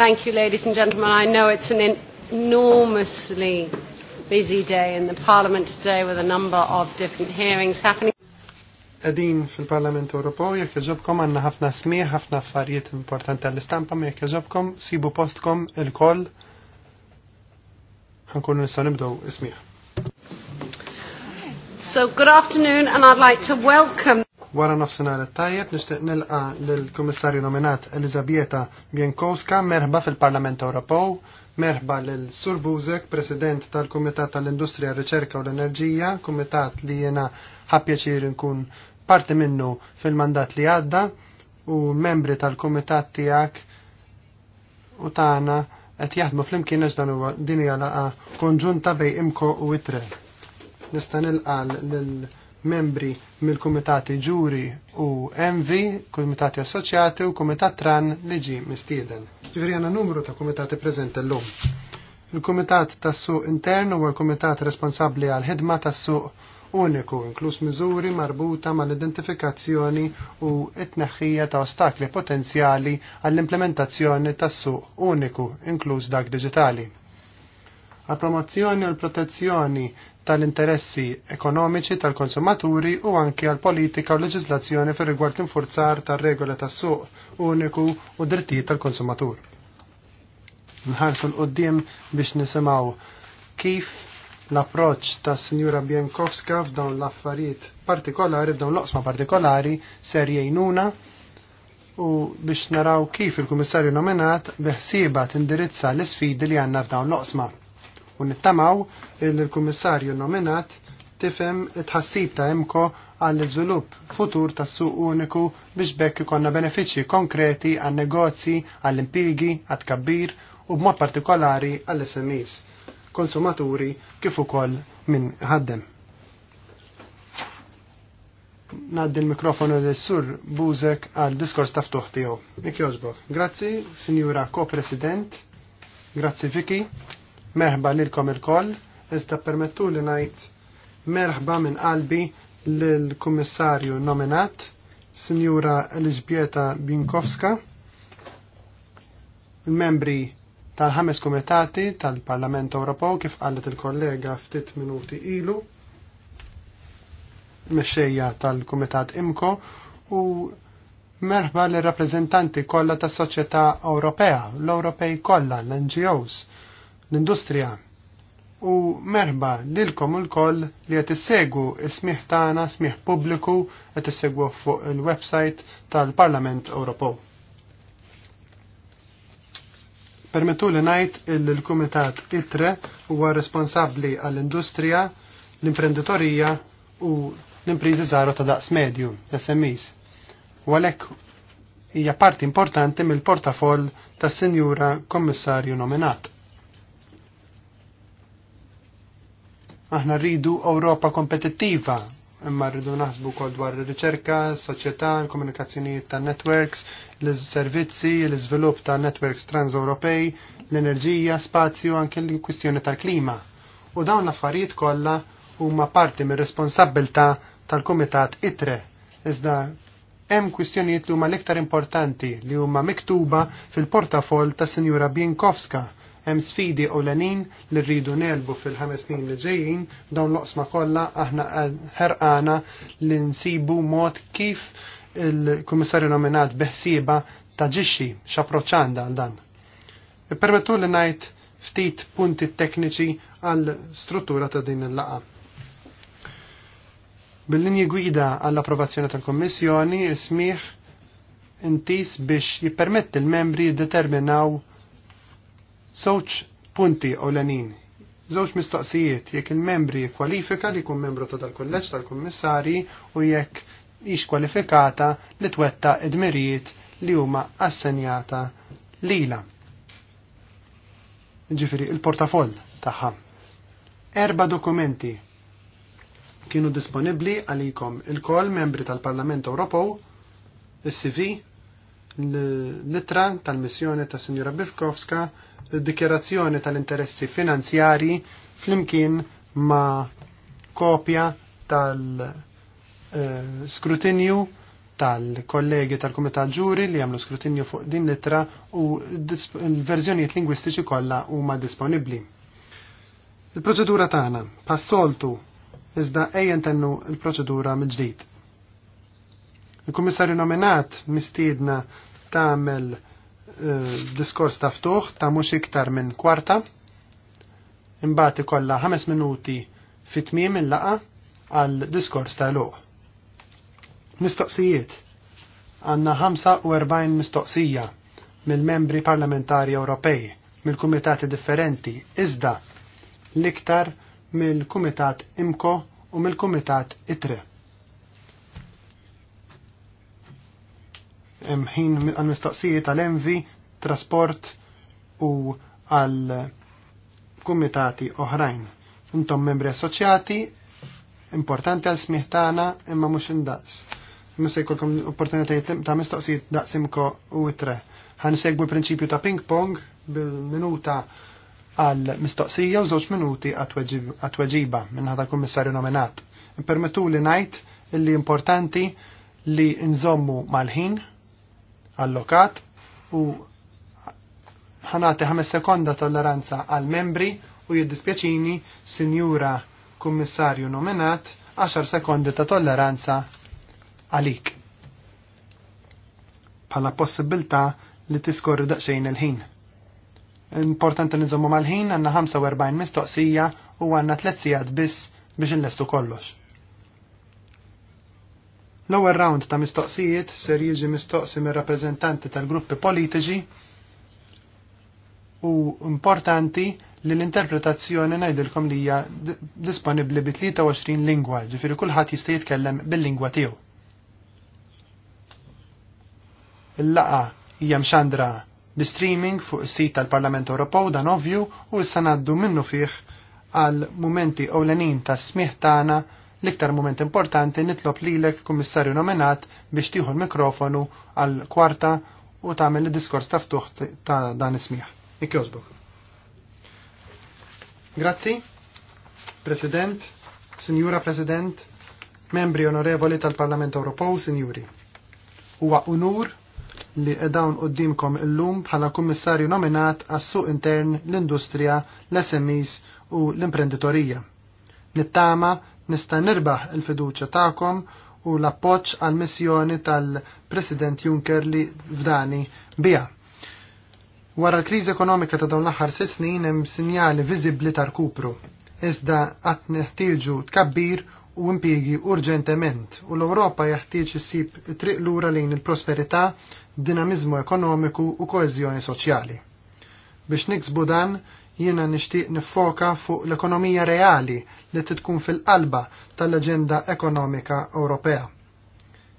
Thank you, ladies and gentlemen. I know it's an enormously busy day in the Parliament today with a number of different hearings happening. Edin fil-Parlament Ewropew jekk jaġobkom għandna ħafna smieħ, ħafna affarijiet importanti għall-istampa, ma jekk jaġobkom sibu postkom il-koll ħankunu nistgħu nibdew ismieħ. So good afternoon and I'd like to welcome Wara nofsinhar tajjeb nixtieq nilqa lill-Kummissarju nominat Elizabieta Bienkowska merħba fil-Parlament Ewropew, merħba lil Sur Buzek, President tal-Kumitat tal-Industrija, Riċerka u l-Enerġija, kumitat li jiena ħappjaċir nkun parti minnu fil-mandat li għadda u membri tal-Kumitat tiegħek u tagħna qed jaħdmu flimkien għax dan huwa din hija laqa konġunta bej Imko u Itre. Nista' nilqa' lil membri mill-Kumitati Ġuri u MV, Kumitati Assoċjati u Kumitat Tran li ġi mistieden. Ġifri għandna numru ta' kumitati preżenti llum. Il-Kumitat tas-Suq Intern huwa l-Kumitat responsabbli għal ħidma tas-suq uniku, inkluż miżuri marbuta mal-identifikazzjoni u t-tneħħija ta' ostakli potenzjali għall-implementazzjoni tas-suq uniku, inkluż dak diġitali għal promozzjoni u l-protezzjoni tal-interessi ekonomiċi tal-konsumaturi u anki għal politika u leġislazzjoni fir rigward l-infurzar tal-regola tas-suq uniku u drittijiet tal-konsumatur. Nħarsu l-qoddim biex nisimaw kif l-approċ ta' Sinjura Bienkowska f'dawn l-affarijiet partikolari, f'dawn l-oqsma partikolari, ser jgħinuna u biex naraw kif il-Kummissarju nominat beħsieba tindirizza l-sfidi li għanna f'dawn l-oqsma u nittamaw il-Kummissarju nominat tifhem tħassib ta' imko għall iżvilupp futur tas suq uniku biex bekk ikonna benefiċċji konkreti għan negozji għall impigi għat kabbir u b'mod partikolari għall smis konsumaturi kif ukoll minn ħaddem. Naddi l-mikrofonu l sur Buzek għal diskors taftuħ tiegħu. Mik Grazzi, Sinjura Co-President. Grazzi Viki Merħba lilkom il-koll, iżda permettu li ngħid merħba minn qalbi lill-kummissarju nominat, Sinjura Elisbieta Binkowska, il-membri tal-ħames komitati tal-Parlament Ewropew kif qalet il-kollega ftit minuti ilu, mexxejja tal-Kumitat Imko u merħba l rappreżentanti kollha tas-soċjetà Ewropea, l-Ewropej kollha, l-NGOs, l-industrija. U merba lilkom ukoll koll li qed issegu smieħ tagħna, smieħ pubbliku qed issegwu fuq il-website tal-Parlament Ewropew. Permettu li ngħid il-Kumitat ITRE huwa responsabbli għall-industrija, l-imprenditorija u l-impriżi żgħar ta' daqs medju, SMEs. U għalhekk hija parti importanti mill-portafoll tas-Sinjura Kommissarju nominat. Aħna rridu Ewropa kompetittiva, imma rridu naħsbu kol dwar ir-riċerka, s-soċjetà, l-komunikazzjonijiet ta' networks, l-servizzi, l-iżvilupp ta' networks trans-Ewropej, l-enerġija, spazju, anke l-kwistjoni tal-klima. U dawn l-affarijiet kollha huma parti mir-responsabbilta tal-Kumitat ITRE, iżda hemm kwistjonijiet li huma l-iktar importanti li huma miktuba fil-portafol ta' Sinjura Bienkowska Hemm sfidi ewlenin li rridu nelbu fil-ħames snin li ġejjin dawn l-oqsma kollha aħna ħerqana li nsibu mod kif il-kummissarju nominat beħsieba taġixxi x'approċċanda għal dan. Ippermettu li ngħid ftit punti tekniċi għal struttura ta' din il-laqa. Bil-linji gwida għall-approvazzjoni tal-Kommissjoni ismiħ intis biex jippermetti l-membri determinaw Żewġ punti ewlenin Żewġ mistoqsijiet jekk il-membri kwalifika li jkun membru ta' tal-kolleġġ tal kommissari u jekk ix kwalifikata li twetta id-mirijiet li huma assenjata lila. Ġifiri, il-portafoll tagħha. Erba dokumenti kienu disponibli għalikom il-kol membri tal-Parlament Ewropew, is-CV, l-litra tal-missjoni ta' Sinjora Bifkowska, dikjerazzjoni tal-interessi finanzjari flimkien ma' kopja tal-skrutinju eh, tal-kollegi tal komitat Ġuri li għamlu skrutinju fuq din litra u l-verżjonijiet lingwistiċi kollha huma disponibbli. Il-proċedura tagħna passoltu iżda ejjen tennu il-proċedura mill-ġdid. Il-Kummissarju nominat mistiedna tagħmel Eh, diskors ta' ftuħ ta' mhux iktar minn kwarta. Imbagħad ikollha ħames minuti fit-tmiem il-laqa għal diskors ta' luq. Mistoqsijiet. Għanna 45 mistoqsija mill-membri parlamentari Ewropej, mill-kumitati differenti, iżda l-iktar mill-kumitat IMCO u mill-kumitat ITRE. ħin għal-mistoqsijiet għal-envi, trasport u għal-kumitati oħrajn. Intom membri assoċjati, importanti għal smiħtana imma mux indaqs. Musa jkollkom opportunitajiet ta' mistoqsijiet daqsimko u tre. Għan segwi l-prinċipju ta' ping-pong bil-minuta għal mistoqsija u żewġ minuti għat-weġiba minn ħadar kummissarju nominat. Permettu li najt illi importanti li nżommu mal-ħin allokat u ħanati 5 sekonda tolleranza għal membri u jiddispjaċini sinjura kummissarju nominat 10 sekondi ta' tolleranza għalik. Pala possibilta li tiskorri daqxejn il-ħin. Importanti li mal-ħin għanna 45 mistoqsija u għanna 3 sijad biss biex il-lestu kollox. L-ewwel round ta' mistoqsijiet ser jiġi mistoqsi mir rappreżentanti tal-gruppi politiċi u importanti li l-interpretazzjoni ngħidilkom li hija disponibbli bi 23 lingwa, ġifieri kulħadd jista' jitkellem bil-lingwa tiegħu. Il-laqa hija mxandra bi streaming fuq is-sit tal-Parlament Ewropew dan ovvju u issa ngħaddu minnu fih għal mumenti ewlenin tas-smieħ tagħna L-iktar moment importanti nitlob lilek kummissarju nominat biex tieħu l-mikrofonu għal kwarta u tagħmel id-diskors ta' ftuħ ta' dan ismiħ. Ikkjożbok. Grazzi, President, Sinjura President, membri onorevoli tal-Parlament Ewropew, Sinjuri. Huwa unur li edawn qudiemkom illum bħala kummissarju nominat għas suq intern l-industrija, l-SMEs u l-imprenditorija. Nittama nista' nirbaħ il-fiduċja tagħkom u l-appoġġ għal missjoni tal-President Juncker li fdani biha. Wara l-kriżi ekonomika ta' dawn l-aħħar sitt snin hemm sinjali viżibbli ta' rkupru. Iżda qatt neħtieġu tkabbir u impjiegi urġentement u l-Ewropa jeħtieġ issib triq lura lejn il-prosperità, dinamiżmu ekonomiku u koeżjoni soċjali. Biex niksbu dan, jiena nixtieq nifoka fuq l-ekonomija reali li titkun fil-qalba tal-Aġenda Ekonomika Ewropea.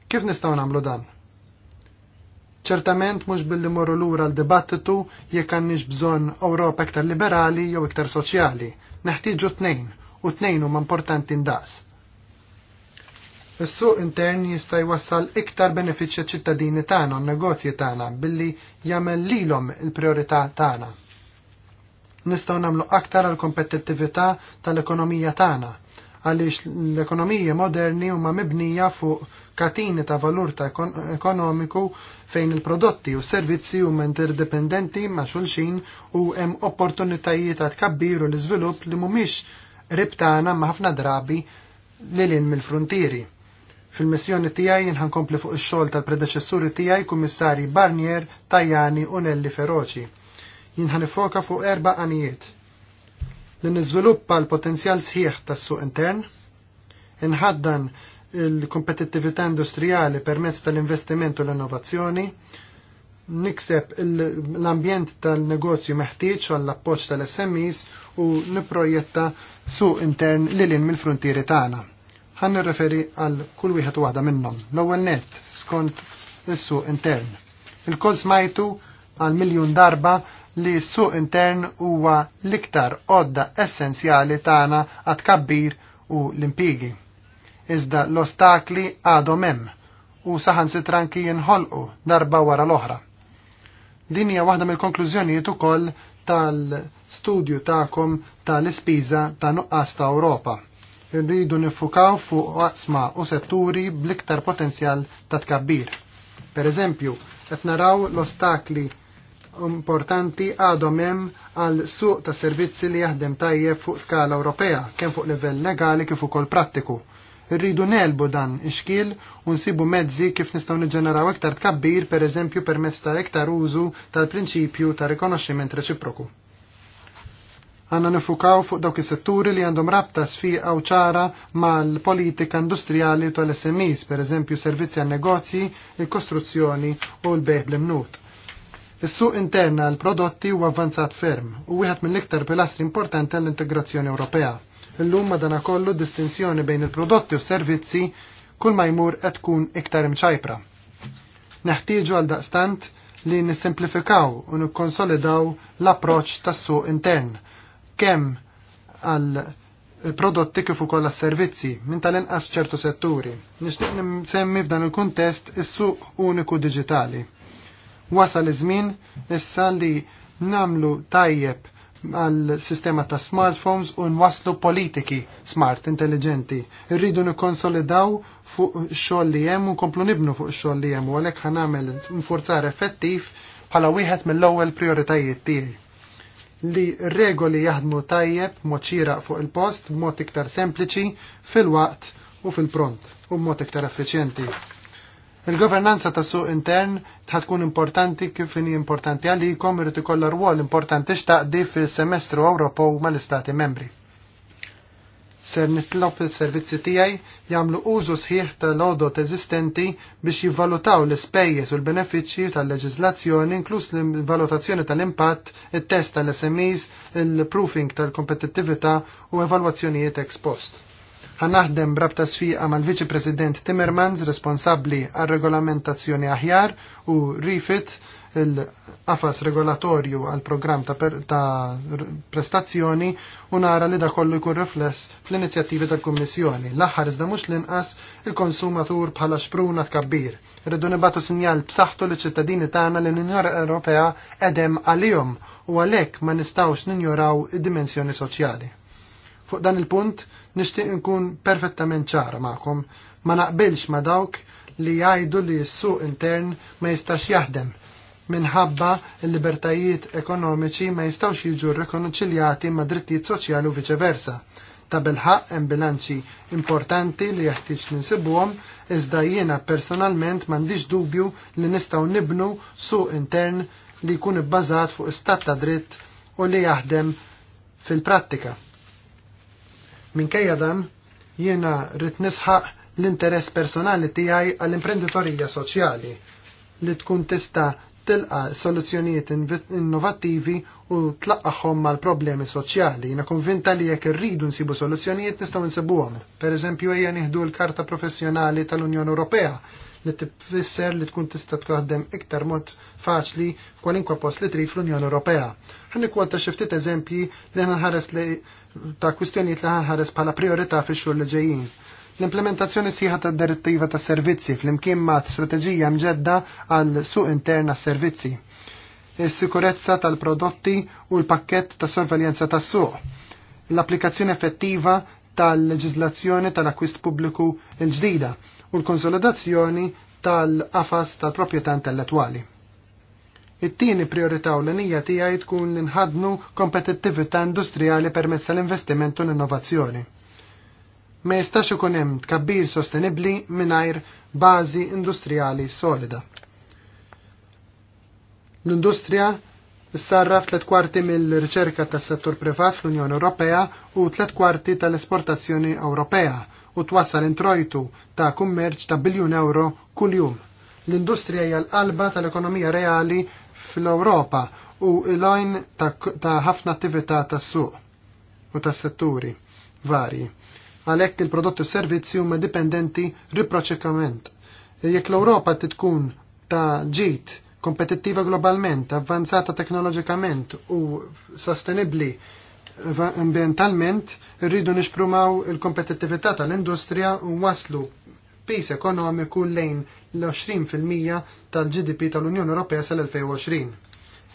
Kif nistgħu nagħmlu dan? ċertament mhux billi morru lura l-dibattitu jekk għandniex bżonn Ewropa iktar liberali jew iktar soċjali. Neħtieġu tnejn u tnejn huma importanti ndaqs. Is-suq intern jista' jwassal iktar benefiċċja ċittadini tagħna u negozji tagħna billi jagħmel lilhom il-priorità tagħna nistgħu nagħmlu aktar għal kompetittività tal-ekonomija tagħna għaliex l-ekonomija moderni huma mibnija fuq katini ta' valur ta' ekonomiku fejn il-prodotti u servizzi huma interdipendenti ma' xulxin u hemm opportunitajiet ta' tkabbir u l-iżvilupp li mhumiex ribtana ma' ħafna drabi lilin mill-frontieri. Fil-missjoni tiegħi inħankompli fuq ix-xogħol tal-predeċessuri tiegħi kummissari Barnier, Tajani u Nelli Feroċi jien ħanifoka fuq erba' għanijiet. Li niżviluppa l-potenzjal sħiħ tas-suq intern, inħaddan il-kompetittività industrijali permezz tal-investiment u l-innovazzjoni, nikseb l-ambjent tal-negozju meħtieġ għall appoġġ tal-SMEs u niprojetta suq intern l-in mill-frontieri tagħna. Ħan nirreferi għal kull wieħed waħda minnhom. L-ewwel net skont is-suq intern. Il-kol smajtu għal miljun darba li s-suq intern huwa l-iktar odda essenzjali tagħna għat kabbir u l-impigi. Iżda l-ostakli għadhom hemm u saħan sitranki jinħolqu darba wara l-oħra. Din hija waħda mill-konklużjonijiet ukoll tal-studju tagħkom tal-ispiża ta' nuqqas ta' Ewropa rridu nifukaw fuq qasma u setturi bliktar potenzjal ta' tkabbir. Per eżempju, qed naraw l-ostakli importanti għadhom hemm għal suq ta' servizzi li jaħdem tajjeb fuq skala Ewropea, kemm fuq livell legali kif ukoll prattiku. Irridu nelbu dan ix u nsibu mezzi kif nistgħu niġġeneraw iktar tkabbir pereżempju permezz ta' iktar użu tal-prinċipju ta' rikonoxximent reċiproku. Għanna nifukaw fuq dawk is-setturi li għandhom rabta sfiqa u ċara mal-politika industrijali tal-SMEs, pereżempju servizzi għan negozji, il-kostruzzjoni u l-bejħ bl-imnut Is-suq interna għal prodotti u avvanzat ferm u wieħed mill-iktar pilastri importanti għall-integrazzjoni Ewropea. Illum madana kollu distinzjoni bejn il-prodotti u servizzi kull ma jmur qed tkun iktar imċajpra. Neħtieġu għal daqstant li nisimplifikaw u nikkonsolidaw l-approċċ tas-suq intern kemm għal prodotti kif ukoll għas-servizzi minn tal-inqas ċertu setturi. Nixtieq nsemmi f'dan il-kuntest is-suq uniku diġitali Wasal iż-żmien issa li namlu tajjeb għal sistema ta' smartphones u nwaslu politiki smart, intelligenti. Irridu nikkonsolidaw fuq xogħol li hemm u nkomplu nibnu fuq xogħol li hemm u għalhekk ħanamel nfurzar effettiv bħala wieħed mill-ewwel prioritajiet tiegħi li regoli jaħdmu tajjeb mod xieraq fuq il-post b'mod iktar sempliċi fil-waqt u fil-pront u b'mod iktar effiċjenti. Il-governanza ta' suq intern tkun importanti kif inhi importanti għalikom irid ikollha rwol importanti x'taqdi fil semestru Ewropew mal-Istati membri. Ser nitlob il-servizzi tiegħi jagħmlu użu sħiħ tal-odot eżistenti biex jivvalutaw l-ispejjeż u l-benefiċċji tal leġizlazzjoni inkluż l-valutazzjoni tal-impatt, it-test tal-SMEs, il-proofing tal-kompetittività u evalwazzjonijiet ex post ħanaħdem brabta sfiqa mal-Viċi President Timmermans responsabbli għal regolamentazzjoni aħjar u rifit il-qafas regolatorju għal programm ta', ta prestazzjoni u nara li da kollu jkun rifless fl-inizjattivi tal-Kummissjoni. L-aħħar iżda mhux l-inqas il-konsumatur bħala xpruna tkabbir. Irridu nibatu sinjal b'saħħtu li ċittadini tagħna li l-Unjoni Ewropea edem għalihom u għalhekk ma nistgħux ninjoraw id-dimensjoni soċjali. Fuq dan il-punt nixtieq nkun perfettament ċara maqom, ma naqbilx ma dawk li jgħidu li s-suq intern ma jistax jaħdem minħabba l-libertajiet ekonomiċi ma jistawx jiġu rekonċiljati ma' drittijiet soċjali u viċeversa. Ta' ħaq hemm bilanċi importanti li jeħtieġ ninsibuhom, iżda jiena personalment m'għandix dubju li nistgħu nibnu suq intern li jkun ibbażat fuq istat ta' dritt u li jaħdem fil-prattika. Minkejja dan, jiena rrit nisħaq l-interess personali tiegħi għall-imprenditorija soċjali li tkun tista' tilqa soluzzjonijiet innovattivi u tlaqqaħom mal problemi soċjali. Jina konvinta li jekk irridu nsibu soluzzjonijiet nistgħu nsibuhom. Per eżempju ejja nieħdu l-Karta Professjonali tal-Unjoni Ewropea li tifisser li tkun tista' tkoħdem iktar mod faċli f'kwalinkwa post li trid fl-Unjoni Ewropea. Ħanni kwanta xi ftit eżempji li ħares li ta' kwistjonijiet li ħanħares bħala priorità fix-xhur li ġejjin. L-implementazzjoni sieħa ta' direttiva ta' servizzi fl-imkien ma' strateġija mġedda għal suq interna servizzi. Is-sikurezza tal-prodotti u l-pakket ta' sorveljanza tas suq. L-applikazzjoni effettiva tal-leġizlazzjoni tal-akwist pubbliku l-ġdida u l-konsolidazzjoni tal-qafas tal-proprjetà intellettwali. It-tieni priorità u l-nija tiegħi tkun li nħadnu kompetittività industrijali permezz tal-investiment u l-innovazzjoni. Ma jistax ikun hemm tkabbir sostenibbli mingħajr bażi industrijali solida. L-industrija Sarraf tlet kwarti mill-riċerka tas settur privat fl-Unjoni Ewropea u tlet kwarti tal-esportazzjoni Ewropea u twassal introjtu ta' kummerċ ta' biljun euro kuljum. L-industrija hija l-qalba tal-ekonomija reali fl-Ewropa u il-lajn ta' ħafna attività tas-suq u tas-setturi varji. Għalhekk il-prodotti servizzi huma dipendenti riproċekament. Jekk l-Ewropa titkun ta' ġit kompetittiva globalment, avvanzata teknoloġikament u sostenibli ambientalment, rridu nixprumaw il-kompetittività tal-industrija u waslu spis ekonomiku lejn l-20% tal-GDP tal-Unjoni Ewropea sal-2020.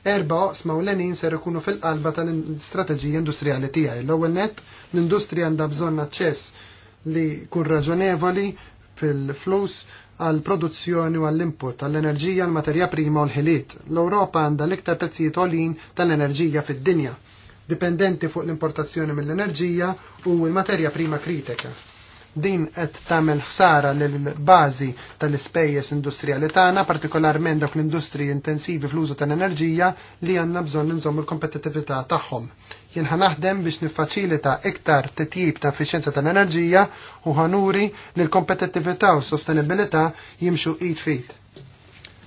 Erba oqsma u l-enin ser ikunu fil-qalba tal-strategija industrijali tiegħi. L-ewwel net, l-industrija għandha bżonn aċċess li kun raġonevoli fil-flus għal produzzjoni u għall input għall enerġija għall materja prima u l-ħiliet. L-Ewropa għandha l-iktar prezzijiet għolin tal-enerġija fid-dinja, dipendenti fuq l-importazzjoni mill-enerġija u l-materja prima kritika. Din qed tagħmel ħsara lil bażi tal-ispejjeż industrijali tagħna, partikolarment dawk l-industriji intensivi fl-użu tal-enerġija li għandna bżonn inżommu l-kompetittività tagħhom. Jien naħdem biex niffaċilita iktar titjib ta' effiċjenza tal-enerġija u ħanuri li l-kompetittività u s-sostenibilità jimxu id fit.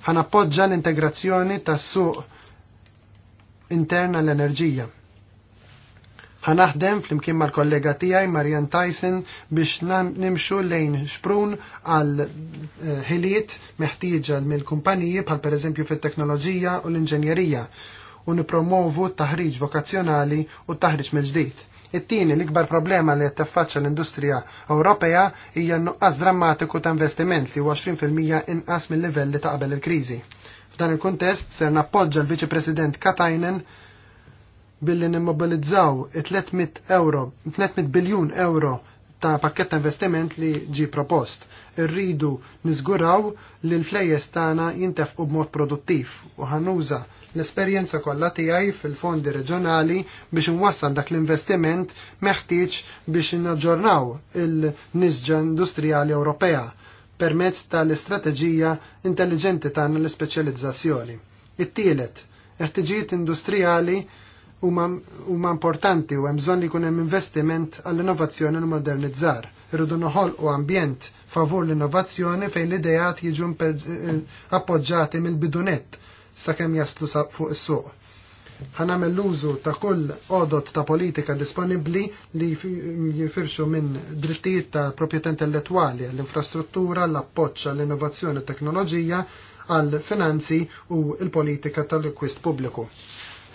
Ħanappoġġa l-integrazzjoni tas-suq interna l-enerġija Ħanaħdem flimkien mal-kollega tiegħi Marian Tyson biex nimxu lejn xprun għal eh, ħiliet meħtieġa mill-kumpaniji bħal pereżempju fit-teknoloġija u l-inġenjerija u nipromovu t-taħriġ vokazzjonali u t-taħriġ mill-ġdid. It-tieni l-ikbar problema li qed l-industrija Ewropea hija nuqqas drammatiku ta' investiment li 20% inqas mill-livelli ta' qabel il-kriżi. F'dan il-kuntest ser nappoġġa l-Viċi President Katajnen billi nimmobilizzaw 300 euro, 300 biljun euro ta' pakketta ta' investiment li ġi propost. Irridu niżguraw li l-flejjes tagħna jintefqu b'mod produttiv u ħanuża l-esperjenza kollha tiegħi fil-fondi reġjonali biex inwassal dak l-investiment meħtieġ biex naġġornaw il-nisġa industrijali Ewropea permezz tal-istrateġija intelligenti tagħna l-ispeċjalizzazzjoni. It-tielet, ħtiġijiet industrijali huma importanti u hemm bżonn li jkun hemm investiment għall-innovazzjoni u modernizzar. Irridu noħolqu ambjent favur l-innovazzjoni fejn l-idejat jiġu eh, appoġġati mill-bidunett sakemm jaslu fuq is-suq. Ħanamel l-użu ta' kull odot ta' politika disponibbli li jifirxu minn drittijiet ta' proprjetà intellettwali għall-infrastruttura, l-appoġġ għall-innovazzjoni u teknoloġija għall finanzi u l-politika tal-ikwist pubbliku.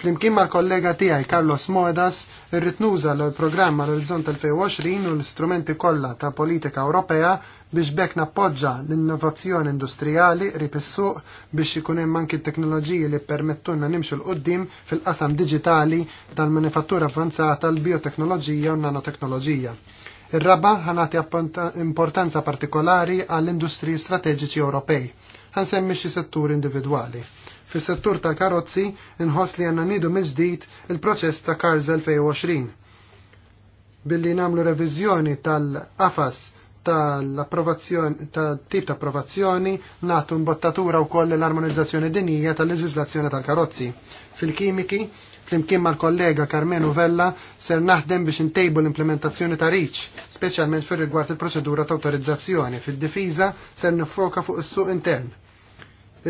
Flimkien mal-kollega tiegħi Carlos Moedas irrid l-programm l-Orizzont 2020 u l-istrumenti kollha ta' politika Ewropea biex bekk nappoġġa l-innovazzjoni industrijali qrib is-suq biex ikun hemm anki t-teknoloġiji li permettunna nimxu l-qudiem fil-qasam diġitali tal-manifattura avvanzata l-bioteknoloġija u nanoteknoloġija. Ir-raba ħanati importanza partikolari għall-industriji strateġiċi Ewropej ħansemmi xi settur individwali. Fis-settur tal-karozzi inħoss li għanna nidu mill-ġdid il-proċess ta' Cars 2020. Billi namlu reviżjoni tal-qafas tal-approvazzjoni tal-tip ta' approvazzjoni nagħtu mbottatura wkoll l-armonizzazzjoni dinija tal-leżislazzjoni tal-karozzi. Fil-kimiki, flimkien mal-kollega Carmenu Vella ser naħdem biex intejbu l-implementazzjoni ta' Reach, speċjalment fir rigward il-proċedura ta' autorizzazzjoni. Fil-difiża ser nifoka fuq is-suq intern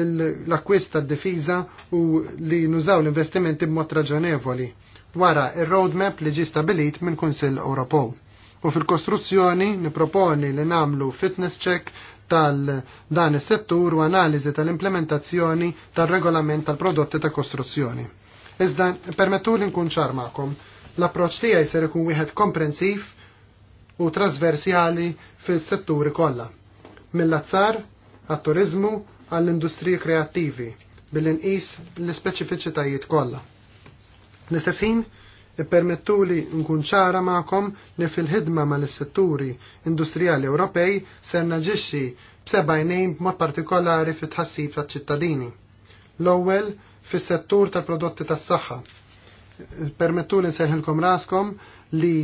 l-akwist d difiża u li nużaw l-investimenti b'mod raġonevoli wara il roadmap li ġi stabilit minn Kunsill Ewropew. U fil-kostruzzjoni niproponi li namlu fitness check tal-dan is-settur u analiżi tal-implementazzjoni tal-regolament tal-prodotti ta' kostruzzjoni. Iżda permettu li nkun ċar magħkom, l-approċċ tiegħi ser ikun wieħed komprensiv u trasversjali fil-setturi kollha. Mill-azzar, għat-turizmu, għall-industriji kreattivi bil-inqis l-ispeċifiċitajiet kollha. L-istess ħin ippermettu li nkun ċara magħkom li fil-ħidma mal-setturi industrijali Ewropej ser naġixxi b'sebajnejn b'mod partikolari fit-tħassib tal-ċittadini. L-ewwel fis-settur tal-prodotti tas-saħħa. Permettu li nserħilkom raskom li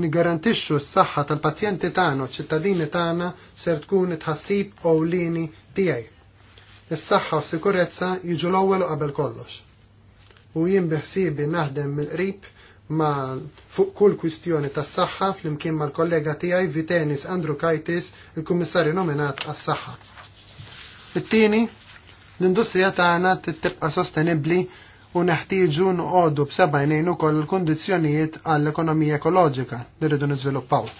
nigarantixxu s-saħħa tal-pazjenti tagħna u ċittadini tagħna ser tkun it tħassib ewlieni tiegħi. Is-saħħa u sikurezza jiġu l-ewwel u qabel kollox. U jien biħsiebi naħdem mill-qrib ma fuq kull kwistjoni tas saħħa flimkien mal-kollega tiegħi Vitenis Andrew Kaitis, il-kummissarju nominat għas saħħa It-tieni, l-industrija tagħna tittibqa' sostenibbli u neħtieġu noqogħdu b'seba' jnejn ukoll il-kundizzjonijiet għall-ekonomija ekoloġika li rridu niżviluppaw.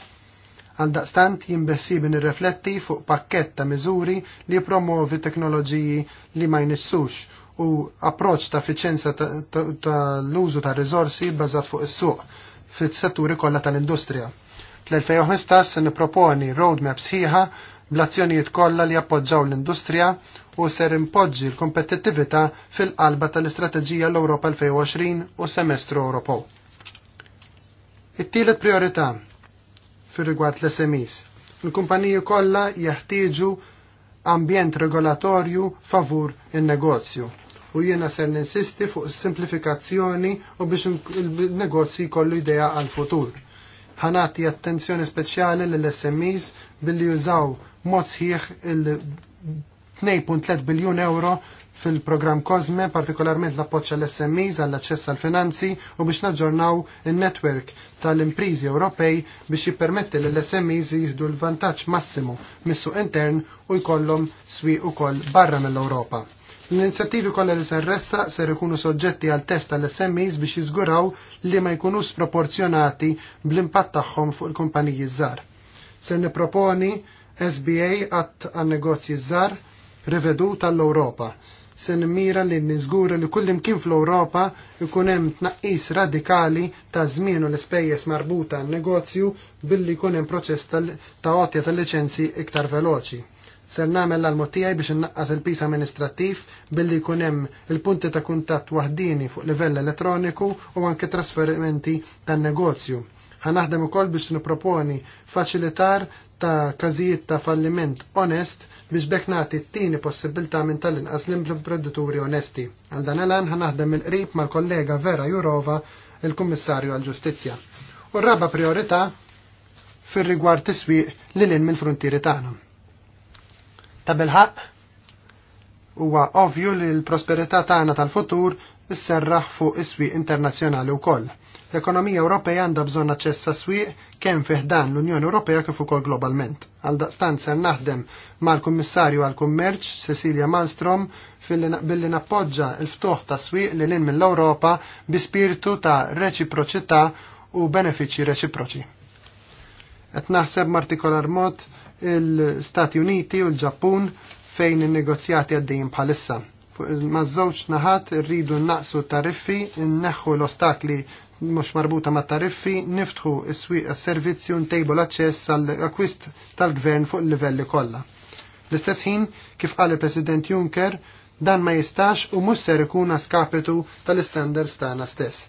Għaldaqstant daqstant jimbessib nirrefletti fuq pakket ta' miżuri li promuovi teknoloġiji li ma jnissux u approċ ta' efficienza tal-użu ta' rizorsi bażat fuq is-suq fit-setturi kollha tal-industrija. Fl-2015 se niproponi roadmap sħiħa bl-azzjonijiet kollha li appoġġaw l-industrija u ser impoġġi l-kompetittività fil-qalba tal-Istrateġija l-Ewropa 2020 u semestru Ewropew. It-tielet priorità fir rigward l-SMEs. Il-kumpaniji kollha jeħtieġu ambjent regolatorju favur il negozju u jiena ser ninsisti fuq simplifikazzjoni u biex il-negozji kollu idea għal futur. Ħanati attenzjoni speċjali lill-SMEs billi jużaw mod sħiħ il-2.3 biljun euro fil-programm COSME, partikolarment l-appoċ għall-SMEs għall-aċċess għall-finanzi u biex naġġornaw il-network tal-imprizi Ewropej biex jippermetti l smes jihdu l-vantaġġ massimu missu intern u jkollhom swi u koll barra mill-Ewropa. L-inizjattivi kollha li serressa ser ikunu soġġetti għal test tal-SMEs biex jiżguraw li ma jkunux proporzjonati bl-impatt tagħhom fuq il-kumpaniji żgħar. Se niproponi SBA għat għan negozji żgħar rivedu tal-Ewropa se nimmira li niżgura li kullim kien fl-Ewropa jkun hemm tnaqqis radikali ta' żmien u l-ispejjeż marbuta għan-negozju billi jkun hemm proċess ta' għotja tal-liċenzi iktar veloċi. Ser nagħmel l-almu tiegħi biex innaqqas il-pis amministrattiv billi jkun hemm il-punti ta' kuntatt waħdini fuq livell elettroniku u anke trasferimenti tan-negozju Ħanaħdem ukoll biex niproponi faċilitar ta' każijiet ta' falliment onest biex bekk nagħti t-tieni possibilità minn tal-inqas l-imprenditori onesti. Għal dan elan ħanaħdem il-qrib mal-kollega Vera Jurova, il-Kummissarju għall-Ġustizzja. U raba priorità fir-rigward tiswieq lil minn frontieri tagħna. Ta' bil-ħaq, huwa ovvju li l-prosperità tagħna tal-futur isserraħ fuq iswi internazzjonali wkoll. L-ekonomija Ewropea għandha bżonn aċċess swieq kemm fih dan l-Unjoni Ewropea kif ukoll globalment. Għal daqstant ser naħdem mal-Kummissarju għall kummerċ Cecilia Malmstrom billi nappoġġa l-ftuħ ta' swieq li lin mill-Ewropa bi spiritu ta' reċiproċità u benefiċċji reċiproċi. Qed naħseb martikolar mod il-Stati Uniti u l-Ġappun fejn in-negozjati għaddejjin bħalissa maż-żewġ naħat rridu naqsu tariffi, nneħħu l-ostakli mhux marbuta ma' tariffi niftħu s-swieq servizzju servizzi u ntejbu l-aċċess għall-akwist tal-gvern fuq il-livelli kollha. L-istess ħin, kif qal il-President Juncker, dan ma jistax u mhux ser ikun skapitu tal-istandards tagħna stess.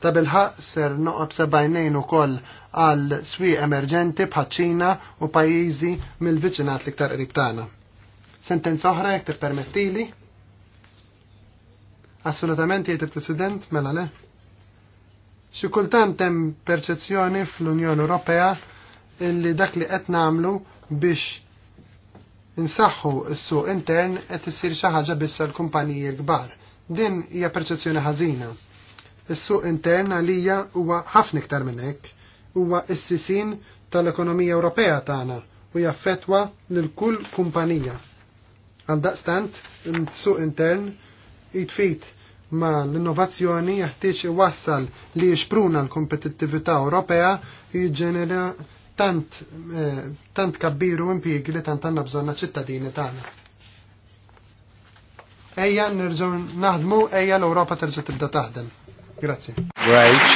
Ta' bilħaq ser noqob sebajnejn ukoll għal swieq emerġenti bħaċ-Ċina u pajjiżi mill-viċinat l-iktar qrib tagħna. Sentenza oħra jekk tippermettili? Assolutament jgħid il-President mela le. Xi kultant hemm perċezzjoni fl-Unjoni Ewropea illi dak li qed nagħmlu biex insaħħu s-suq intern qed issir xi ħaġa biss l-kumpaniji kbar. Din hija perċezzjoni ħażina. Is-suq intern għalija huwa ħafna iktar minn hekk, huwa s-sisin tal-ekonomija Ewropea tagħna u jaffetwa lil kull kumpanija. Għal daqstant, suq intern jitfit ma l-innovazzjoni jeħtieġ iwassal li jxpruna l-kompetittività Ewropea jiġġenera tant, eh, tant kabbiru impjiegi li tant għandna bżonna ċittadini tagħna. Ejja nerġgħu naħdmu, ejja l-Ewropa terġa' tibda taħdem. Grazzi. Right.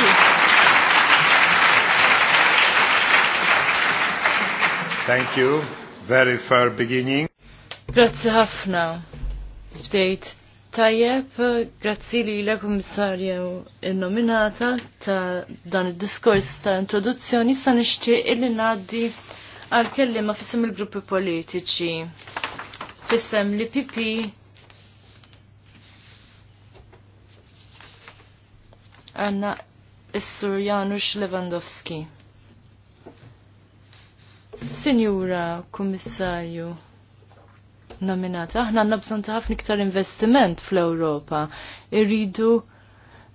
Thank you. Very fair beginning. Grazzi ħafna. Bdejt Tajjeb, grazzi li l il-nominata ta' dan il-diskors ta' introduzzjoni sa' nixti illi naddi għal kellima fissem il-gruppi politiċi. Fissem li pipi għanna Is-Sur Janusz Lewandowski. Signora Kummissarju, nominata. Aħna għandna bżonn ta' ħafna iktar investiment fl-Ewropa. Irridu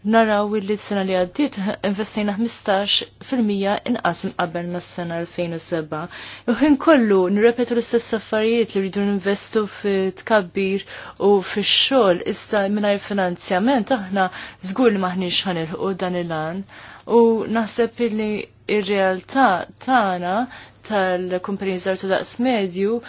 naraw li s-sena li għaddit investejna 15% inqas qabel ma s-sena 2007. Uħin kollu nirrepetu l-istess affarijiet li rridu investu fit-tkabbir u fix-xogħol issa mingħajr finanzjament aħna żgur li maħniex u dan il-għan. U naħseb li ir-realtà tagħna tal-kumpaniji żartu daqs medju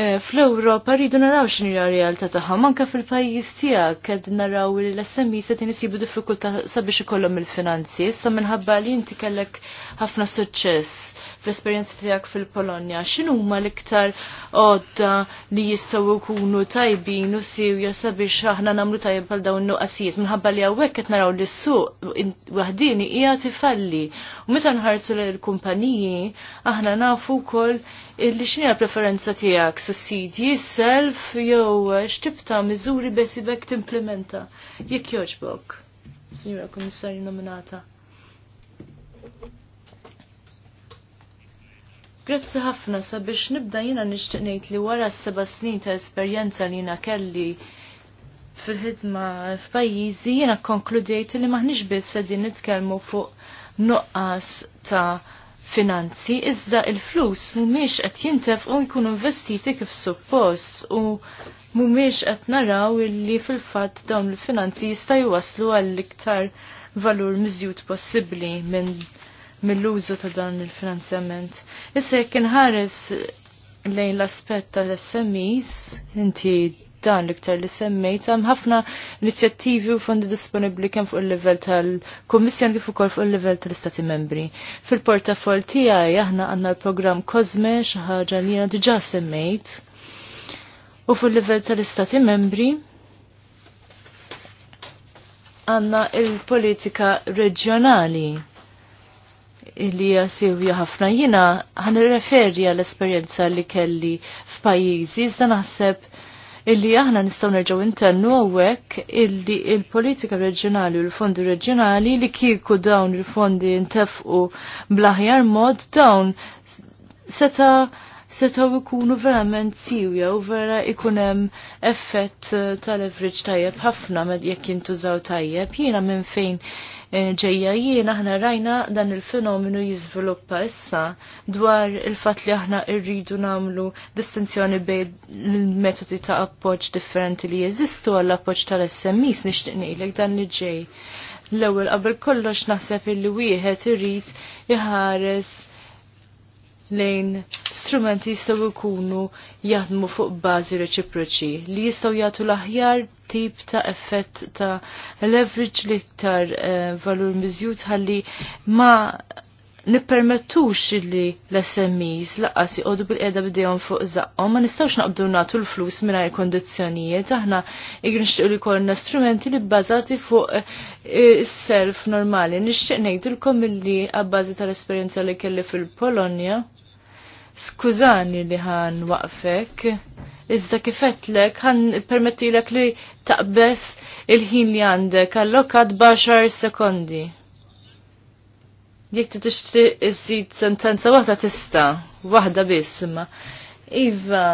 Eh, fl-Ewropa rridu naraw xinu la realtà taħħa, manka fil-pajjiż tiegħek kad naraw li l-SMI se tinisibu diffikulta sabiex ikollhom il-finanzi, issa minħabba li inti kellek ħafna suċċess fl-esperjenza tiegħek fil-Polonja, xinu huma l-iktar odda li jistgħu jkunu tajbin u sewja sabiex aħna nagħmlu tajjeb bħal dawn nuqqasijiet minħabba li hawnhekk qed naraw li s-suq waħdini hija tifalli. U meta nħarsu l-kumpaniji aħna nafu wkoll illi xinja preferenza tijak, sussidji, self, jew xtibta miżuri besibek timplementa. Jekk joġbok, signora komissarju nominata. Grazzi ħafna sabiex nibda jina nixtieq ngħid li wara s-seba' snin ta' esperjenza li jiena kelli fil-ħidma f'pajjiżi jiena konkludejt li maħniex biss qegħdin nitkellmu fuq nuqqas ta' finanzi iżda il-flus mhumiex qed u jkunu investiti kif suppost u mhumiex qed naraw illi fil-fatt dawn il-finanzi jista' jwaslu għall iktar valur miżjud possibbli minn mill-użu ta' dan il-finanzjament. Issa jekk inħares lejn l-aspett tal-SMEs, inti dan l-iktar li semmejt, hemm ħafna inizjattivi u fondi disponibbli kemm fuq il-livell tal-Kummissjoni kif ukoll fuq il-livell tal-Istati Membri. Fil-portafol tiegħi aħna għandna l-programm Cosme xi ħaġa li għandi diġà semmejt. U il livell tal-Istati Membri għandna il-politika reġjonali li hija sewja ħafna. Jiena referi għall esperjenza li kelli f'pajjiżi iżda naħseb illi aħna nistgħu nerġgħu intennu hawnhekk illi il-politika reġjonali u l-fondi reġjonali li kieku dawn il-fondi ntefqu bl-aħjar mod dawn seta' setaw ikunu verament siwja u vera ikunem effett eh, tal-leverage tajjeb ħafna med jekk jintużaw tajjeb. Jiena minn fejn eh, ġejja jiena aħna rajna dan il-fenomenu jiżviluppa issa dwar il-fatt li aħna rridu nagħmlu distinzjoni bejn l metodi ta' appoġġ differenti li jeżistu għall appoġġ tal smis nixtieq ngħidlek dan li ġej. L-ewwel qabel kollox naħseb illi wieħed irid iħares lejn strumenti jistgħu jkunu jaħdmu fuq bażi reċiproċi li jistgħu jagħtu l-aħjar tip ta' effett ta' leverage li iktar uh, valur miżjud ħalli ma nippermettux li l-SMEs laqqas jqodu bil-qiegħda bidejhom fuq zaqqhom ma nistgħux naqbdu nagħtu l-flus mingħajr kondizzjonijiet aħna nixtiequ li jkollna strumenti li bbażati fuq eh, is-self normali. Nixtieq ngħidilkom milli għabbażi tal-esperjenza li kelli fil-Polonja Skużani li ħan waqfek, iżda kifetlek ħan permettilek li taqbess il-ħin li għandek allokat baxar sekondi. Jek t-tixti iżid sentenza waħda tista, waħda biss imma. Iva,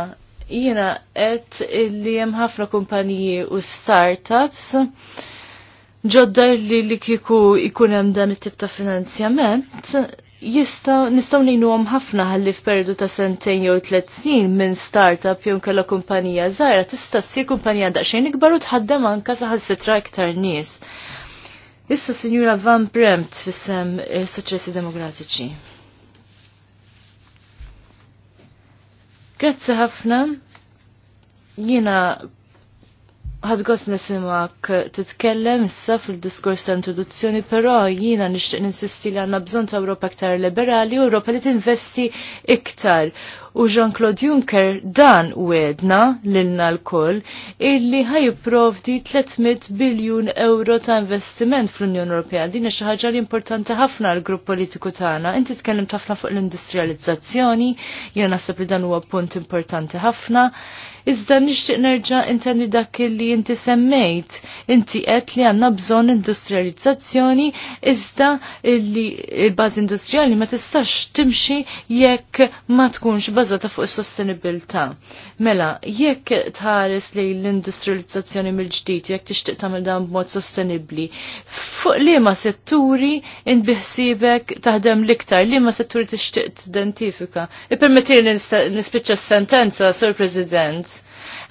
jiena qed li hemm ħafna kumpaniji u startups ġodda li li kiku ikunem hemm dan it-tip ta' finanzjament jista nistaw li għom ħafna ħalli f'periodu ta' sentejn jew tliet snin minn startup jew kella kumpanija żgħira tista' ssir kumpanija daqsxejn ikbar u tħaddem anka saħal sitra iktar nies. Issa Sinjura Van Bremt fissem il-Soċessi eh, Demokratiċi. Grazzi ħafna. Jina ħadgos nisimak titkellem issa fil-diskors ta' introduzzjoni, però jina nixtieq ninsisti li għandna bżonn ta' Ewropa aktar liberali u Ewropa li tinvesti iktar. U Jean-Claude Juncker dan wedna lilna l-koll illi ħajprovdi 300 biljun euro ta' investiment fl-Unjoni Ewropea. Din xi ħaġa li importanti ħafna l grupp politiku tagħna. Inti tkellimt ħafna fuq l-industrializzazzjoni, jiena naħseb li dan huwa punt importanti ħafna. Iżda nixtieq nerġa' intenni dak li inti semmejt. Inti qed li għandna bżonn industrializzazzjoni iżda li l-bażi industrijali ma tistax timxi jekk ma tkunx bażata fuq is-sostenibilità. Mela, jekk tħares li l-industrializzazzjoni mill-ġdid jekk tixtieq tagħmel dan b'mod sostenibbli, fuq liema setturi inbiħsibek taħdem l-iktar, liema setturi tixtieq tidentifika. Ippermetti li nispiċċa s-sentenza, Sur President.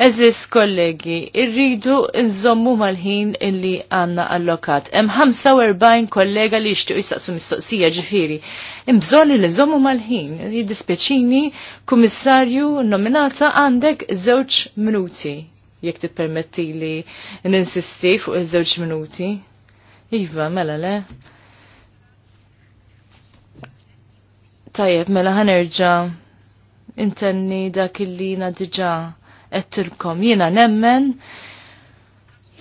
Eżis kollegi, irridu nżommu mal-ħin illi għanna allokat. Hemm 45 kollega li jixtiequ jistaqsu mistoqsija ġifieri. Imbżon li nżommu mal-ħin. Jiddispjaċini, kummissarju nominata għandek żewġ minuti jekk tippermetti li ninsisti fuq iż-żewġ minuti. Iva, mela le. Tajjeb, mela ħanerġa' intenni dak illi na diġa' għettilkom jina nemmen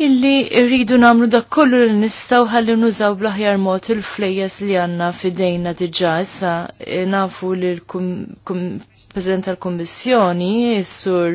illi rridu namlu dak kollu li nistaw ħalli nużaw blaħjar mod il-flejjes li għanna fidejna diġa issa eh, nafu li l-President tal-Kommissjoni, sur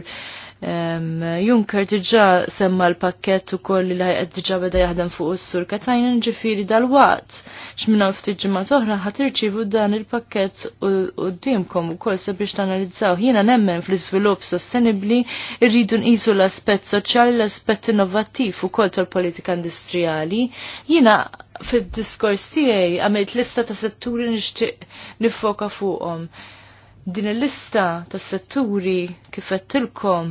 Junker diġa semma l-pakket u koll li ħajqet diġa beda jaħdem fuq is-sur katajna ġifiri dal wat Xminna ftit ġimma toħra ħadd irċievu dan il-pakket u ddimkom ukoll sabiex tanalizzaw. Jiena nemmen fl-iżvilupp sostenibbli rridu nqisu l-aspett soċjali, l-aspett innovattiv ukoll tal-politika industrijali. Jiena fid-diskors tiegħi għamilt lista ta' setturi nixtieq nifoka fuqhom din il-lista tas setturi kifettilkom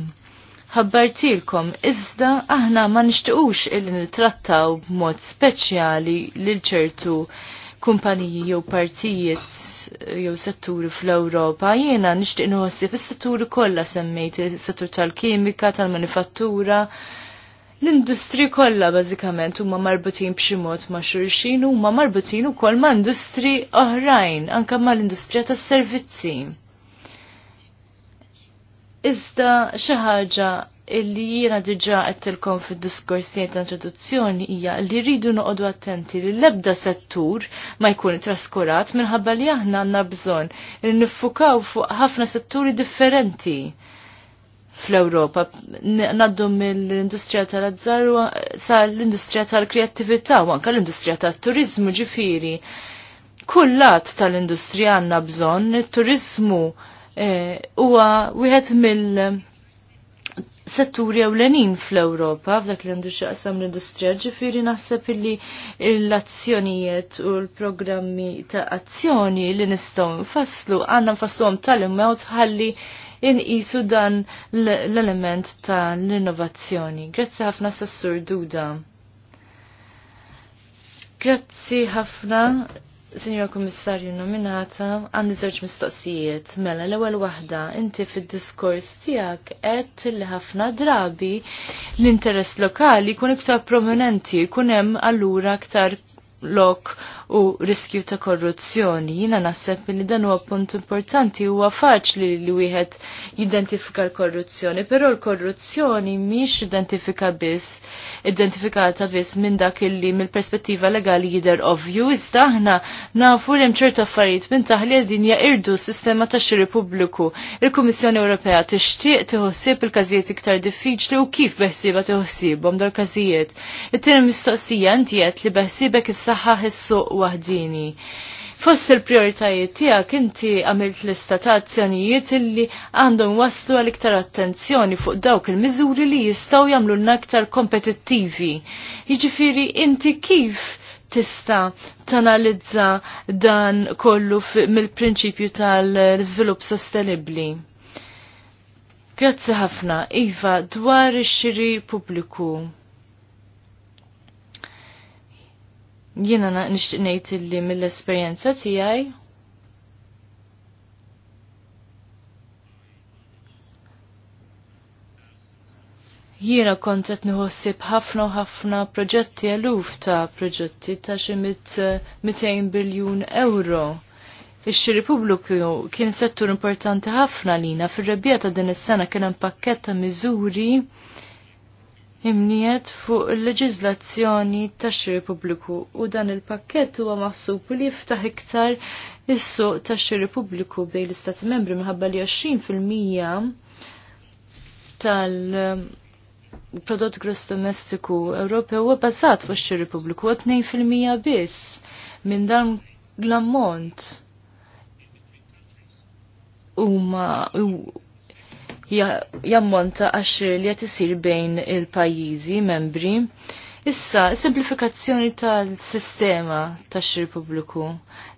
ħabbartilkom iżda aħna ma nixtiqux illi nittrattaw b'mod speċjali lil ċertu kumpaniji jew partijiet jew setturi fl-Ewropa. Jiena nixtieq nħossib is-setturi kollha semmejt is-settur tal-kimika, tal-manifattura, l-industri kollha bażikament huma marbutin b'xi mod ma' xulxin huma marbutin ukoll ma' industri oħrajn, anke mal-industrija tas-servizzi. Iżda xi ħaġa illi jiena diġà qedtilkom fid-diskorsijiet ta' introduzzjoni hija li rridu noqogħdu attenti li l-ebda settur ma jkun traskurat minħabba li aħna għandna bżonn li niffukaw fuq ħafna setturi differenti fl ewropa Naddu mill-industrija tal-azzar sa l-industrija tal kreattività u anka l-industrija tal-turizmu ġifiri. Kullat tal-industrija bżonn, it turizmu Eh, huwa wieħed mill- setturi ewlenin fl-Europa f'dak li għandu xaqsam l-industrija ġifiri naħseb illi l-azzjonijiet u l-programmi ta' azzjoni li nistgħu nfasslu għandna għom tal-immew tħalli inqisu dan l-element ta' l-innovazzjoni. Grazzi ħafna Sassur Duda. Grazzi ħafna Signor Kummissarju nominata, għandi żewġ mistoqsijiet. Mela, l-ewwel waħda, inti fid-diskors tiegħek qed li ħafna drabi l-interess lokali jkun iktar prominenti, jkun hemm allura aktar lok u riskju ta' korruzzjoni. Jina naħseb li dan huwa punt importanti huwa faċli li wieħed jidentifika l-korruzzjoni, però l-korruzzjoni miex identifika biss identifikata biss minn dak illi mill-perspettiva legali jider ovvju, iżda aħna nafu li hemm ċertu affarijiet minn taħli din jaqirdu s-sistema ta' xiri pubbliku. Il-Kummissjoni Ewropea tixtieq tiħossieb il-każijiet iktar diffiċli u kif beħsiba tiħossibhom dal każijiet. It-tieni mistoqsija inti li beħsibek is-saħħa is-suq waħdini. Fost il-prioritajiet tiegħek inti għamilt lista ta' azzjonijiet illi għandhom waslu għal iktar attenzjoni fuq dawk il-miżuri li jistgħu n aktar kompetittivi. Jiġifieri inti kif tista tanalizza dan kollu mill-prinċipju tal iżvilupp sostenibbli. Grazzi ħafna, Iva, dwar ix-xiri pubbliku. Jiena nixtieq ngħid illi mill-esperjenza tiegħi jiena kont qed nħossib ħafna u ħafna proġetti eluf ta' proġetti ta' xi 200 biljun euro. Ix-xiri pubbliku kien settur importanti ħafna lina fir-rebbija ta' din is-sena kien hemm pakkett ta' miżuri imniet fuq il-leġizlazzjoni tax-xiri pubbliku u dan il-pakket huwa maħsub li jiftaħ iktar is-suq tax-xiri pubbliku bejn l-Istati Membri minħabba li 20% tal- prodott gross domestiku Ewropew huwa bażat fuq xiri pubbliku u 2% biss minn dan l-ammont huma jammonta għaxir li qed isir bejn il-pajjiżi membri. Issa, simplifikazzjoni tal-sistema tax-xir pubbliku.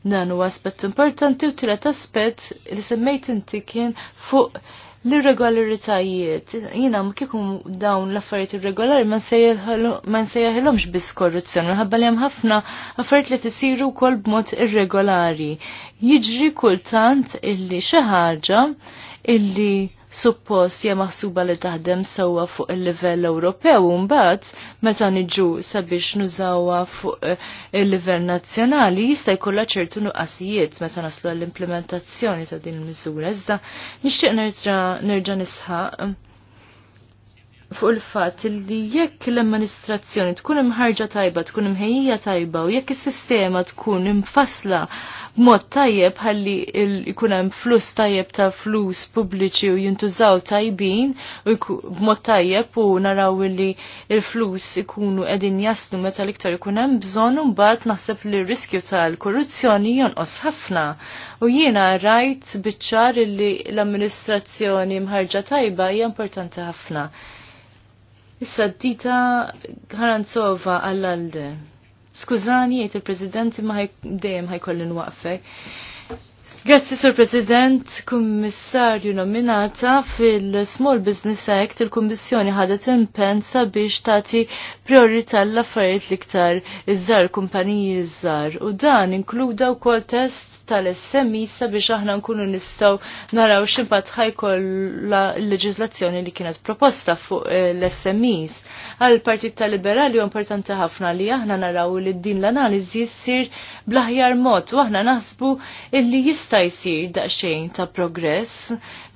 Dan huwa aspett importanti u tielet aspett li semmejt inti kien fuq l-irregolaritajiet, jina ma kikum dawn l-affarijiet irregolari ma nsejjaħilhomx bis korruzzjoni, minħabba li hemm ħafna affarijiet li tisiru wkoll b'mod irregolari. Jiġri kultant illi xi ħaġa illi suppost hija maħsuba li taħdem sewwa fuq il-livell Ewropew u mbagħad meta niġu sabiex nużawha fuq eh, il-livell nazzjonali jista' jkollha ċertu nuqqasijiet meta naslu għall-implementazzjoni ta' din il-miżura. Iżda nixtieq nerġa' nisħaq fuq il-fatt li jekk l-amministrazzjoni tkun imħarġa tajba, tkun imħejja tajba u jekk is-sistema tkun imfasla b'mod tajjeb ħalli jkun hemm flus tajjeb ta' flus pubbliċi u jintużaw tajbin u b'mod tajjeb u naraw li l-flus ikunu qegħdin jaslu meta l-iktar ikun hemm bżonn u mbagħad naħseb li r-riskju tal-korruzzjoni jonqos ħafna. U jiena rajt biċċar li l-amministrazzjoni mħarġa tajba hija importanti ħafna. Issa d-dita Haranzova għall-għalde. Skużani, jgħid il-President imma dejjem ħajkollin waqfek. Grazzi, Sur President, Kummissarju nominata fil-Small Business Act, il-Kummissjoni ħadet impensa biex tagħti priorità l-affarijiet liktar iż-żar kumpaniji iż-żar. U dan inkluda wkoll test tal-SMI e sabiex aħna nkunu nistgħu naraw x'impatt ħajkollha l-leġiżlazzjoni li kienet proposta fuq eh, l-SMEs. Għal partit tal-Liberali importanti ħafna li aħna naraw li din l-analiżi ssir bl-aħjar mod u aħna naħsbu illi jista' jista' jsir daqsxejn ta' progress.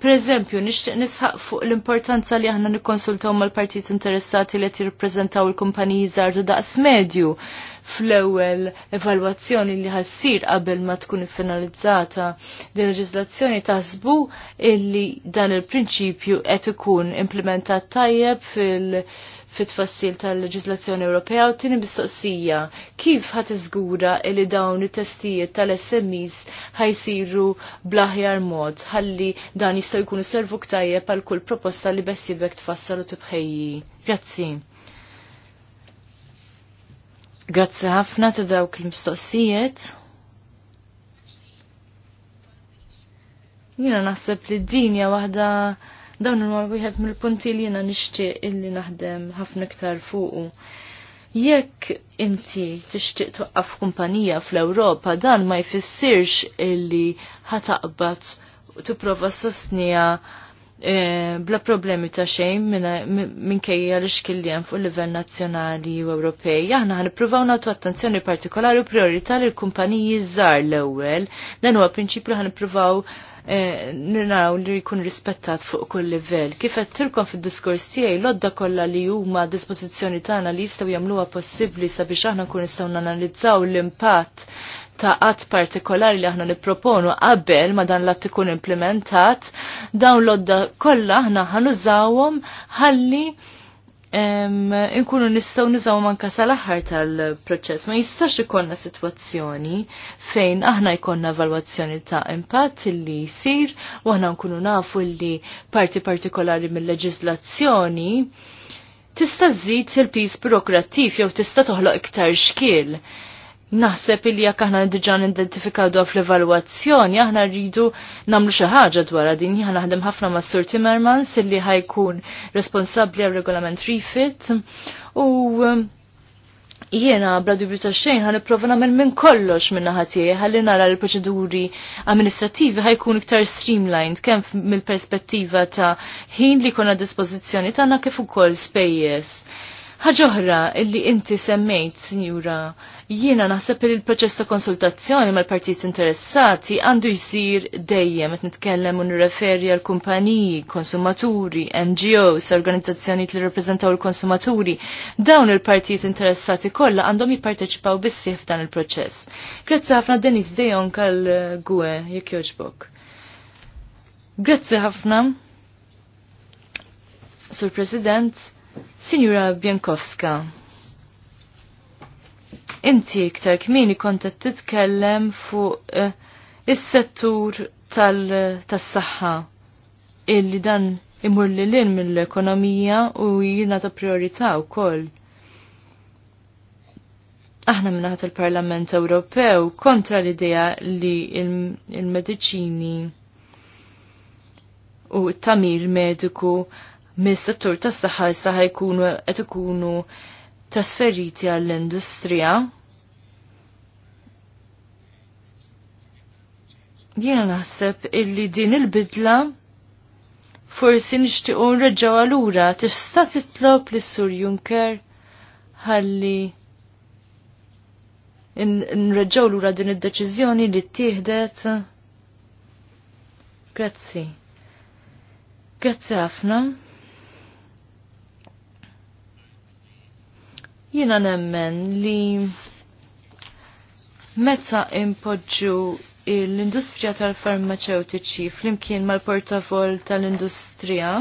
Pereżempju, nixtieq nisħaq fuq l-importanza li aħna nikkonsultaw mal-partit interessati li qed jirrappreżentaw il-kumpaniji żgħar daqs medju fl-ewwel evalwazzjoni li ħassir qabel ma tkun iffinalizzata din leġislazzjoni taħsbu illi dan il-prinċipju qed ikun implementat tajjeb fil- fit-tfassil tal-leġislazzjoni Ewropea u tini bistoqsija kif ħat iżgura li dawn it-testijiet tal-SMEs ħajsiru blaħjar mod ħalli dan jistgħu jkunu servu ktajje għal kull proposta li bessibek tfassal u tibħejji. Grazzi. Grazzi ħafna ta' dawk il-mistoqsijiet. Jina naħseb li d-dinja waħda Dawn huwa wieħed mill-punti li jiena nixtieq illi naħdem ħafna iktar fuqu. Jekk inti tixtieq toqqaf kumpanija fl-Ewropa dan ma jfissirx illi ħataqbad tipprova sostnija e, bla problemi ta' xejn minkejja li xkilljen fuq livell nazzjonali u Ewropej. Aħna ħanippruvaw nagħtu attenzjoni partikolari u priorità lill kumpaniji żgħar l-ewwel. Dan huwa prinċipju ħanippruvaw Eh, nirnaw li jkun rispettat fuq kull livell. Kif qed tilkom fid-diskors tiegħi l-odda kollha li huma dispożizzjoni tagħna li jistgħu jagħmluha possibbli sabiex aħna nkun nistgħu nanalizzaw l-impatt ta' qatt partikolari li aħna nipproponu qabel ma dan l-att ikun implementat, dawn l-odda kollha aħna ħanużawhom ħalli inkunu nistaw nizaw manka sal-aħħar tal-proċess. Ma jistax ikonna situazzjoni fejn aħna jkonna valwazzjoni ta' impatt li jisir u aħna nkunu nafu li parti partikolari mill-leġizlazzjoni tista' żid il-pis burokrattiv jew tista' toħloq iktar xkiel naħseb illi jekk aħna diġà nidentifikaw dwar fl-evalwazzjoni aħna rridu nagħmlu xi ħaġa dwar din jien naħdem ħafna ma' Sur Timmermans illi ħajkun responsabbli għal regolament refit u um, jiena bla dubju ta' xejn ħan nipprova nagħmel minn kollox minn naħa tiegħi ħalli nara l-proċeduri amministrativi ħajkun iktar streamlined kemm mill-perspettiva ta' ħin li jkun għad dispożizzjoni tagħna kif ukoll spejjeż. Ħaġoħra illi inti semmejt, sinjura, jiena naħseb li l-proċess ta' konsultazzjoni mal-partijiet interessati għandu jisir dejjem qed nitkellem u nirreferi għal kumpaniji, konsumaturi, NGOs, organizzazzjoni li rappreżentaw il-konsumaturi. Dawn il-partijiet interessati kollha għandhom jipparteċipaw bissieħ f'dan il-proċess. Grazzi ħafna Denis Dejon kal-Gwe jekk joġbok. Grazzi ħafna. Sur President, Signora Bjankowska, inti iktar kmini kontet titkellem fuq uh, is-settur tal-saħħa illi dan imur li lin mill-ekonomija u jina ta' priorita u koll. Aħna minnaħat il-Parlament Ewropew kontra l-idea li il-medicini il medicini u tamir mediku mis-settur tas-saħħa issa ħajkunu qed ikunu trasferiti għall-industrija. Jiena naħseb illi din il-bidla forsi nixtiequ nreġgħu għalura tista' titlob lis sur Juncker ħalli nreġgħu lura din id-deċiżjoni li ttieħdet. Grazzi. Grazzi ħafna. Jiena nemmen li meta impoġġu l-industrija tal-farmaceutiċi flimkien mal-portafol tal-industrija,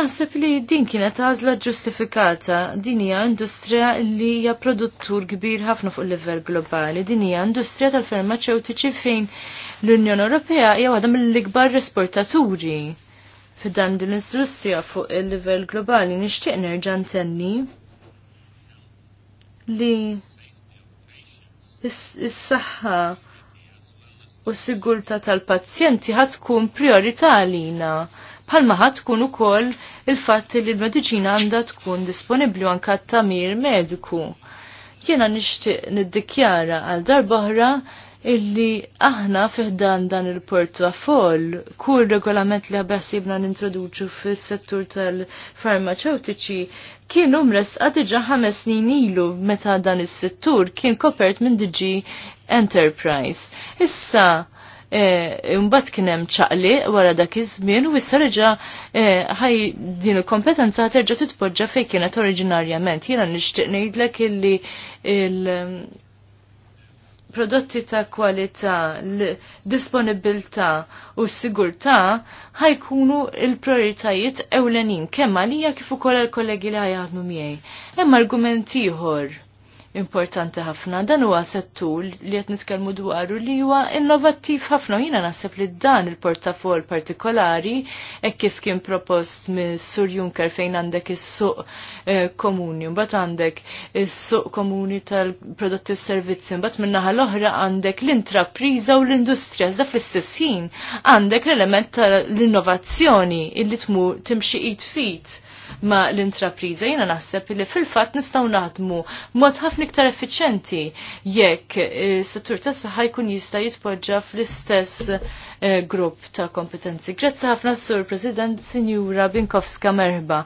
Naħseb li din kienet għażla ġustifikata, din hija industrija li hija produttur kbir ħafna fuq livell globali, din hija industrija tal-farmaceutiċi fejn l-Unjoni Ewropea hija waħda mill-ikbar esportaturi f'dan din l-industrija fuq il-livell globali nixtieq nerġa' ntenni li is-saħħa u s-sigurta tal-pazjenti tkun priorità għalina bħalma tkun ukoll il-fatt li l-mediċina għandha tkun disponibbli anke tamir mediku. Jiena nixtieq niddikjara għal darboħra illi aħna fiħdan dan il-portafol, kull regolament li għabessibna nintroduċu fil-settur tal-farmaceutiċi kien umres għadġa ħames snin ilu meta dan is-settur kien kopert minn diġi Enterprise. Issa, e, Mbatt kien hemm ċaqli wara dak iż-żmien u issa reġa' e, ħaj din il-kompetenza terġa' titpoġġa fejn kienet oriġinarjament. Jiena nixtieq ngħidlek illi il- prodotti ta' kwalità, l-disponibilità u s-sigurtà ħajkunu il-prioritajiet ewlenin kemm għalija kif ukoll għall kollegi li ħajjaħdmu miegħi. Hemm argument ieħor importanti ħafna. Dan huwa settur li qed nitkellmu dwaru li huwa innovattiv ħafna. Jiena naħseb li dan il-portafol partikolari hekk kif kien propost minn Sur Juncker fejn għandek is-suq eh, komuni, mbagħad għandek is-suq komuni tal-prodotti u servizzi, mbagħad min-naħa l-oħra għandek l-intrapriża u l-industrija da fl-istess ħin għandek l-element tal-innovazzjoni illi tmur timxi it fit ma' l intrapriza Jiena naħseb li fil-fatt nistgħu naħdmu mod ħafna iktar effiċenti jekk eh, s settur tas-saħħa jkun jista' jitpoġġa fl-istess eh, grupp ta' kompetenzi. Grazzi ħafna Sur President Sinjura Binkowska Merba.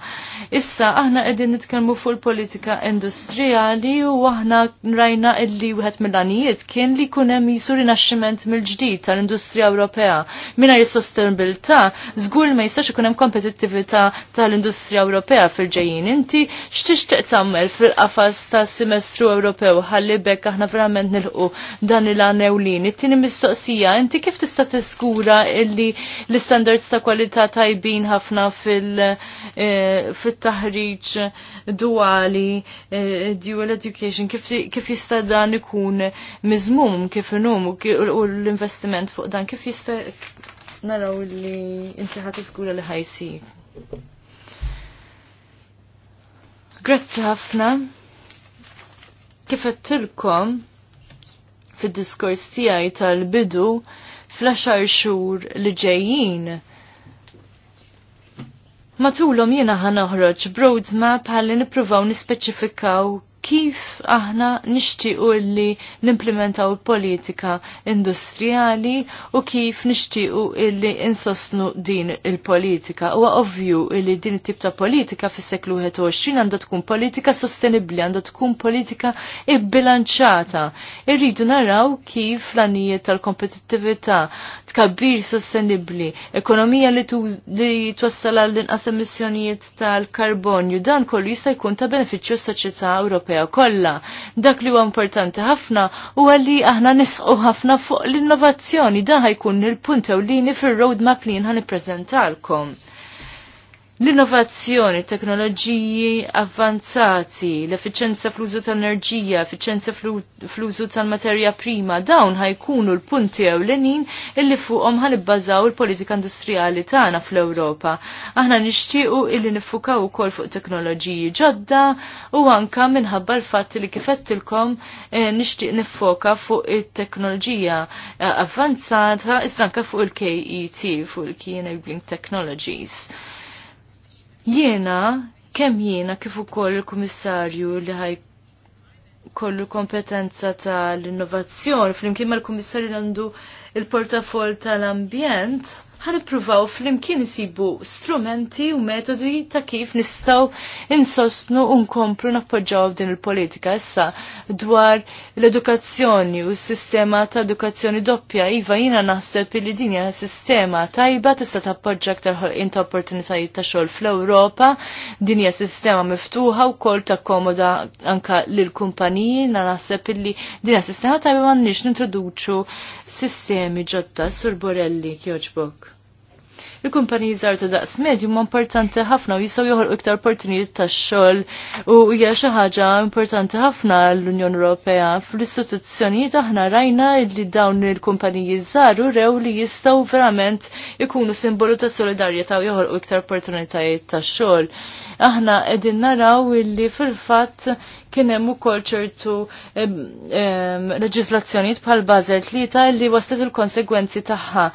Issa aħna qegħdin nitkellmu fuq il-politika industrijali u aħna rajna illi wieħed mill-għanijiet kien li jkun hemm jisur rinaxximent mill-ġdid tal-industrija Ewropea. Mingħajr is-sostenibilità żgur ma jistax ikun hemm kompetittività tal-industrija Ewropea Ewropea fil-ġejjin. Inti x'tixtieq tagħmel fil-qafas tas-Semestru Ewropew ħalli bekk aħna verament nilħu dan il-għan ewlin. It-tieni mistoqsija, inti kif tista' tiskura illi l-istandards ta' kwalità tajbin ħafna fil-taħriġ eh, duali, eh, dual education, kif jista' dan ikun miżmum kif inhom u l-investiment fuq dan kif jista' naraw li inti ħat iżgura li ħajsi. Grazzi ħafna. Kif għattilkom fil-diskors tiegħi tal-bidu fl axar xhur li ġejjin. Matulhom jiena ħanoħroġ map ħalli nippruvaw nispeċifikaw kif aħna nishtiqu li nimplementaw politika industrijali u kif nixtiequ illi insostnu din il-politika. Huwa ovvju li din it-tip ta' politika fis-seklu 21 għandha tkun politika sostenibbli, għandha tkun politika ibbilanċata. Irridu naraw kif l-anijiet tal-kompetittività tkabbir sostenibbli, ekonomija li, li twassal għall-inqas emissjonijiet tal-karbonju, dan kollu jista' jkun ta' benefiċċju s-soċjetà Ewropea Ewropea kollha. Dak li huwa importanti ħafna huwa li aħna nisqu ħafna fuq l-innovazzjoni da ħajkun il-punt ewlieni fir-roadmap li jien ħanippreżentalkom. L-innovazzjoni, teknoloġiji avvanzati, l-efficienza fl-użu tal-enerġija, efficienza fl-użu tal-materja prima, dawn ħajkunu l-punti ewlenin illi fuqhom ħanibbażaw il-politika industrijali tagħna fl-Ewropa. Aħna nixtiequ illi nifukaw ukoll fuq teknoloġiji ġodda u anka minħabba l-fatt li kifettilkom eh, nixtieq nifoka fuq it-teknoloġija eh, avvanzata iżda anke fuq il-KET, fuq il-Key Enabling Technologies. Jiena, kemm jiena kif ukoll il-Kummissarju li ħaj kollu kompetenza tal-innovazzjoni fl-imkien mal-Kummissarju għandu il-portafol tal-ambjent, ipruvaw fl-imkien isibu strumenti u metodi ta' kif nistaw insostnu unkomplu nappoġġaw din il-politika. Issa dwar l-edukazzjoni u s-sistema ta' edukazzjoni doppja, iva jina naħseb li din hija sistema tajba tista' tappoġġa aktar ħolqien ta' opportunitajiet ta' xogħol fl-Ewropa, din hija sistema miftuħa wkoll takkomoda anka lil kumpaniji na naħseb illi din s sistema tajba m'għandniex nintroduċu sistemi ġotta sur Borelli kjoġbok il-kumpaniji żgħar ta' daqs medju huma importanti ħafna u jistgħu joħolqu iktar opportunijiet tax-xogħol u hija xi ħaġa importanti ħafna l-Unjoni Ewropea. Fl-istituzzjonijiet aħna rajna li dawn il-kumpaniji żgħar rew li jistgħu verament ikunu simbolu ta' solidarjetà u joħolqu iktar opportunitajiet tax-xogħol. Aħna qegħdin naraw illi fil-fatt kien hemm ukoll ċertu leġiżlazzjonijiet bħal Basel tlieta li waslet il-konsegwenzi tagħha.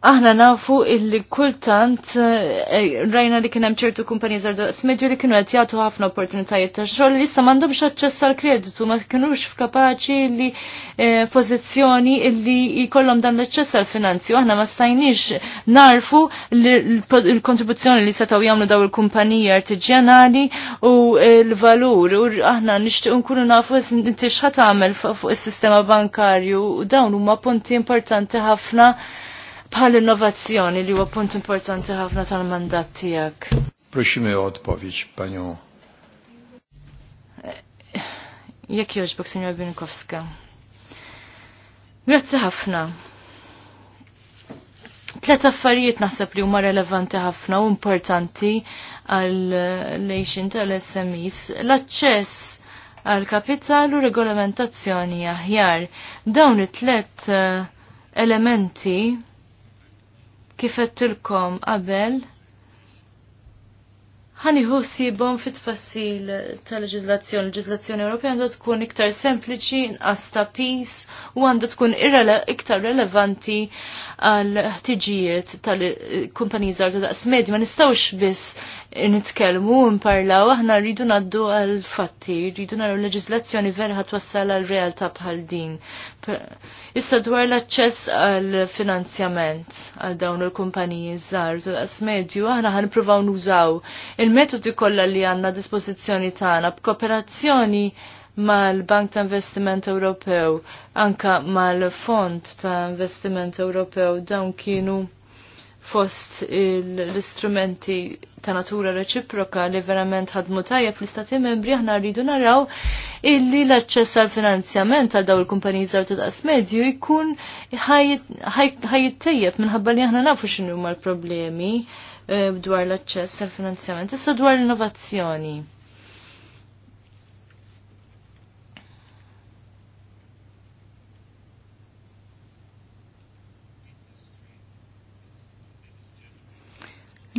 Aħna nafu illi kultant eh, rajna li kienem ċertu kumpanija zardu smedju li kienu għet jgħatu ħafna opportunitajiet ta' xogħol li issa m'għandhomx aċċess għal kreditu ma kienux f'kapaċi li eh, pożizzjoni illi jkollhom dan l-aċċess għal finanzi. Aħna ma stajniex narfu l-kontribuzzjoni li setgħu jagħmlu daw il-kumpaniji artiġjanali u eh, l-valur u aħna nixtieq nkunu nafu inti x'ħat tagħmel fuq is-sistema bankarju u dawn huma punti importanti ħafna bħal innovazzjoni li huwa punt importanti ħafna tal-mandat tiegħek. Prosimy odpowiedź panią. Jak jogħġbok, signor Binkowska? Grazzi ħafna. Tlet affarijiet naħseb li huma relevanti ħafna u importanti għal lejxin tal-SMEs. L-aċċess għal kapital u regolamentazzjoni aħjar. Dawn it-tlet eh, elementi kif għedtilkom qabel ħaniħu sibom fit tfassil ta' l Leġizlazzjoni Ewropea għandha tkun iktar sempliċi, inqas ta' u għandha tkun iktar relevanti għal ħtiġijiet tal-kumpaniji żgħar ta' daqs medju ma nistgħux biss nitkellmu nparlaw aħna rridu ngħaddu għal fatti, rridu naraw leġiżlazzjoni vera twassal għal realtà bħal din. Issa dwar l-aċċess għal finanzjament għal dawn il-kumpaniji żgħar ta' daqs medju aħna ħanipruvaw nużaw il-metodi kollha li għandna dispożizzjoni tagħna b'kooperazzjoni mal-Bank ta' Investiment Ewropew, anka mal-Fond ta' Investiment Ewropew dawn kienu fost l-istrumenti ta' natura reċiproka li verament ħadmu tajja fl-istati membri aħna rridu naraw illi l-aċċess għal finanzjament għal daw il-kumpaniji żgħar ta' daqs medju jkun ħajjittejjeb minħabba li aħna nafu x'inhuma l problemi eh, dwar l-aċċess għal finanzjament. Issa dwar l-innovazzjoni.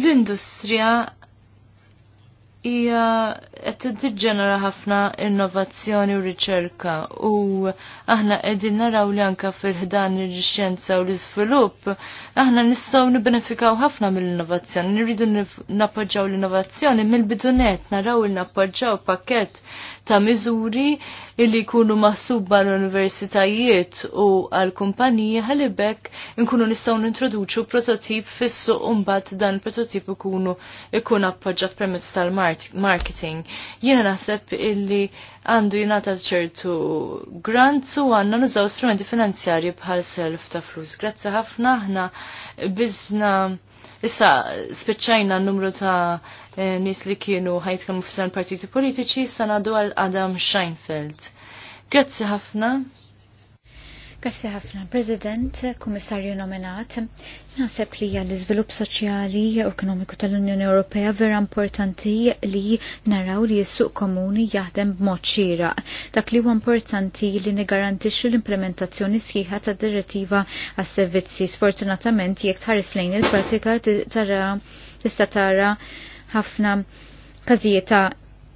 l industrija hija qed tiġġenera ħafna innovazzjoni u riċerka u aħna qegħdin naraw li anke fil-ħdan il xjenza u l izvilup aħna nistgħu nibenefikaw ħafna mill-innovazzjoni, nirridu nappoġġaw l-innovazzjoni mill-bidunet naraw li nappoġġaw pakkett ta' miżuri illi kunu maħsuba l-universitajiet u għal-kumpaniji ħalibek nkunu nistgħu nintroduċu prototip fis-suq mbagħad dan il-prototip ikunu ikun appoġġat permezz tal-mar marketing. Jiena naħseb illi għandu jingħata ċertu grants u għandna nużaw strumenti finanzjarji bħal self ta' flus. Grazzi ħafna aħna biżna issa spiċċajna n-numru ta' eh, nies li kienu ħajtkellmu f'san partiti politiċi sa għal Adam Scheinfeld. Grazzi ħafna. Grazzi ħafna, President, Kummissarju nominat. Naħseb li l iżvilupp soċjali u ekonomiku tal-Unjoni Ewropea vera importanti li naraw li s-suq komuni jaħdem b'mod xieraq. Dak li huwa importanti li nigarantixxu l-implementazzjoni sħiħa tad-direttiva għas-servizzi. Sfortunatament jekk tħares lejn il-pratika tista' tara ħafna każijiet ta'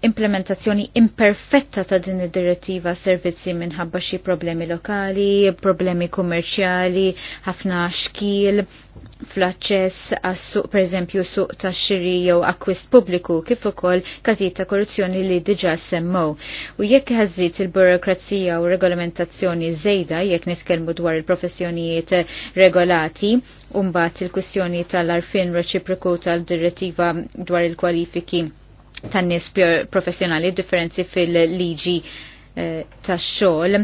implementazzjoni imperfetta ta' din id-direttiva servizzi minħabba xi problemi lokali, problemi kummerċjali, ħafna xkil, fl-aċċess għas-suq pereżempju suq ta' xiri jew akkwist pubbliku kif ukoll każijiet ta' korruzzjoni li diġà semmow. U jekk ħażit il-burokrazija u regolamentazzjoni żejda jekk nitkellmu dwar il-professjonijiet regolati, u mbagħad il-kwistjoni tal-arfin reċiproku tal-direttiva dwar il-kwalifiki tan-nies professjonali differenzi fil-liġi eh, tax-xogħol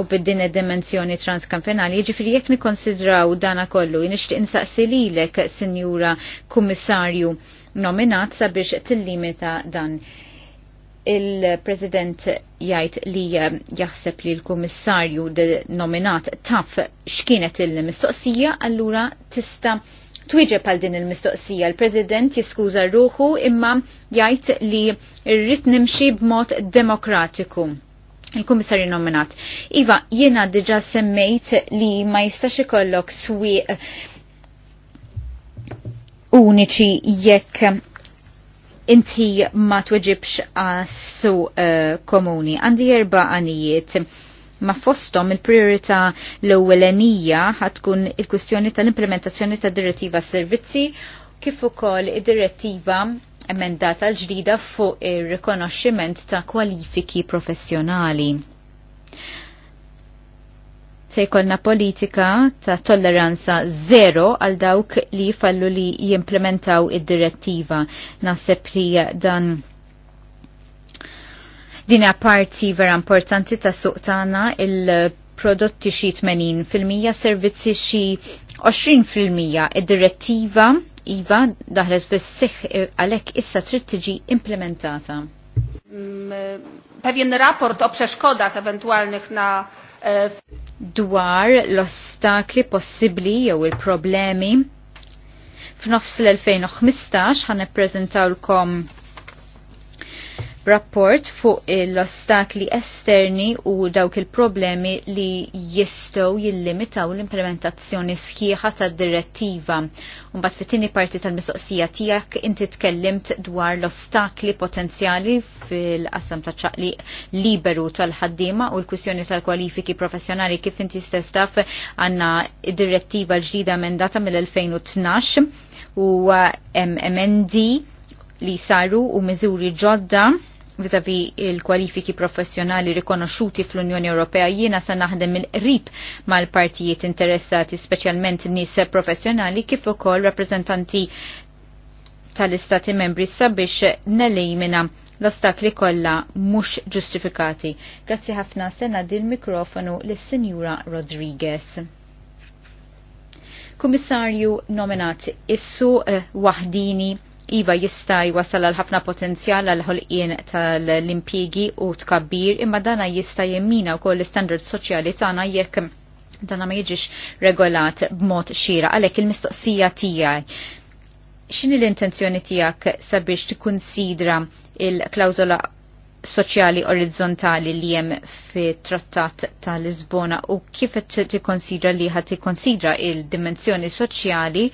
u bid-din dimensjoni transkampenali, ġifiri jek nikonsidraw dana kollu, nishtiq insaqsi lek, Sinjura Kummissarju nominat sabiex tillimita dan il-President jgħid li jaħseb li l-Kummissarju nominat taf x'kienet il-mistoqsija, allura tista' twieġeb għal din il-mistoqsija. Il-President jiskuża ruħu imma jgħid li rrid nimxi b'mod demokratiku il-komissarju nominat. Iva, jiena diġa semmejt li ma jistax ikollok swieq uniċi jekk inti ma tweġibx għassu uh, eh, komuni. Għandi erba għanijiet ma fostom il-priorità l-ewwelenija ħatkun il-kwistjoni tal-implementazzjoni tad direttiva servizzi kif ukoll id-direttiva emendata l-ġdida fuq ir-rikonoxximent ta' kwalifiki professjonali se jkollna politika ta' tolleranza zero għal dawk li fallu li jimplementaw id-direttiva. Naseb li dan Dina parti vera importanti ta' suq tagħna il-prodotti xi 80% servizzi xi 20% id-direttiva IVA daħlet fis-seħħ għalhekk issa trid tiġi implementata. Mm, e, pewien rapport o przeszkodach ewentualnych na e, dwar l-ostakli possibbli jew il-problemi. F'nofs l-2015 ħan prezentawlkom rapport fuq l-ostakli esterni u dawk il-problemi li jistow jillimitaw l-implementazzjoni sħiħa ta' direttiva. mbagħad fit-tini parti tal-misoqsija tijak inti tkellimt dwar l-ostakli potenzjali fil-qasam ta' ċaqli liberu tal-ħaddima u l-kwistjoni tal-kwalifiki professjonali kif inti stess taf għanna direttiva l-ġdida emendata mill-2012 u eh, MMND li saru u miżuri ġodda vizavi il-kwalifiki professjonali rikonoxuti fl-Unjoni Ewropea jiena sa naħdem il-qrib mal-partijiet interessati, speċjalment nis professjonali kif ukoll rappreżentanti tal-istati membri sabiex nelejmina l-ostakli kollha mhux ġustifikati. Grazzi ħafna sena dil mikrofonu lis-Sinjura Rodriguez. Kummissarju nominat issu eh, iva jista' jwasal għal ħafna potenzjal għal ħolqien tal-impjegi u tkabbir imma dana jista' jemmina wkoll l-standard soċjali tagħna jekk dana ma jiġix regolat b'mod xira għalhekk il-mistoqsija tiegħi x'inhi l-intenzjoni tiegħek sabiex tikkunsidra il klawzola soċjali orizzontali li jem fi trattat tal Lisbona u kif tikkonsidra li ħat tikkonsidra il-dimensjoni soċjali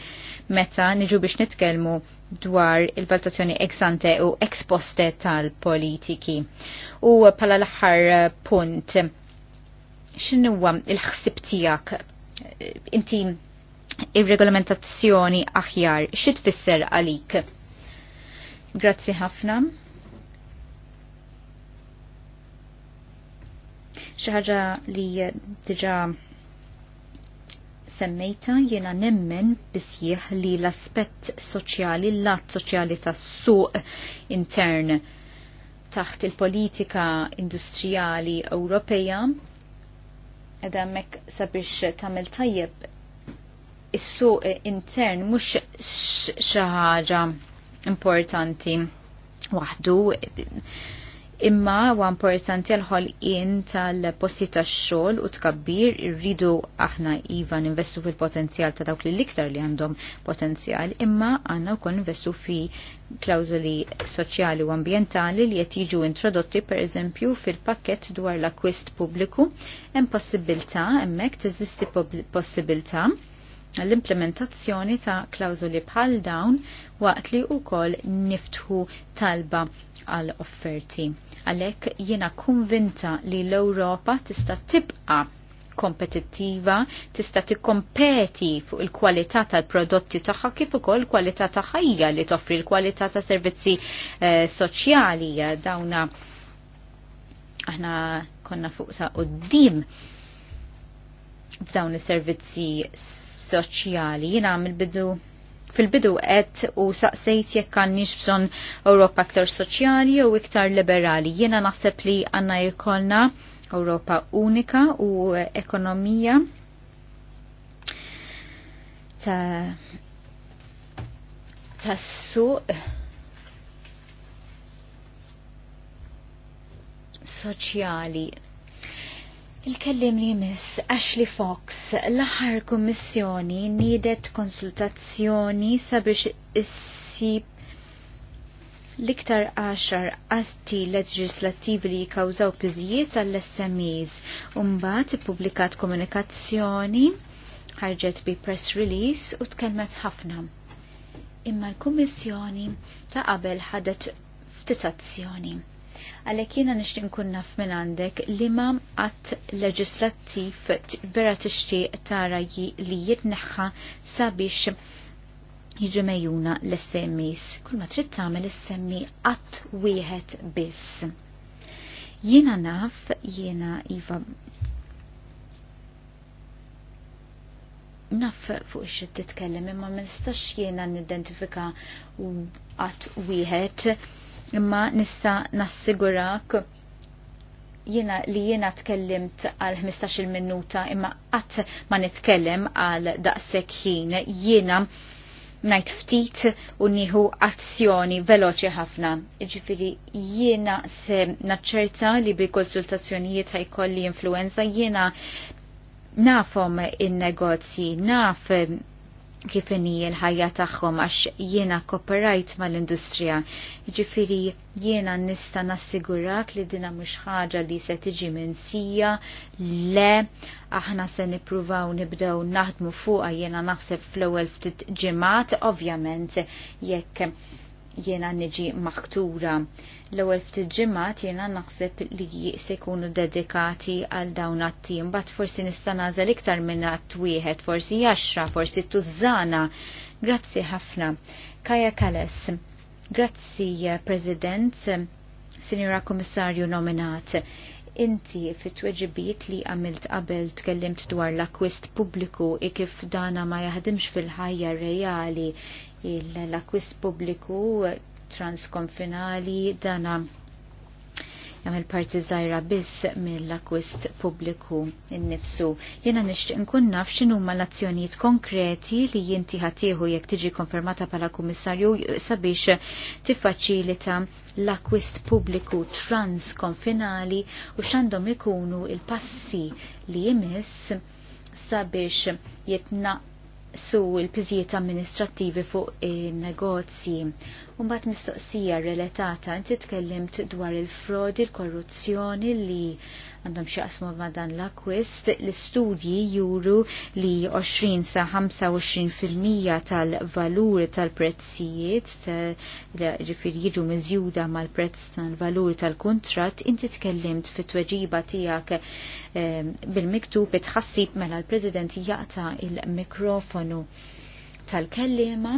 meta niġu biex nitkellmu dwar il-valutazzjoni ex ante u ex poste tal-politiki. U pala l-aħħar punt, x'inhuwa il-ħsib tiegħek inti il regolamentazzjoni aħjar, xi tfisser għalik? Grazzi ħafna. Xi ħaġa li diġa' semmejta jiena nemmen bisjieħ li l-aspett soċjali, l-lat soċjali ta' suq intern taħt il-politika industrijali Ewropeja edha mek sabiex tamil tajjeb is-suq intern mhux xi ħaġa importanti waħdu imma huwa importanti għal-ħolqien tal-posti tax-xogħol u tkabbir irridu aħna iva ninvestu fil-potenzjal ta' dawk li l-iktar li għandhom potenzjal, imma għandna wkoll investu fi klawżoli soċjali u ambjentali li qed jiġu introdotti pereżempju fil-pakkett dwar l-akwist pubbliku, hemm possibilità hemmhekk teżisti possibilità l-implementazzjoni ta' klawżoli bħal dawn waqt li wkoll niftħu talba għal offerti. Għalek jiena konvinta li l-Europa tista tibqa kompetittiva, tista tikkompeti fuq il-kwalità tal-prodotti tagħha kif ukoll kwalità ta' ħajja li toffri l-kwalità ta' servizzi eh, soċjali dawna aħna konna fuq ta' qudiem f'dawn is-servizzi soċjali. Jiena għamil bidu fil-bidu għed u saqsejt jekk għandniex bżonn Ewropa aktar soċjali u iktar liberali. Jiena naħseb li għandna jkollna Ewropa unika u ekonomija ta' tas-suq soċjali Il-kellim li jmiss Ashley Fox l-aħħar kummissjoni konsultazzjoni sabiex issib l-iktar għaxar atti leġislattivi li jkawżaw piżijiet għall-SMEs. Umbat publikat komunikazzjoni, ħarġet bi press release u tkellmet ħafna. Imma l-Kummissjoni ta' qabel ħadet ftit azzjoni għalhekk jiena nixtieq kun naf minn għandek li ma qatt leġislattiv vera tixtieq tara li jitneħħa sabiex jiġu mejjuna l-SMEs. Kull ma trid tagħmel is-semmi qatt wieħed biss. Jiena naf, jiena iva naf fuq ix titkellem imma ma nistax jiena nidentifika qatt wieħed imma nista nassigurak jiena li jiena tkellimt għal 15 minuta imma qatt ma nitkellem għal daqshekk ħin jiena ngħid ftit u nieħu azzjoni veloċi ħafna. Ġifiri jiena se naċċerta li bi konsultazzjonijiet ħajkolli influenza jiena nafhom in-negozji, naf kif inhi l-ħajja tagħhom għax jiena copyright mal-industrija. Ġifieri jiena nista' nassigurak li dina mhux ħaġa li se tiġi minsija le aħna se nippruvaw nibdew naħdmu fuqha jiena naħseb fl-ewwel ftit ġimgħat ovvjament jekk jiena niġi maħtura. L-ewwel ftit ġimgħat jiena naħseb li se jkunu dedikati għal dawn għat-tim, bat forsi nista' nażel iktar minn għat wieħed, forsi jaxra, forsi tużżana. Grazzi ħafna. Kaja Kales, grazzi President, Sinjura Kommissarju nominat inti fit-tweġibiet li għamilt qabel tkellimt dwar l-akwist pubbliku i kif dana ma jaħdimx fil-ħajja reali l-akwist pubbliku transkonfinali dana jagħmel parti żgħira biss mill-akwist pubbliku innifsu. Jiena nixtieq nkun naf x'inhuma l-azzjonijiet konkreti li jinti ħatiħu jekk tiġi konfermata bħala kummissarju sabiex tiffaċilita l-akwist pubbliku transkonfinali u xandom ikunu il-passi li jmiss sabiex jitnaq su l pizijiet amministrativi fuq il-negozji. Umbat mistoqsija relatata inti tkellimt dwar il-frodi, il-korruzzjoni li għandhom xaqsmu ma dan l-akwist, l-istudji juru li 20 sa 25% tal-valur tal-prezzijiet, ġifir jiġu mizjuda mal-prezz tal-valur tal-kontrat, inti tkellimt fit tweġiba tijak ehm, bil-miktub itħassib mela l-President jaqta il-mikrofonu tal-kellima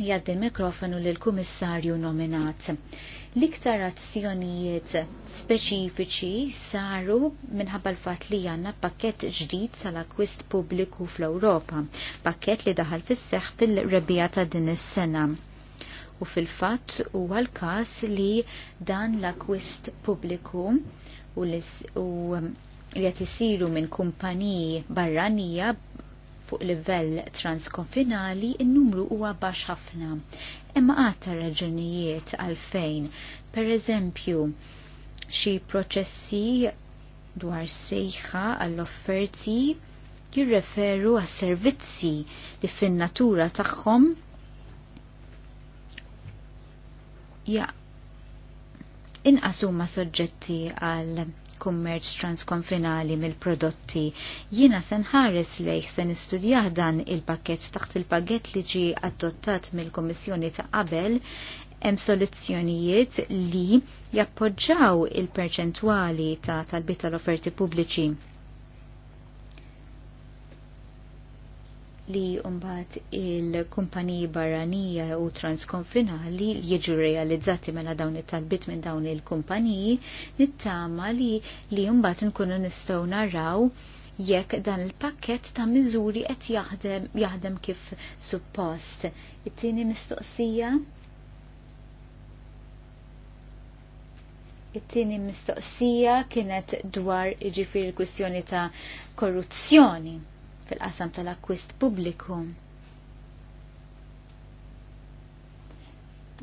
jgħaddi mikrofonu lill-Kummissarju nominat. L-iktar azzjonijiet speċifiċi saru minħabba l-fat li għanna pakket ġdid sal-akwist pubbliku fl-Ewropa, pakket li daħal fis-seħ fil-rebija ta' din is-sena. U fil-fatt huwa l-każ li dan l-akwist pubbliku u li qed isiru minn kumpaniji barranija fuq livell transkonfinali in-numru huwa baxx ħafna. Imma għatta raġunijiet għalfejn, per eżempju, xi proċessi dwar sejħa għall-offerti jirreferu għas servizzi li fin-natura tagħhom ja inqasu ma soġġetti għal kummerċ transkonfinali mill-prodotti. Jina sen ħares lejh sen istudjah dan il-pakket taħt il-pakket li ġi adottat mill-Komissjoni ta' qabel hemm soluzzjonijiet li jappoġġaw il-perċentwali ta' talbita l-offerti pubbliċi li umbat il-kumpaniji barranija u transkonfinali jiġu realizzati mela dawn it-talbit minn dawn il-kumpaniji nittama li li umbat nkunu nistgħu naraw jekk dan il-pakket ta' miżuri qed jaħdem jaħdem kif suppost. It-tieni mistoqsija It-tieni mistoqsija kienet dwar iġifieri kwistjoni ta' korruzzjoni fil-qasam tal-akwist pubbliku.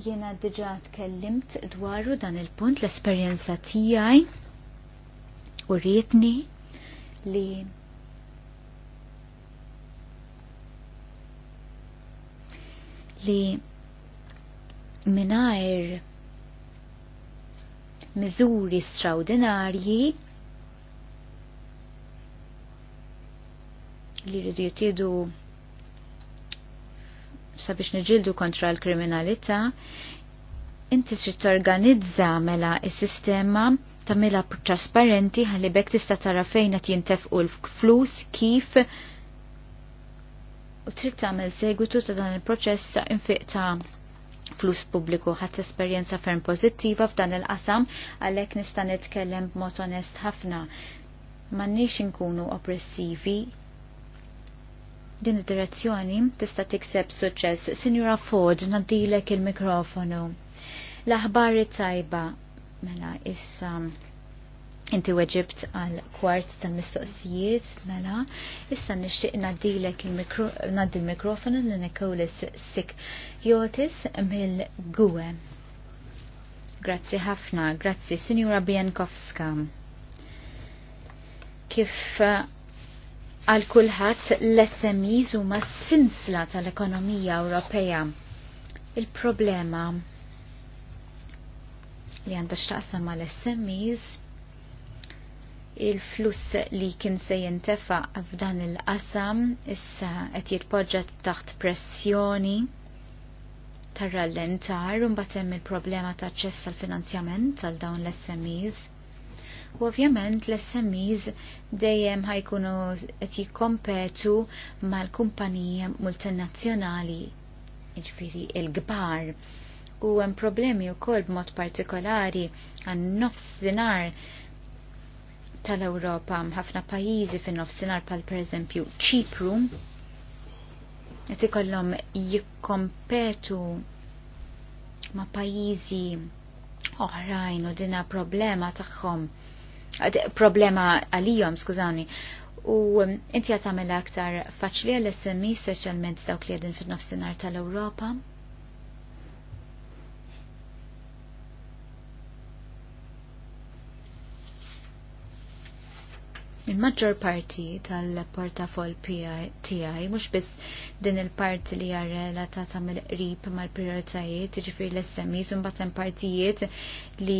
Jiena diġa tkellimt dwaru dan il-punt l-esperjenza tiegħi u rietni li li minajr miżuri straordinarji li rridu jittidu sabiex niġildu kontra l-kriminalità, inti trid organizza mela s-sistema tagħmilha trasparenti ħalli bekk tista' tara fejn qed jintefqu l-flus kif u trid tagħmel segwitu ta' dan il-proċess ta' infiq ta' flus pubbliku ħadd esperjenza ferm pożittiva f'dan il-qasam għalhekk nista' nitkellem b'mod onest ħafna. M'għandniex inkunu oppressivi din id-direzzjoni tista' tikseb suċċess. Sinjura Ford, nadilek il-mikrofonu. L-aħbar tajba mela issa inti weġibt għal kwart tal-mistoqsijiet mela issa nixtieq nadilek il-mikrofonu -mikro, li Nikolis Sik Jotis mill-Gwe. Grazzi ħafna, grazzi Sinjura Bienkowska. Kif għal kulħadd l-SMEs huma sinsla tal-ekonomija Ewropea. Il-problema li għandha x'taqsam mal smes il-fluss li kien se jintefa f'dan il-qasam issa qed jitpoġġa taħt pressjoni tar-rallentar u mbagħad hemm il-problema ta' ċess tal-finanzjament għal dawn l-SMEs U ovvjament l-SMEs dejjem ħajkunu qed jikkompetu mal-kumpanija multinazzjonali, jiġifieri il-kbar. U hemm problemi wkoll b'mod partikolari għan nofsinhar tal-Ewropa ħafna pajjiżi fin nofsinhar pal pereżempju Ċipru qed ikollhom jikkompetu ma' pajjiżi oħrajn u dina problema tagħhom problema għalijom, skużani, u um, inti għat għamela aktar faċli għal-SMI, e, seċalment dawk li għedin fil-nofsinar tal-Europa? Il-maġġor parti tal-portafol tiegħi mhux biss din il-parti li hija ta' mill-qrib mal-prioritajiet, ġifir l smi u partijiet li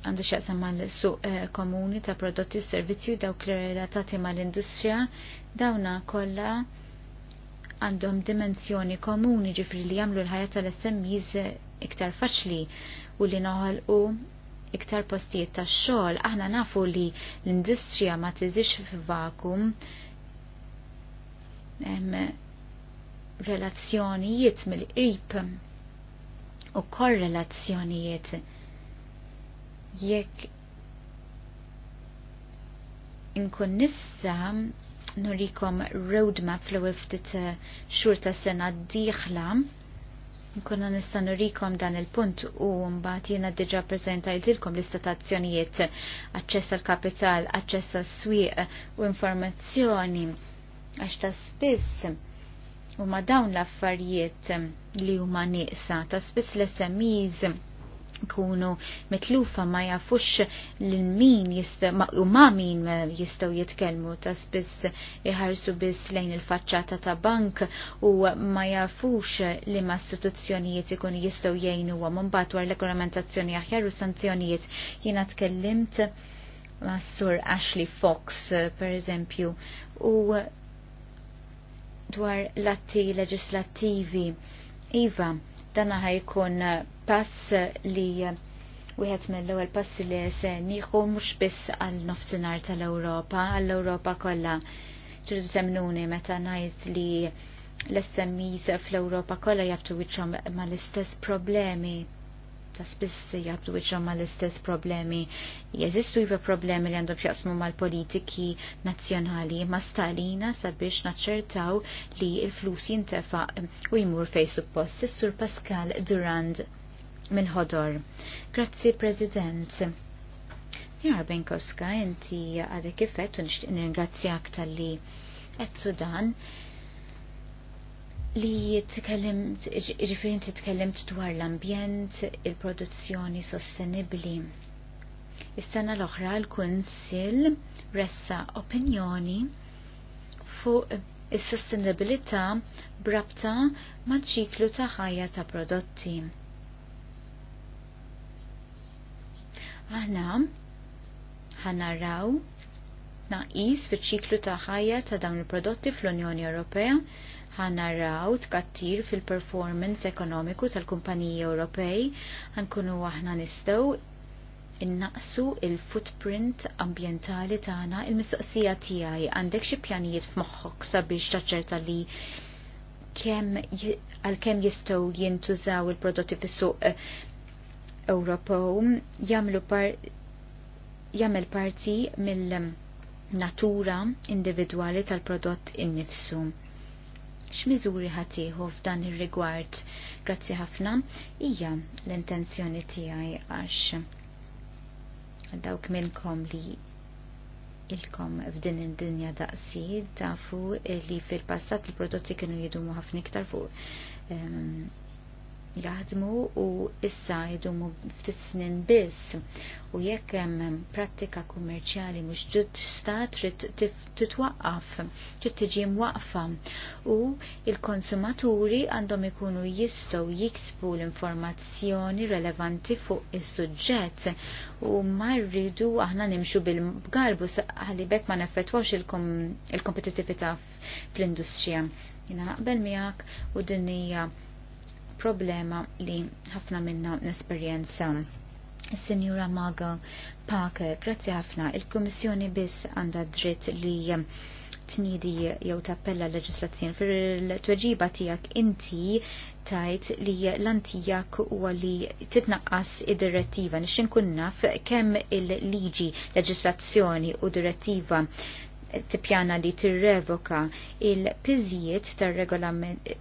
għandu xaqsam l suq eh, komuni ta' prodotti s-servizju dawk li relatati mal-industrija dawna kolla għandhom dimensjoni komuni ġifri li jagħmlu l-ħajja tal smis eh, iktar faċli u li u iktar postijiet ta' xogħol, aħna nafu li l-industrija ma tiżix vakum relazzjonijiet mill-qrib u korrelazzjonijiet jekk inkun nista nurikom roadmap fl ewwel ftit eh, xhur ta' sena d-dieħla Nkunna nista' nurikom dan il-punt u mbagħad jiena diġà preżentajtilkom l-istatazzjonijiet aċċess għal kapital, aċċess s swieq u informazzjoni għax ta' spiss u ma dawn l-affarijiet li huma nieqsa ta' spiss l-SMEs kunu mitlufa ma jafux l-min u ma min jistaw jitkelmu ta' spiss iħarsu biss lejn il-facċata ta' bank u ma jafux li ma istituzzjonijiet ikun jistaw jgħinu u mumbat war regolamentazzjoni aħjar u sanzjonijiet jina tkellimt ma' sur Ashley Fox per eżempju u dwar l-atti leġislattivi Iva, dana ħajkun pass li wieħed mill-ewwel passi li se nieħu mhux biss għal nofsinhar tal-Ewropa, għall-Ewropa kollha. Ġridu semnuni meta ngħid li l-SMEs fl-Ewropa kollha jabtu wiċċhom mal istess problemi ta' spiss jabdu wiċċhom ma l-istess problemi. Jeżistu jiva problemi li għandhom xjaqsmu mal-politiki nazzjonali ma stalina sabiex naċċertaw li l-flus jintefa' u jmur fej suppost. Sissur Pascal Durand mill-ħodor. Grazzi, President. Jara Benkowska, inti għadek kifet u nishtiq nirringrazzjak tal-li għettu dan li tkellimt, ġifirin tkellimt dwar l-ambjent, il-produzzjoni sostenibli. Is-sena l-oħra l-Kunsil ressa opinjoni fuq is-sostenibilità brabta maċ-ċiklu ta' ħajja ta' prodotti. Aħna ħanarraw naqis fiċ-ċiklu ta' ħajja ta' dawn il-prodotti fl-Unjoni Ewropea ħanarraw tkattir fil-performance ekonomiku tal-kumpaniji Ewropej, ħankunu aħna nistgħu innaqsu il-footprint ambientali tagħna il-mistoqsija tiegħi għandek xi pjanijiet f'moħħok sabiex taċċerta li kemm għal kemm jistgħu jintużaw il-prodotti fis-suq eh, Ewropew jagħmlu jagħmel parti mill-natura individwali tal-prodott innifsu. X'miżuri ħatieħu f'dan ir-rigward? Grazzi ħafna hija l-intenzjoni tiegħi għax dawk minnkom li ilkom f'din id-dinja daqsi tafu li fil-passat il-prodotti kienu jidumu ħafna iktar fuq ehm, jaħdmu u issa jidumu ftit snin biss u jekk hemm prattika kummerċjali mhux ġusta trid titwaqqaf, trid tiġi mwaqfa u il-konsumaturi għandhom ikunu jistgħu jiksbu l-informazzjoni relevanti fuq is-suġġett u ma rridu aħna nimxu bil-galbu ħalibek ma neffettwax il-kompetitività fl-industrija. Jina naqbel miegħek u dinija problema li ħafna minna nesperjenza. Signora Maga Pak, grazzi ħafna. Il-Komissjoni biss għandha dritt li tnidi jew tappella l-leġislazzjoni fir tweġiba tiegħek inti tajt li l-antijak huwa li titnaqqas id-direttiva Nixin inkun naf kemm il-liġi leġislazzjoni u direttiva tippjana li tirrevoka il-piżijiet tar-regolament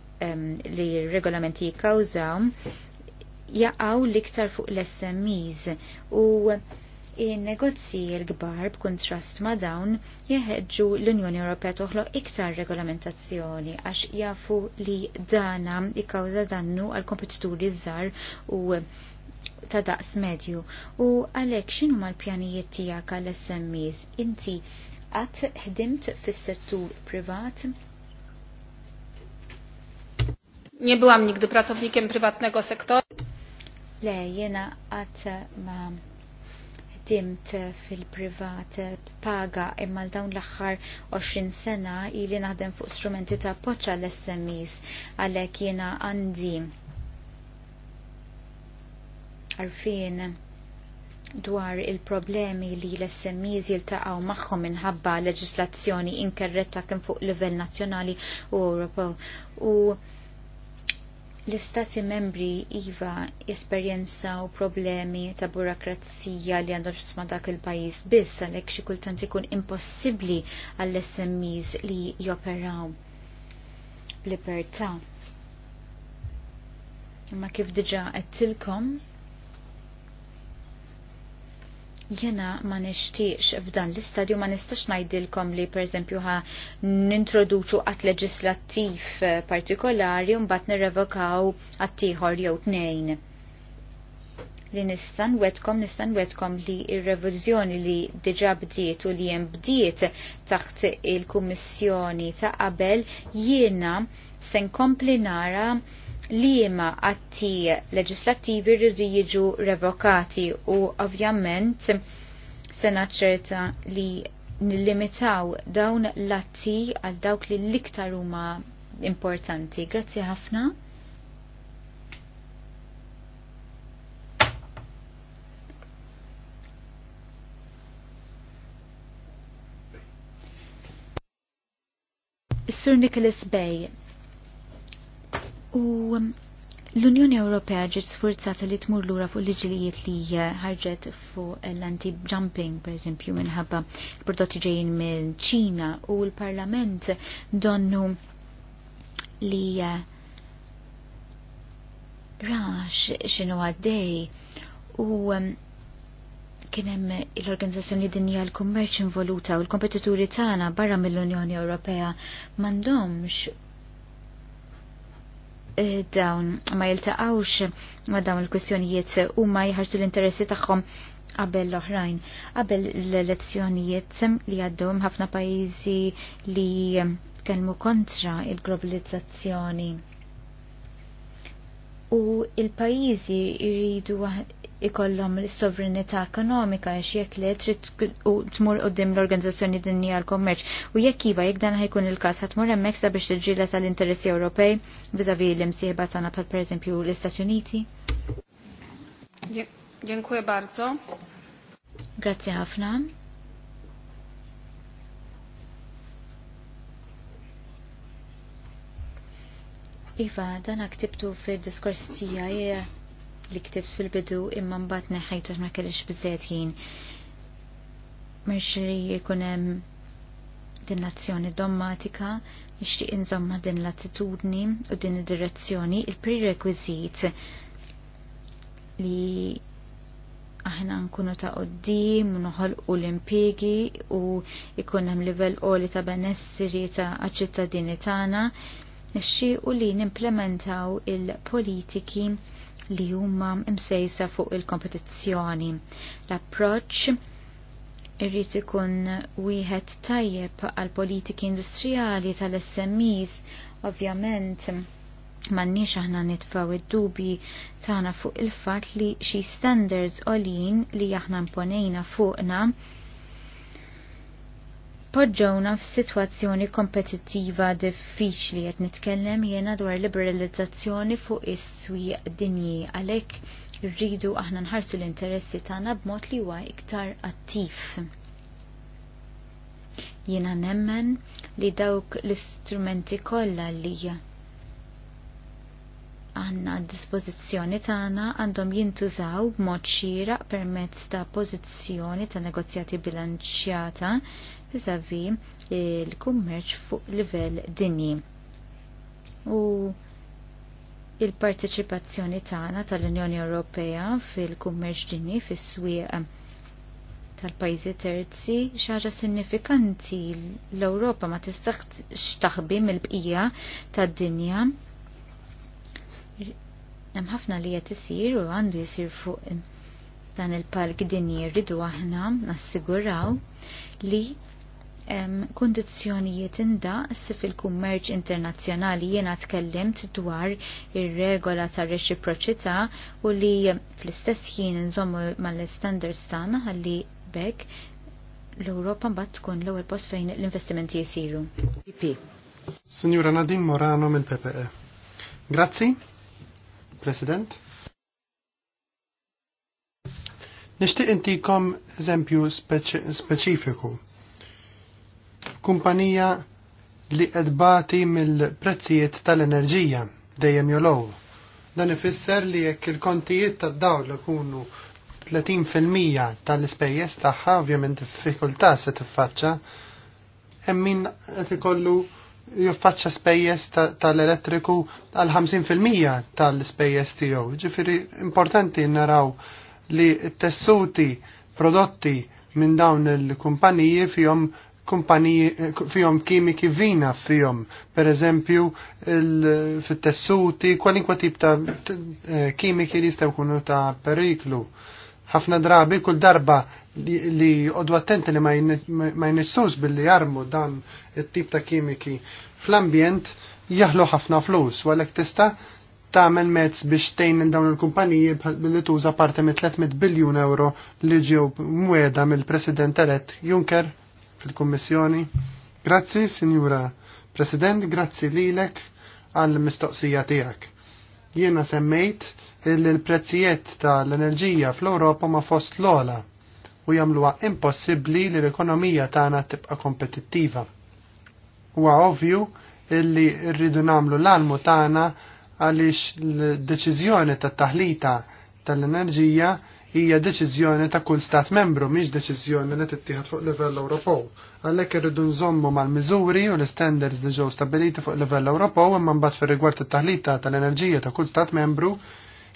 li regolamenti jikkawżaw jaqaw liktar fuq l-SMEs u il-negozji l-gbar b'kuntrast ma' dawn jeħeġġu l-Unjoni Ewropea toħloq iktar regolamentazzjoni għax jafu li dana ikkawża dannu għal kompetituri żgħar u ta' daqs medju. U għalhekk x'inhu l-pjanijiet tiegħek għall-SMEs? Inti qatt ħdimt fis-settur privat Nie byłam nigdy pracownikiem prywatnego sektora. Le, jena għat ma ħdimt fil-privat paga imma l-dawn l-axħar 20 sena ili naħdem fuq strumenti ta' poċċa l smis għalek jena għandi għarfien dwar il-problemi li l smis jiltaqaw maħħom minħabba leġislazzjoni inkerretta kien fuq livell nazzjonali u Ewropew. U L-istati membri iva jesperjenzaw problemi ta' burokrazija li għandhom xisma dak il-pajis biss għalhekk xi kultant ikun impossibbli għall smis li joperaw libertà. Ma kif diġa għedtilkom, Jena ma nishtiqx f'dan l-istadju ma nistax najdilkom li per eżempju ħa nintroduċu għat leġislattiv eh, partikolari un bat nirrevokaw għattiħor jew tnejn. Li nistan wetkom, nistan wetkom li il-revizjoni li diġa bdiet u li jem bdiet taħt il-kummissjoni ta' qabel jiena sen komplinara nara liema atti leġislattivi rridu jiġu revokati u ovvjament se naċċerta li nillimitaw dawn l-atti għal dawk li l-iktar huma importanti. Grazzi ħafna. Sir Nicholas Bay, U um, l-Unjoni Ewropea ġiet sforzata li tmur lura fuq liġilijiet li uh, ħarġet fuq l-anti-jumping, per eżempju, minħabba prodotti ġejjin minn ċina u l-Parlament donnu li uh, rax xinu għaddej u um, kienem l-Organizzazzjoni Dinja l-Kummerċ involuta u l-kompetituri tagħna barra mill-Unjoni Ewropea m'għandhomx Eh, dawn ma jiltaqawx ma dawn il-kwestjonijiet u ma jħarġu l-interessi tagħhom qabel l-oħrajn. Qabel l-elezzjonijiet li għaddhom ħafna pajjiżi li kellmu kontra il-globalizzazzjoni. U il-pajjiżi jridu ikollhom l-sovranità ekonomika għax jekk li trid tmur qudiem l-Organizzazzjoni Dinjija għall-Kommerċ u jekk iva jekk dan ħajkun il-każ ħadd tmur hemmhekk sabiex tiġġiela tal-interessi Ewropej viżavi l-imsieħba tagħna bħal pereżempju l-Istati Uniti. Dziękuję bardzo. Grazie ħafna. Iva, dan ktibtu fid-diskors tiegħi li ktibt fil-bidu imma mbagħad neħajtu ma kellix biżejjed jien. Mirxiri jkun hemm din l-azzjoni dommatika nixtieq inżomma din l-attitudni u din id-direzzjoni il-prerequisit li aħna nkunu ta' qoddim, noħolqu l-impjegi u ikun hemm livell qoli ta' benessiri ta' ċittadini tagħna nixxiequ li nimplementaw il-politiki li huma msejsa fuq il-kompetizzjoni. L-approċċ irrid ikun wieħed tajjeb għal politiki industrijali tal-SMEs, ovvjament m'għandniex aħna nitfaw id-dubi tagħna fuq il-fatt li xi standards għolin li aħna imponejna fuqna f f'sitwazzjoni kompetittiva diffiċli qed nitkellem jiena dwar liberalizzazzjoni fuq is-swieq dinji għalhekk rridu aħna nħarsu l-interessi tagħna b'mod li huwa iktar attiv. Jiena nemmen li dawk l-istrumenti kollha li għanna dispożizzjoni tagħna għandhom jintużaw b'mod xieraq permezz ta' pożizzjoni ta' negozjati bilanċjata vizavi l-kummerċ fuq livell dinji. U il-parteċipazzjoni tagħna tal-Unjoni Ewropea fil-kummerċ dinji fis-swieq tal-pajzi terzi xaġa sinifikanti l ewropa ma tistax taħbi mill-bqija tad-dinja. Hemm ħafna li qed isir u għandu jisir fuq dan il-palk dinji rridu aħna nassiguraw li kondizjonijiet indaqs fil-kummerċ internazzjonali jiena tkellimt dwar ir-regola ta' reċiproċità u li fl-istess ħin nżommu mal-standards tagħna ħalli bekk l-Ewropa mbagħad tkun l-ewwel post fejn l-investimenti jisiru. Signora Nadine Morano mill PPE. Grazzi, President. Nishtiq intikom eżempju speċifiku kumpanija li edbati mill-prezzijiet tal-enerġija dejjem jolow. Dan ifisser li jekk il-kontijiet tad-dawl ikunu 30% tal-ispejjeż tagħha ovvjament diffikultà se tiffaċċa, hemm min qed ikollu jiffaċċa spejjeż tal-elettriku għal 50% tal-ispejjeż tiegħu. Ġifieri importanti naraw li t-tessuti prodotti minn dawn il-kumpaniji fihom kumpaniji eh, fihom kimiki vina fihom, per eżempju fit-tessuti, kwalinkwa tip ta' eh, kimiki li jistgħu jkunu ta' periklu. Ħafna drabi kull darba li għodu attenti li ma jnissux billi jarmu dan it-tip ta' kimiki fl-ambjent jaħlu ħafna flus, għalek tista' tagħmel mezz biex tgħin dawn il-kumpaniji billi tuża parti mit 300 biljun euro li ġew mweda mill-President elett Juncker fil-Kummissjoni. Grazzi, Sinjura President, grazzi lilek għall-mistoqsija tiegħek. Jiena semmejt li l-prezzijiet tal-enerġija fl-Ewropa ma fost l-ola u jagħmluha impossibbli li l-ekonomija tagħna tibqa' kompetittiva. Huwa ovvju illi rridu nagħmlu l-almu tagħna għaliex l-deċiżjoni tat-taħlita tal-enerġija ta hija deċiżjoni ta' kull stat membru mhix deċiżjoni li tittieħed fuq livell Ewropew. Għalhekk irridu nżommu mal-miżuri u l-standards li ġew stabiliti fuq livell Ewropew imma mbagħad fir-rigward it-taħlita tal-enerġija ta' kull stat membru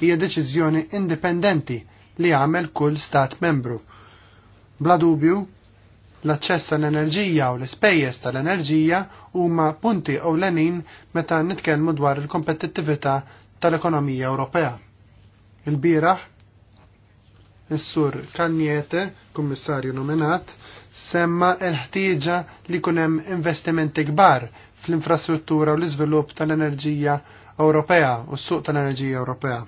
hija deċiżjoni indipendenti li għamel kull stat membru. Bla dubju, l-aċċess tal-enerġija u l-ispejjeż tal-enerġija huma punti ewlenin meta nitkellmu dwar il-kompetittività tal-ekonomija Ewropea. Il-bieraħ Is-sur Kanjete, kummissarju nominat, semma l-ħtieġa li kunem investimenti kbar fl-infrastruttura u l-iżvilupp tal-enerġija Ewropea u s-suq tal-enerġija Ewropea.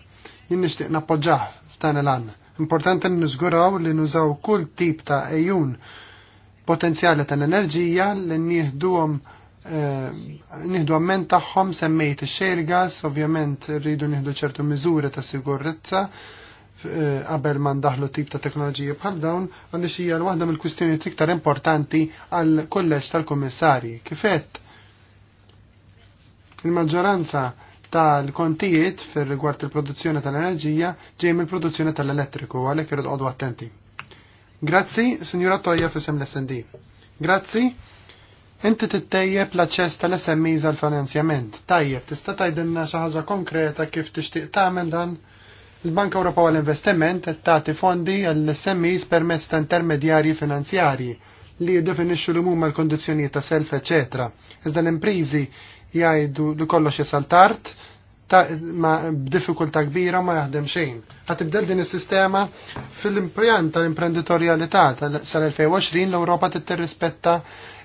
Jien nixtieq nappoġġah f'dan il-għan. Importanti nizguraw li nużaw kull tip ta' ejjun potenzjali tal enerġija li nieħduhom eh, nieħdu ammen tagħhom semmejt ix-xejl gas, ovvjament rridu nieħdu ċertu miżuri ta' sigurezza Eh, qabel ma ndaħlu tip ta' teknoloġija bħal dawn għaliex hija waħda mill-kwistjoni iktar importanti għal kollex tal-kummissarji. Kifet il-maġġoranza tal-kontijiet fir rigward il-produzzjoni tal-enerġija ġej mill-produzzjoni tal-elettriku għalhekk irid qogħdu attenti. Grazzi, Sinjura Toja f'isem l-SND. Grazzi, inti tittejjeb l-aċċess tal-SMEs għal-finanzjament. Tajjeb, tista' tgħidilna xi ħaġa konkreta kif tixtieq tagħmel dan? Il-Banka Ewropa għal investiment qed tagħti fondi għall-SMEs permezz ta' intermedjarji finanzjarji li jiddefinixxu l huma l-kondizzjonijiet ta' self, eċetera. Iżda l-imprizi jgħidu li kollox isal tard ma b'diffikultà kbira ma jaħdem xejn. Ħa tibdel din is-sistema fil-impjant tal-imprenditorjalità sal-2020 l-Ewropa tittirrispetta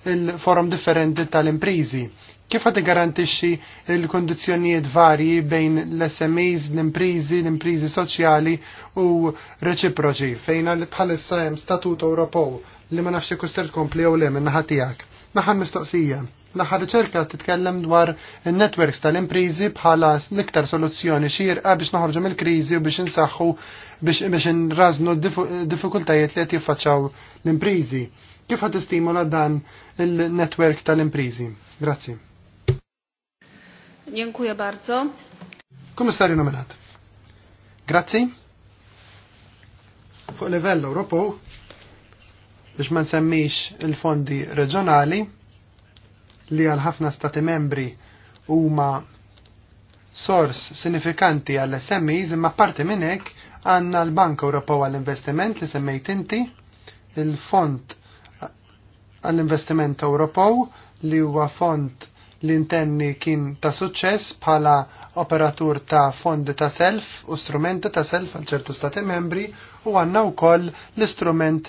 il-forum differenti tal-imprizi Kif għad garantixxi l-kondizjonijiet varji bejn l-SMEs, l-imprizi, l-imprizi soċjali u reċiproċi fejn bħalissa hemm statut Ewropew li ma nafx kusser tkompli jew le minn naħa tiegħek. mistoqsija. Naħan riċerka titkellem dwar in-networks tal-imprizi bħala l-iktar soluzzjoni xierqa biex naħorġu mill-kriżi u biex insaħħu biex nraznu diffikultajiet li qed jiffaċċaw l-imprizi. Kif ħad tistimula dan il-network tal-imprizi? Grazzi. Dziękuję bardzo. Komissarju nominat. Grazzi. Fuq livell Ewropew biex ma nsemmix il-fondi reġjonali li għal ħafna stati membri huma sors sinifikanti għall smis imma parti minn hekk għandna l-Bank Ewropew għall-Investiment li semmejt inti, il-Fond għall-Investiment Ewropew li huwa fond l-intenni kien ta' suċċess bħala operatur ta' fondi ta' self u strumenti ta' self għal ċertu stati membri u għanna wkoll l-istrument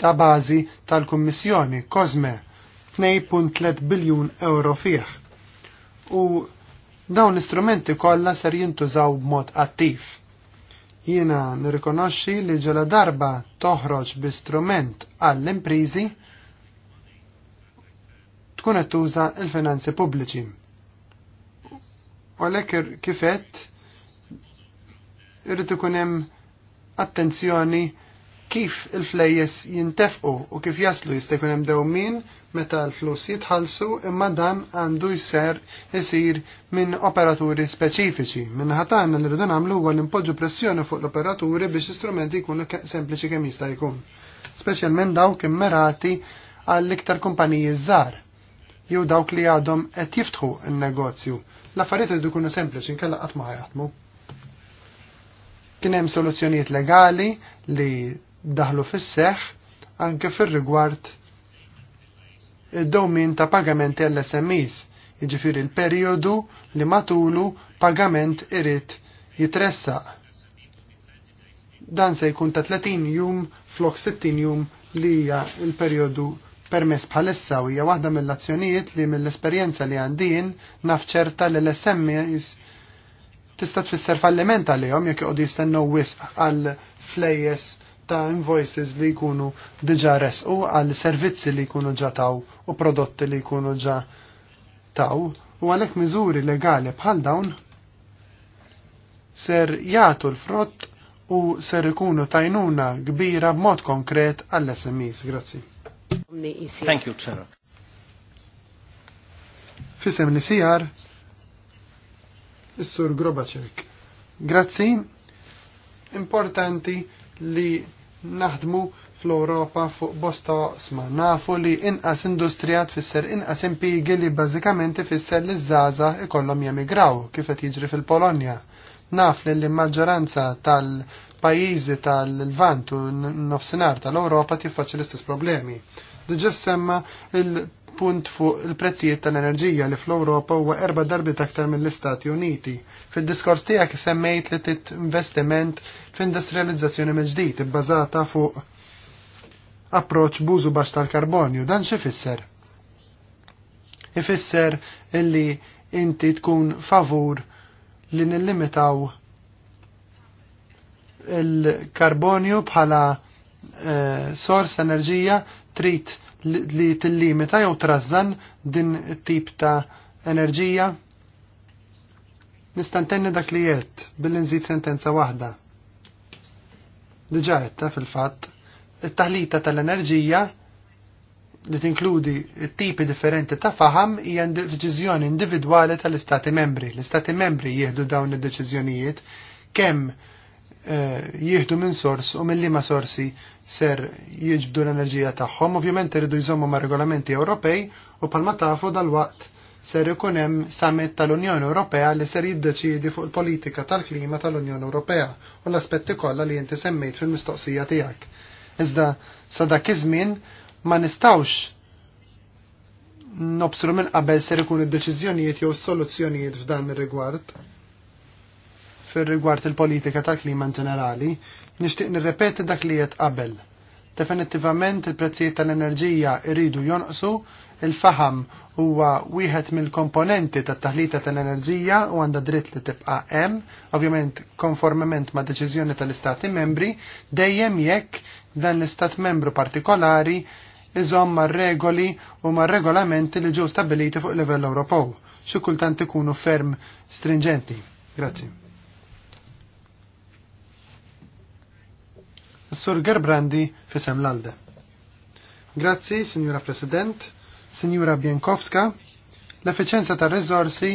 ta' bażi tal-Kummissjoni Kozme 2.3 biljun euro fih. U dawn l-istrumenti kollha ser jintużaw b'mod attiv. Jiena nirrikonoxxi li ġela darba toħroġ bi strument għall-imprizi tkun qed tuża l-finanzi pubbliċi. U għalhekk kifet irrid ikun hemm attenzjoni kif il-flejjes jintefqu u kif jaslu jista' jkun hemm dewmin meta l-flus jitħallsu imma dan għandu jser isir minn operaturi speċifiċi. Minn ħatan li rridu nagħmlu huwa nimpoġġu pressjoni fuq l-operaturi biex istrumenti jkunu sempliċi kemm jista' jkun. Speċjalment dawk immerati għall iktar kumpaniji żgħar jew dawk li għadhom qed jiftħu n-negozju. L-affarijiet qed ikunu sempliċi inkella qatt ma ħajatmu. Kien hemm soluzzjonijiet legali li daħlu fis-seħħ anke fir-rigward id-dowmin ta' pagamenti għall-SMEs, jiġifieri l-perjodu li matulu pagament irid jitressaq. Dan se jkun ta' 30 jum flok 60 jum li hija l-perjodu permess bħalissa u hija waħda mill-azzjonijiet li mill-esperjenza li għandin naf ċerta li l-SMEs tista' tfisser falliment għalihom jekk iqgħodu jistennew wisq għal flejjes ta' invoices li jkunu diġa resqu għal servizzi li jkunu ġa taw u prodotti li jkunu ġa taw u għalhekk miżuri legali bħal dawn ser jagħtu l-frott u ser ikunu tajnuna kbira b'mod konkret għall-SMEs. Grazzi. Thank you, Chair. Fisem li sijar, Is-Sur Grobacek. Grazzi, importanti li naħdmu fl-Europa fuq bosta sma Nafu li inqas industrija tfisser inqas impigi li bażikament tfisser li żaza ikollhom jemigraw kif qed jiġri fil-Polonja. Naf li l-maġġoranza tal-pajjiżi tal-Lvant u n-nofsinhar tal-Ewropa tiffaċċi l-istess problemi Diġa semma il-punt fuq il-prezzijiet tal-enerġija li fl-Ewropa huwa erba darbi aktar mill-Istati Uniti. Fil-diskors tiegħek semmejt li tit investiment f'industrializzazzjoni mill-ġdid ibbażata fuq approċ bużu baxx tal-karbonju. Dan x'ifisser. fisser? Ifisser illi inti tkun favur li nillimitaw il-karbonju bħala e, sors enerġija trid li tillimita jew trażżan din it-tip ta' enerġija? ntenni dak li jgħid billi nżid sentenza waħda. Diġa jetta fil-fatt, it-taħlita tal-enerġija li tinkludi tipi differenti ta' faham hija deċiżjoni individwali tal-Istati membri. L-Istati membri jieħdu dawn id-deċiżjonijiet kemm Eh, jieħdu minn sors u mill ma sorsi ser jieġbdu l-enerġija tagħhom. Ovvjament iridu jżommu ma' regolamenti Ewropej u palma tafu dal-waqt ser ikun hemm summit tal-Unjoni Ewropea li ser jiddeċiedi fuq il-politika tal-klima tal-Unjoni Ewropea u l-aspetti kollha li inti semmejt fil-mistoqsija tiegħek. Iżda sa dak iż-żmien ma nistawx nobsru minn qabel ser ikun id-deċiżjonijiet jew s-soluzzjonijiet f'dan ir-rigward fir rigward il-politika tal-klima ġenerali, nixtieq nirrepeti dak li qed qabel. Definittivament il-prezzijiet tal-enerġija iridu jonqsu, il-faham huwa wieħed mill-komponenti tat-taħlita tal-enerġija u għandha dritt li tibqa' hemm, ovvjament konformement ma' deċiżjoni tal-Istati membri, dejjem jekk dan l-Istat membru partikolari iżomm ma' regoli u ma' regolamenti li ġew stabiliti fuq livell Ewropew, xi kultant ikunu ferm stringenti. Grazie. Sur Gerbrandi fisem l-Alde. Grazzi, Signora President, Signora Bienkowska, l-efficienza tar rizorsi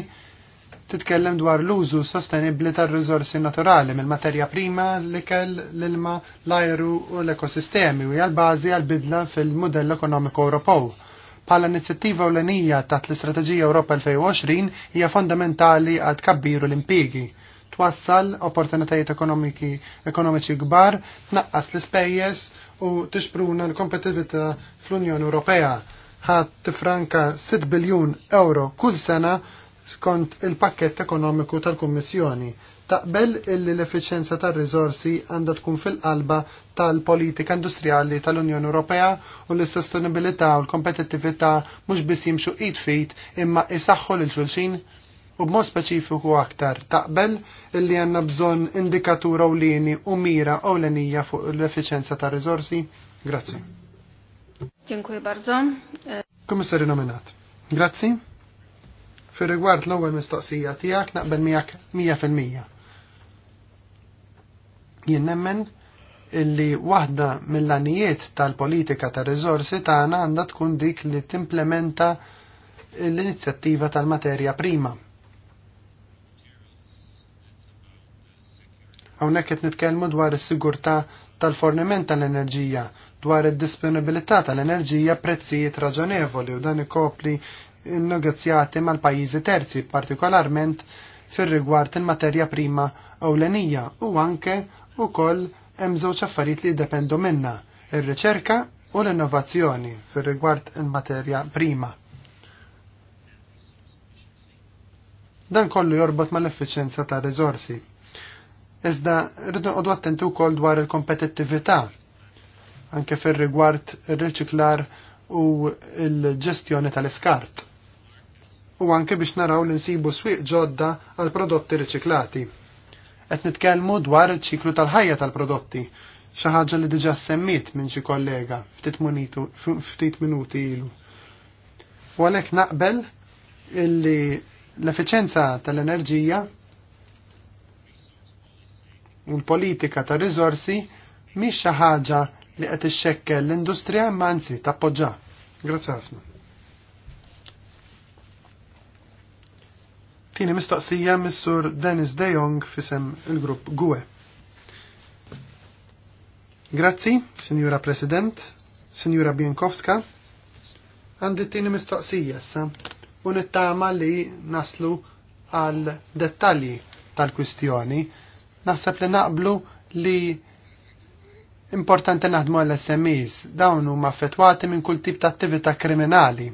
titkellem dwar l-użu sostenibli tar rizorsi naturali mill-materja prima, l-ikel, l-ilma, l-ajru u l-ekosistemi u għal-bazi għal-bidla fil-modell ekonomiku Ewropew. Pala inizjattiva u l-enija taħt l-Istrateġija Ewropa 2020 hija fondamentali għad kabbiru l-impigi twassal opportunitajiet ekonomiki ekonomiċi kbar, tnaqqas l-ispejjeż u tixpruna l-kompetitività fl-Unjoni Ewropea. Ħadd tifranka 6 biljun euro kull sena skont il-pakket ekonomiku tal-Kummissjoni. Taqbel illi l-efficienza tar-riżorsi għandha tkun fil-qalba tal-politika industrijali tal-Unjoni Ewropea u l-sostenibilità u l-kompetittività mhux biss jimxu id fit imma isaħħu lil xulxin u b'mod speċifiku aktar taqbel illi għanna bżon indikatura u lini u mira u lenija fuq l-efficienza ta' rizorsi? Grazzi. Dziękuję bardzo. E, Komissarju nominat. Grazzi. Fi rigward l-ewwel mistoqsija tiegħek naqbel miegħek 100%. Jien nemmen illi waħda mill-anijiet tal-politika ta' rizorsi tagħna għandha tkun dik li timplementa l-inizjattiva tal-materja prima Hawnhekk qed nitkellmu dwar is-sigurtà tal-forniment tal-enerġija, dwar id-disponibilità tal-enerġija prezzijiet raġonevoli u dan ikopli negozjati mal-pajjiżi terzi, partikolarment fir-rigward il-materja prima ewlenija u anke ukoll hemm żewġ affarijiet li jiddependu minna, ir-riċerka u l-innovazzjoni fir-rigward il-materja prima. Dan kollu jorbot mal-effiċenza ta' rizorsi. Iżda rridu għodu attentu wkoll dwar il-kompetittività anke fir-rigward ir-riċiklar u l-ġestjoni tal-iskart. U anke biex naraw li nsibu swieq ġodda għal prodotti riċiklati. Qed nitkellmu dwar il-ċiklu tal-ħajja tal-prodotti, xi ħaġa li diġà semmit minn xi kollega ftit minuti ilu. U għalhekk naqbel illi l-efficienza tal-enerġija l politika ta' rizorsi mhix xi ħaġa li qed ixxekkel l-industrija imma anzi tappoġġa. Grazzi ħafna. Tieni mistoqsija mis-sur Dennis De Jong fisem il-grupp GUE. Grazzi, Sinjura President, Sinjura Bienkowska. Għandi tieni mistoqsija issa u nittama li naslu għal dettalji tal-kwistjoni Naħseb li naqblu li importanti naħdmu għall smis dawn huma affettwati minn kull tip ta' attività kriminali.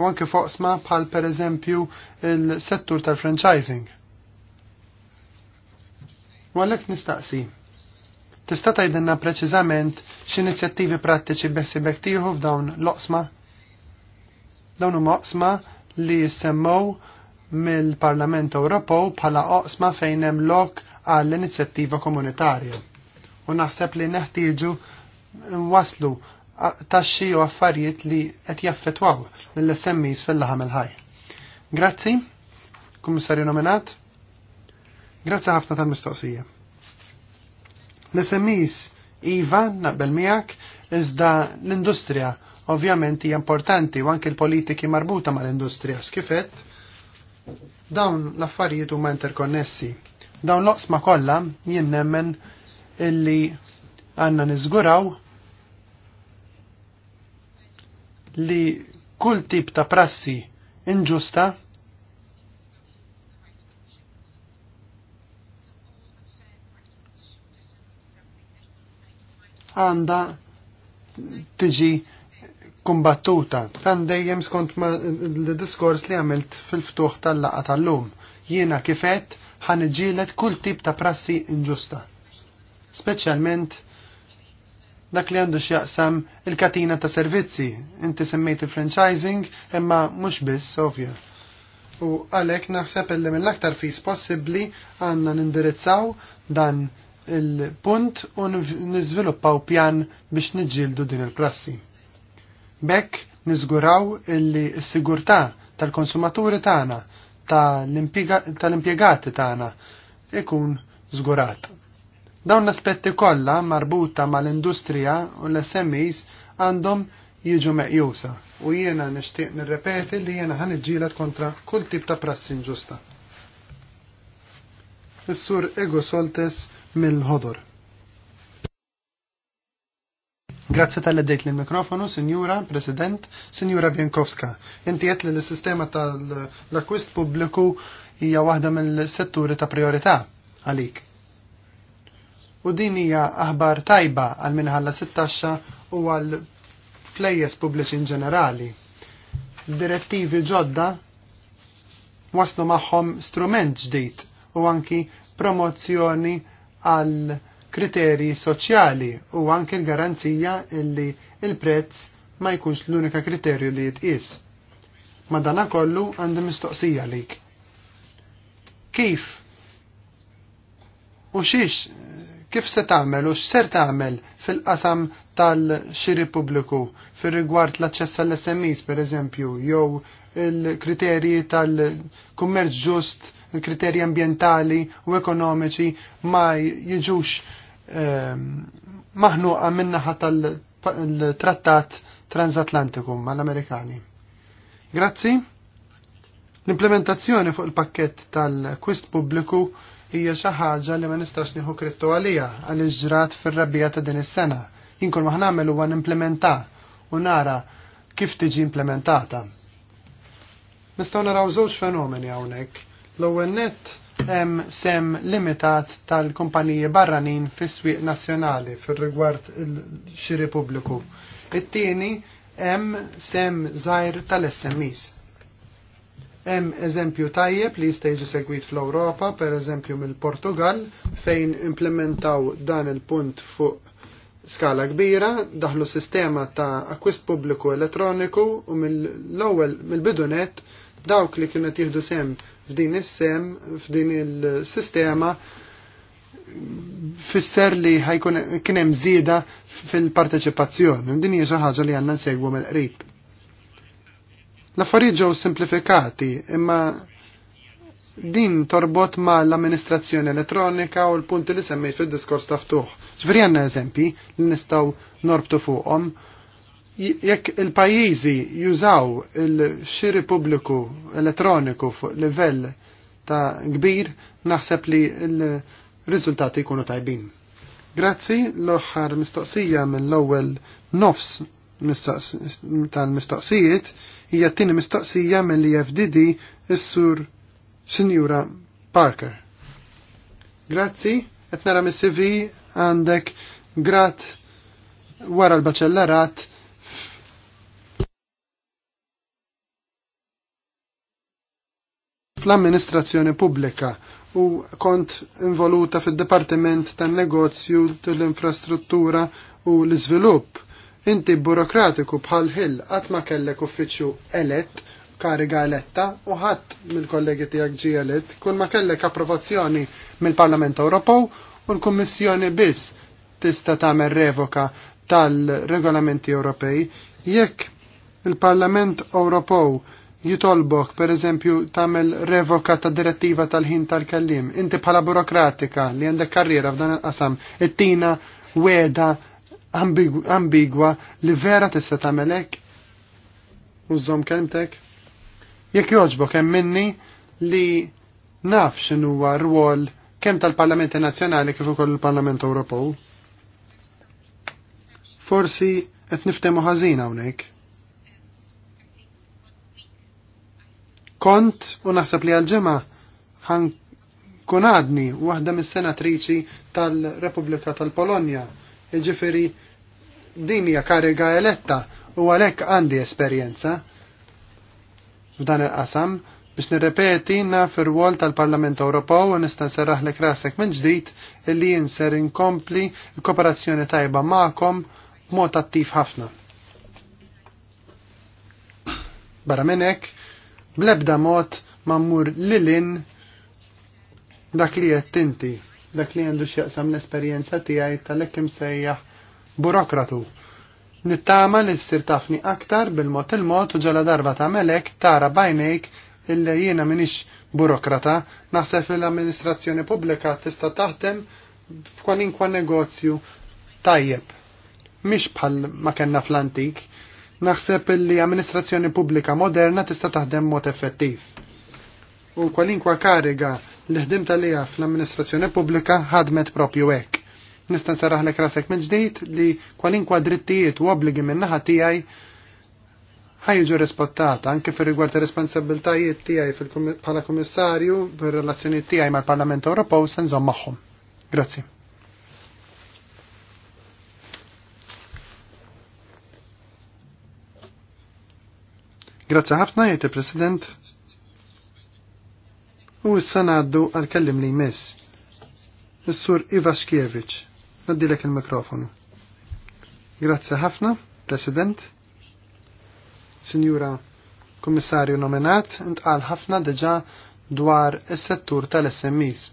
U anke foqsma bħal pereżempju il-settur tal-franchising. U għalhekk nistaqsi. Tista' tgħidilna preċiżament x'inizjattivi prattiċi beħsibek tieħu f'dawn l-oqsma? Dawn huma oqsma li jissemmow mill-Parlament Ewropew bħala oqsma fejn hemm lok għall-inizjattiva komunitarja. U naħseb li neħtieġu waslu taxxi u affarijiet li qed jaffetwaw lill-SMEs fil-laħam il-ħaj. Grazzi, kummissarju nominat. Grazzi ħafna tal-mistoqsija. L-SMEs Iva, naqbel miegħek, iżda l-industrija ovvjament hija importanti u anke l-politiki marbuta mal-industrija skifet Dawn l-affarijiet huma interkonnessi. Dawn l-oqsma kollha jien nemmen illi għandna niżguraw li kull tip ta' prassi inġusta għanda tiġi kumbattuta, tan dejjem skont l-diskors li għamilt fil-ftuħ tal-laqa tal-lum. Jiena kifet ħan iġielet kull tip ta' prassi inġusta. Speċjalment dak li għandu x'jaqsam il-katina ta' servizzi, inti semmejt il-franchising, imma mhux biss ovvja. U għalhekk naħseb illi mill-aktar fis possibbli għandna nindirizzaw dan il-punt u nizviluppaw pjan biex niġġieldu din il-prassi. Bekk niżguraw illi s-sigurtà tal-konsumaturi tagħna tal-impjegati tagħna ikun żgurat. Dawn l-aspetti kollha marbuta mal-industrija u l-SMEs għandhom jiġu meqjusa u jiena nixtieq nirrepeti li jiena ħan iġġielet kontra kull tip ta' prassi inġusta. Is-sur Ego Soltes mill-ħodor. Grazzi tal-għeddejt l-mikrofonu, Signora President, Sinjura Bjankowska. Inti għet li l-sistema tal-akwist publiku hija waħda mill-setturi ta' priorità għalik. U din hija aħbar tajba għal minħalla 16 u għal flejjes pubbliċi in ġenerali. Direttivi ġodda waslu magħhom strument ġdid u anki promozzjoni għal kriteri soċjali u anke l-garanzija illi il-prezz ma jkunx l-unika kriterju li jitqis. Madana kollu għandi mistoqsija lik. Kif? U xiex kif se tagħmel u x'ser tagħmel fil-qasam tal-xiri pubbliku fir-rigward l-aċċess għall smis pereżempju jew il-kriterji tal-kummerċ ġust, il-kriterji ambjentali u ekonomiċi ma jiġux Ehm, maħnuqa minnaħa tal-trattat transatlantiku mal-Amerikani. Grazzi. L-implementazzjoni fuq il-pakket tal-kwist pubbliku hija xi ħaġa li ma nistax nieħu krittu għalija għal ġrat fir-rabbija ta' din is-sena. Inkun ma ħnamel huwa nimplementa u nara kif tiġi implementata. Nistgħu naraw żewġ fenomeni hawnhekk. L-ewwel nett hemm sem limitat tal-kumpaniji barranin fis-swieq nazzjonali fir-rigward il-xiri pubbliku. It-tieni hemm sem żgħir tal-SMEs. Hemm eżempju tajjeb li jista' jiġi segwit fl-Ewropa, per eżempju mill-Portugal, fejn implementaw dan il-punt fuq skala kbira, daħlu sistema ta' akwist pubbliku elettroniku u mill-ewwel mill-bidunet dawk li kienu jieħdu sem f'din is-sem, f'din il-sistema fisser li ħajkun kien hemm żieda fil-parteċipazzjoni. Din hija xi ħaġa li għandna nsegwu mill-qrib. L-affarijiet ġew simplifikati, imma din torbot ma l-amministrazzjoni elettronika u l-punti li semmejt fil-diskors ftuħ. ġveri għandna eżempi li nistgħu norbtu fuqhom jekk il-pajjiżi jużaw il-xiri pubbliku elettroniku fuq livell ta' kbir, naħseb li l-riżultati jkunu tajbin. Grazzi, l-oħħar mistoqsija mill-ewwel nofs tal-mistoqsijiet hija t-tieni mistoqsija mill FDD is-sur Sinjura Parker. Grazzi, qed nara mis-CV għandek grat wara l-baċellarat fl-amministrazzjoni pubblika u kont involuta fil-Departiment tan-Negozju tal-Infrastruttura u l-Iżvilupp. Inti burokratiku bħal ħil qatt ma kellek uffiċċju elett kariga eletta u ħadd mill-kollegi tiegħek ġi elett kull ma kellek approvazzjoni mill-Parlament Ewropew u l-Kummissjoni biss tista' tagħmel revoka tal-regolamenti Ewropej jekk il-Parlament Ewropew jitolbok per eżempju tamel revoka ta' direttiva tal-ħin tal-kellim. Inti bħala burokratika li għandek karriera f'dan il-qasam, it-tina weda ambigwa li vera tista' tamelek? Użom kelmtek? Jekk joġbok hemm minni li naf x'inhuwa rwol kemm tal-Parlamenti Nazzjonali kif ukoll il-Parlament Ewropew. Forsi qed niftehmu ħażin hawnhekk kont u naħseb li għal-ġemma ħan kunadni waħda mis-senatriċi tal-Repubblika tal-Polonja. Iġifiri din hija kariga eletta u għalhekk għandi esperjenza f'dan il-qasam biex nirrepeti naf ir wol tal-Parlament Ewropew u nista' nserraħlek rasek minn ġdid illi jinser inkompli l-kooperazzjoni tajba magħkom b'mod attiv ħafna. Barra minn hekk, Blebda mod ma mmur lilin dak li jettinti, dak li għandu x'jaqsam l-esperjenza tiegħi tal-hekk imsejjaħ burokratu. Nittama li ssir tafni aktar bil-mod il-mod u ġala darba melek tara bajnejk illa jiena minix burokrata, naħseb l-amministrazzjoni pubblika tista' taħdem f'kwalinkwa negozju tajjeb. Mhix bħal ma kellna fl-antik, Naħseb li amministrazzjoni pubblika moderna tista' taħdem mod effettiv. U kwalinkwa kariga li tal-lija fl-amministrazzjoni pubblika ħadmet propju hekk. Nista' nsarraħlek rasek minn ġdid li kwalinkwa drittijiet u obbligi minn naħa tiegħi ħajġu rispottata anke fir rigward responsabiltajiet tiegħi bħala kummissarju fir-relazzjonijiet tiegħi mal-Parlament Ewropew se nżomm magħhom. Grazzi. Grazzi ħafna jete president U s-sana għaddu għal-kellim li jmiss. Is-sur Iva Xkiewicz. Naddilek il-mikrofonu. Grazzi ħafna, President. Sinjura Kommissarju nominat, għal ħafna deġa dwar is-settur tal smis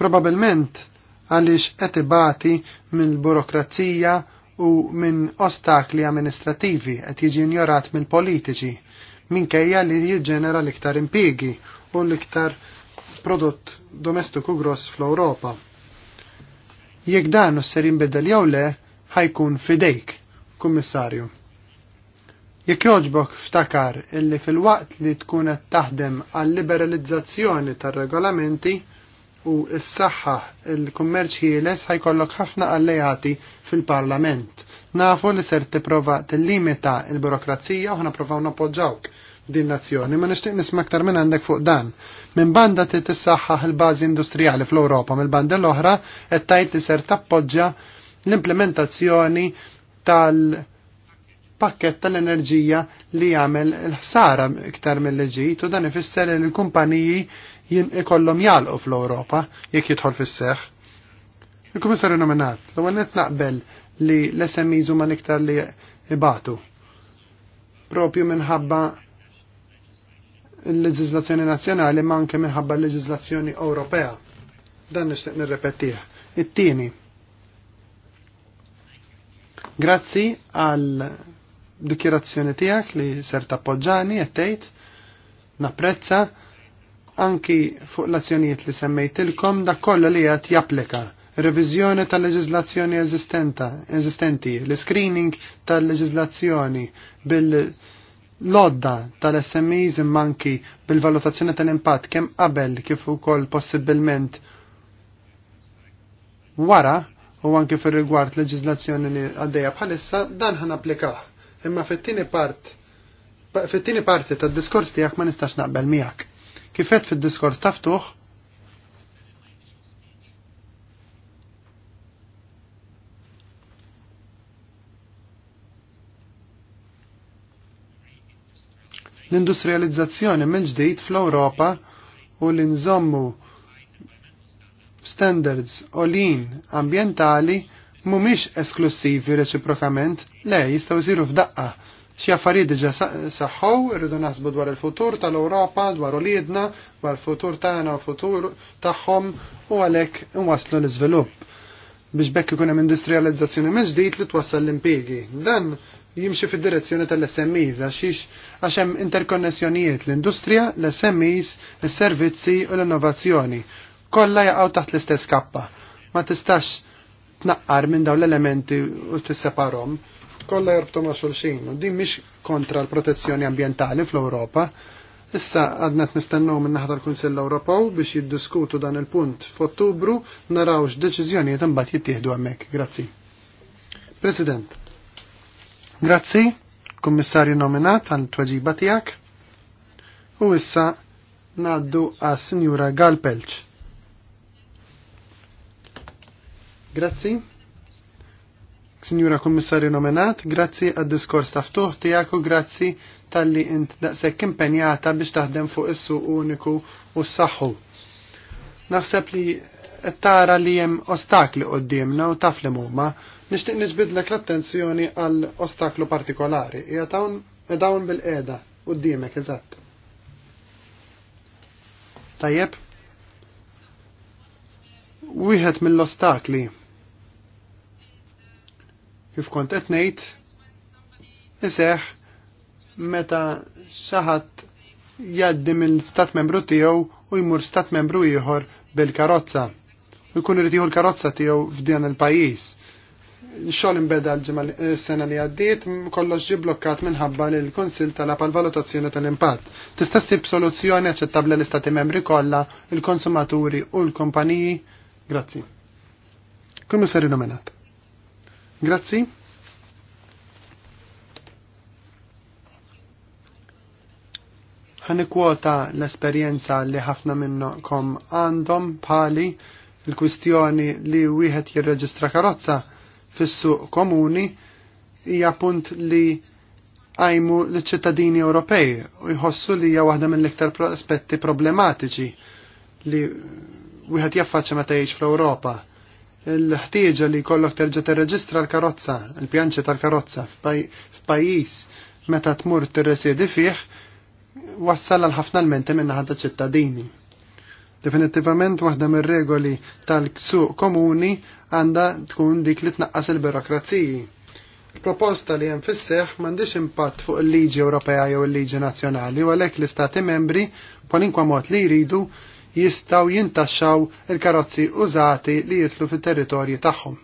Probabilment għaliex qed ibati mill-burokrazija u minn ostakli amministrativi qed jiġi injorat mill-politiċi minkejja li jiġġenera l-iktar impigi u l-iktar prodott domestiku gross fl-Ewropa. Jekk dan ser jinbidel jew le, ħajkun fidejk, kummissarju. Jekk joġbok ftakar illi fil-waqt li tkun qed taħdem għal liberalizzazzjoni tar-regolamenti, u s-saħħa il-kummerċ ħieles ħajkollok ħafna alleati fil-parlament. Nafu li ser tipprova tillimita il-burokrazija u provaw napoġawk din nazzjoni, ma nixtieq nisma' aktar minn għandek fuq dan. Minn banda t tissaħħaħ il-bażi industrijali fl-Ewropa, mill-banda l-oħra qed tgħid li ser tappoġġa l-implementazzjoni tal- pakket tal-enerġija li jagħmel il ħsara iktar mill-leġit u dan ifisser li l-kumpaniji jien ikollhom jalqu fl-Ewropa jekk jidħol fis-seħħ. Il-Kummissarju nominat, l-ewwel qed naqbel li l-SMEs huma l-iktar li ibatu. Propju minħabba l-leġiżlazzjoni nazzjonali ma anke minħabba l-leġiżlazzjoni Ewropea. Dan nixtieq nirrepetih. It-tieni. Grazzi għal dikjerazzjoni tiegħek li ser tappoġġani qed tgħid napprezza anki fuq l-azzjonijiet li semmejtilkom dak kollha li qed japplika revizjoni tal-leġizlazzjoni eżistenti, l-screening tal-leġizlazzjoni bil-lodda tal-SMEs manki bil-valutazzjoni tal-impatt kemm qabel kif ukoll possibilment wara u anke fir rigward leġizlazzjoni li għaddejja bħalissa dan ħan applikaħ. Imma fit-tieni part fit-tieni parti tad-diskors tiegħek ma nistax naqbel miegħek. Kifet fil-diskors taftuħ l-industrializzazzjoni mill-ġdid fl-Ewropa u l nżommu standards olin ambientali mhumiex esklusivi reċiprokament, le jistgħu jsiru f'daqqa Xi affarijiet diġà saħħu, irridu naħsbu dwar il-futur tal-Ewropa, dwar uliedna, dwar il-futur tagħna u futur tagħhom u għalhekk inwasslu l-iżvilupp biex bekk ikun hemm industrializzazzjoni minn ġdid li twassal l-impjiegi. Dan jimxi fid-direzzjoni tal-SMEs għax għax hemm interkonnessjonijiet l-industrija, l-SMEs, is-servizzi u l-innovazzjoni. Kollha jaqgħu taħt l-istess kappa. Ma tistax tnaqqar minn dawn l-elementi u tisseparhom Kolla jarbtu ma' xulxin. U din mhix kontra l-protezzjoni ambjentali fl-Ewropa. Issa għadna t-nistennu minn naħdar kunsill Ewropew biex jiddiskutu dan il-punt f'Ottubru naraw jitan bat jittieħdu hemmhekk. Grazzi. President. Grazzi, kummissarju nominat għal tweġiba tiegħek. U issa naddu għas Sinjura Galpelċ. Grazzi. Sinjura Kommissarju nominat, grazzi għad-diskors taftuħ tijak u grazzi tal-li int daqsek impenjata biex taħdem fuq issu uniku u s-saxhu. Naħseb li tara li jem ostakli qoddimna u taf li mumma, nishtiq nġbidlek l-attenzjoni għal ostaklu partikolari, jgħatawn bil d qoddimek eżatt. Tajjeb? Wieħed mill-ostakli kif kont qed ngħid, iseħħ meta xi ħadd jgħaddi minn stat membru tiegħu u jmur stat membru ieħor bil-karozza. U jkun irid l-karozza tiegħu f'dan il-pajjiż. Xogħol imbeda l-sena eh, li għaddiet kollox ġi blokkat minħabba li l-Kunsil talab għal valutazzjoni tal-impatt. Tista' ssib soluzzjoni aċċettabbli l-istati membri kollha, il-konsumaturi u l-kumpaniji. Grazzi. Kummissarju nominat. Grazzi. ħanikwota l-esperienza li ħafna minnkom għandhom pali il-kwistjoni li wieħed jirreġistra karozza fis-suq komuni hija punt li għajmu l-ċittadini Ewropej u jħossu li hija waħda mill-iktar aspetti problematiċi li wieħed jaffaċċa meta jgħix fl-Ewropa l-ħtieġa li kollok terġa tirreġistra l-karozza, il-pjanċi tal-karozza f'pajjiż meta tmur tirresiedi fih wassal għal ħafna l-menti minna ħadda ċittadini. Definitivament waħda mir-regoli tal-suq komuni għandha tkun dik li tnaqqas il-birokrazziji. Proposta li hemm fisseħ m'għandix impatt fuq il-liġi Ewropea jew il-liġi nazzjonali u għalhekk l-istati membri kwalinkwa mod li jridu jistaw jintaxxaw il-karozzi użati li jitlu fit-territorji tagħhom.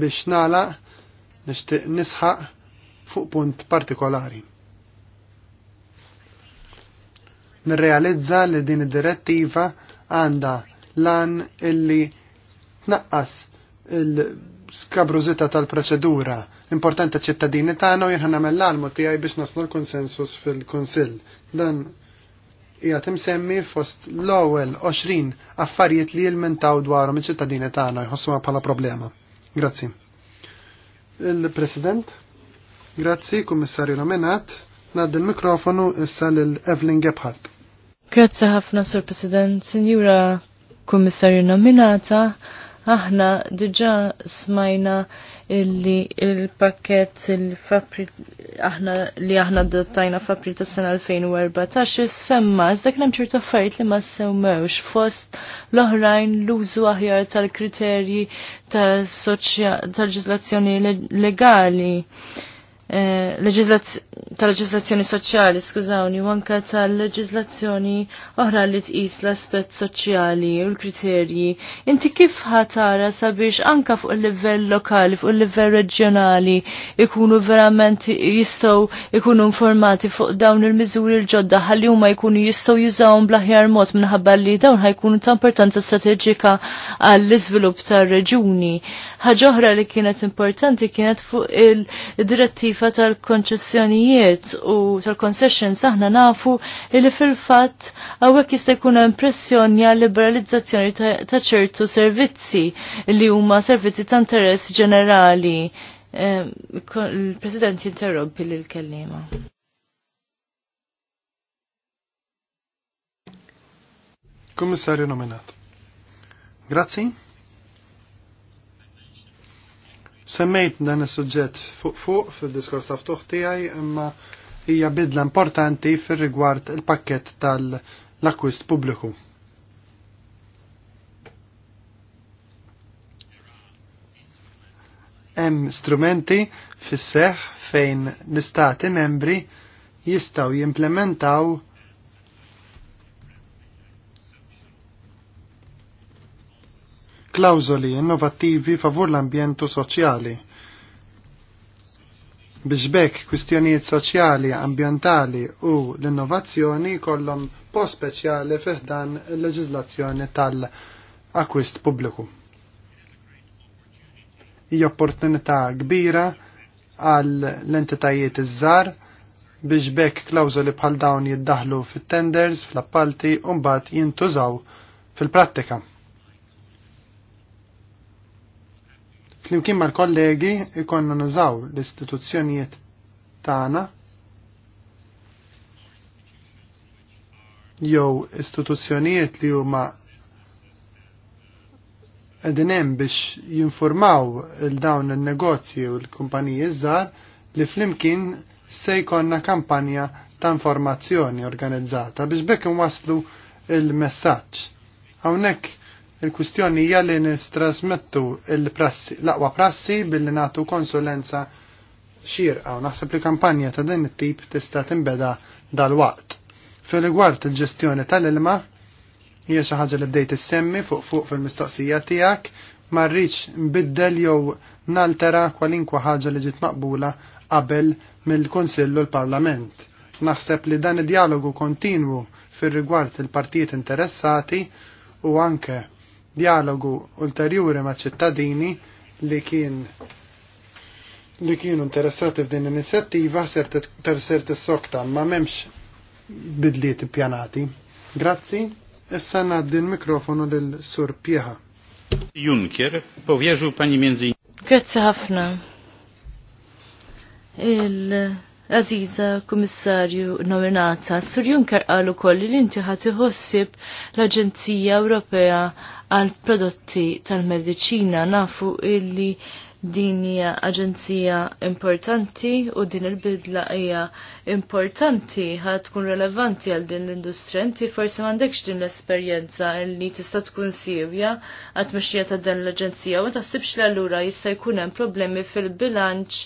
Biex nagħlaq nixtieq nisħaq fuq punt partikolari. Nirrealizza li din id-direttiva għandha lan illi tnaqqas il-skabrużita tal-proċedura importanti ċittadini tagħna u jirħan nagħmel l-almu tiegħi biex naslu l-konsensus fil-Kunsill. Dan hija timsemmi fost l-ewwel 20 affarijiet li jilmentaw dwarhom iċ-ċittadini tagħna jħossuha bħala problema. Grazzi. Il-President, grazzi Kummissarju Lamenat, nad il-mikrofonu issa lil Evelyn Gebhardt. Grazzi ħafna Sur President, Sinjura Kummissarju Nominata. Aħna diġa smajna illi il-pakket il-fabri aħna li aħna dottajna fabri ta' sena 2014 semma iżda kien hemm ċertu affarijiet li ma semmewx fost l-oħrajn l-użu aħjar tal-kriterji ta' ġizlazzjoni legali. Eh, tal-leġizlazzjoni soċjali, skużawni, u anka tal-leġizlazzjoni oħra li tqis l-aspett soċjali u l-kriterji. Inti kif ħatara sabiex anka fuq il-livell lokali, fuq il-livell reġjonali ikunu verament jistgħu ikunu informati fuq dawn il-miżuri l-ġodda ħalli huma jkunu jistgħu jużawhom blaħjar mod minħabba li dawn ħajkunu ta' importanza strateġika għall-iżvilupp tar-reġuni Ħaġoħra li kienet importanti kienet fuq il-direttiva tal-konċessjonijiet u tal-concessions aħna nafu li fil-fatt hawnhekk jista' jkun impressjoni għal liberalizzazzjoni ta' ċertu servizzi li huma servizzi ta' interess ġenerali. Il-President jinterrompi l-kellima. Kummissarju nominat. Grazzi Semmejt dan is-suġġett fuq fuq fil-diskors ftuħ tiegħi imma hija bidla importanti fir-rigward il-pakkett tal-akwist pubbliku. Hemm strumenti fis-seħħ fejn l-istati membri jistgħu jimplementaw klawżoli innovattivi favur l-ambjentu soċjali biex bekk kwistjonijiet soċjali, ambjentali u l-innovazzjoni kollhom post speċjali fiħdan il-leġiżlazzjoni tal-akwist pubbliku. Hija opportunità kbira għal l-entitajiet iż-żar biex bekk klawżoli bħal dawn jiddaħlu fit-tenders, fl-appalti u mbagħad jintużaw fil-prattika. Flimkien mal-kollegi ikonna nużaw l-istituzzjonijiet tagħna jew istituzzjonijiet li huma qegħdin hemm biex jinformaw il dawn il-negozji u l-kumpaniji żgħar li flimkien se jkollna kampanja ta' informazzjoni organizzata biex bekk waslu il-messaġġ. Hawnhekk Il-kwistjoni hija li nistrasmettu l-prassi, l-aqwa prassi billi nagħtu konsulenza xirqa u naħseb li kampanja ta' din it-tip tista' tinbeda dal-waqt. Fil-rigward il-ġestjoni tal-ilma, hija xi ħaġa li bdejt issemmi fuq fuq fil-mistoqsija tiegħek, ma rridx nbiddel jew naltera kwalinkwa ħaġa li ġiet maqbula qabel mill-Konsillu l-Parlament. Naħseb li dan id-dialogu kontinwu fir rigward il-partijiet interessati u anke dialogu ulterjuri ma' ċittadini li kien li kienu interessati f'din l-inizjattiva ter ser tissoktan ma memx bidliet pjanati. Grazzi, issa naddi l-mikrofonu lil Sur Pieħa. Juncker powierzył pani między Grazzi ħafna. Il-Aziza Komissarju nominata, Sur Juncker qalu kolli li inti ħati ħossib l-Aġenzija Ewropea għal prodotti tal-medicina nafu illi din hija aġenzija importanti u din il-bidla hija importanti ħad tkun relevanti għal din l-industrija. Inti forsi m'għandekx din l-esperjenza li tista' tkun sivja għat mexxija ta' din l-aġenzija u ma taħsibx li allura jista' jkun hemm problemi fil-bilanċ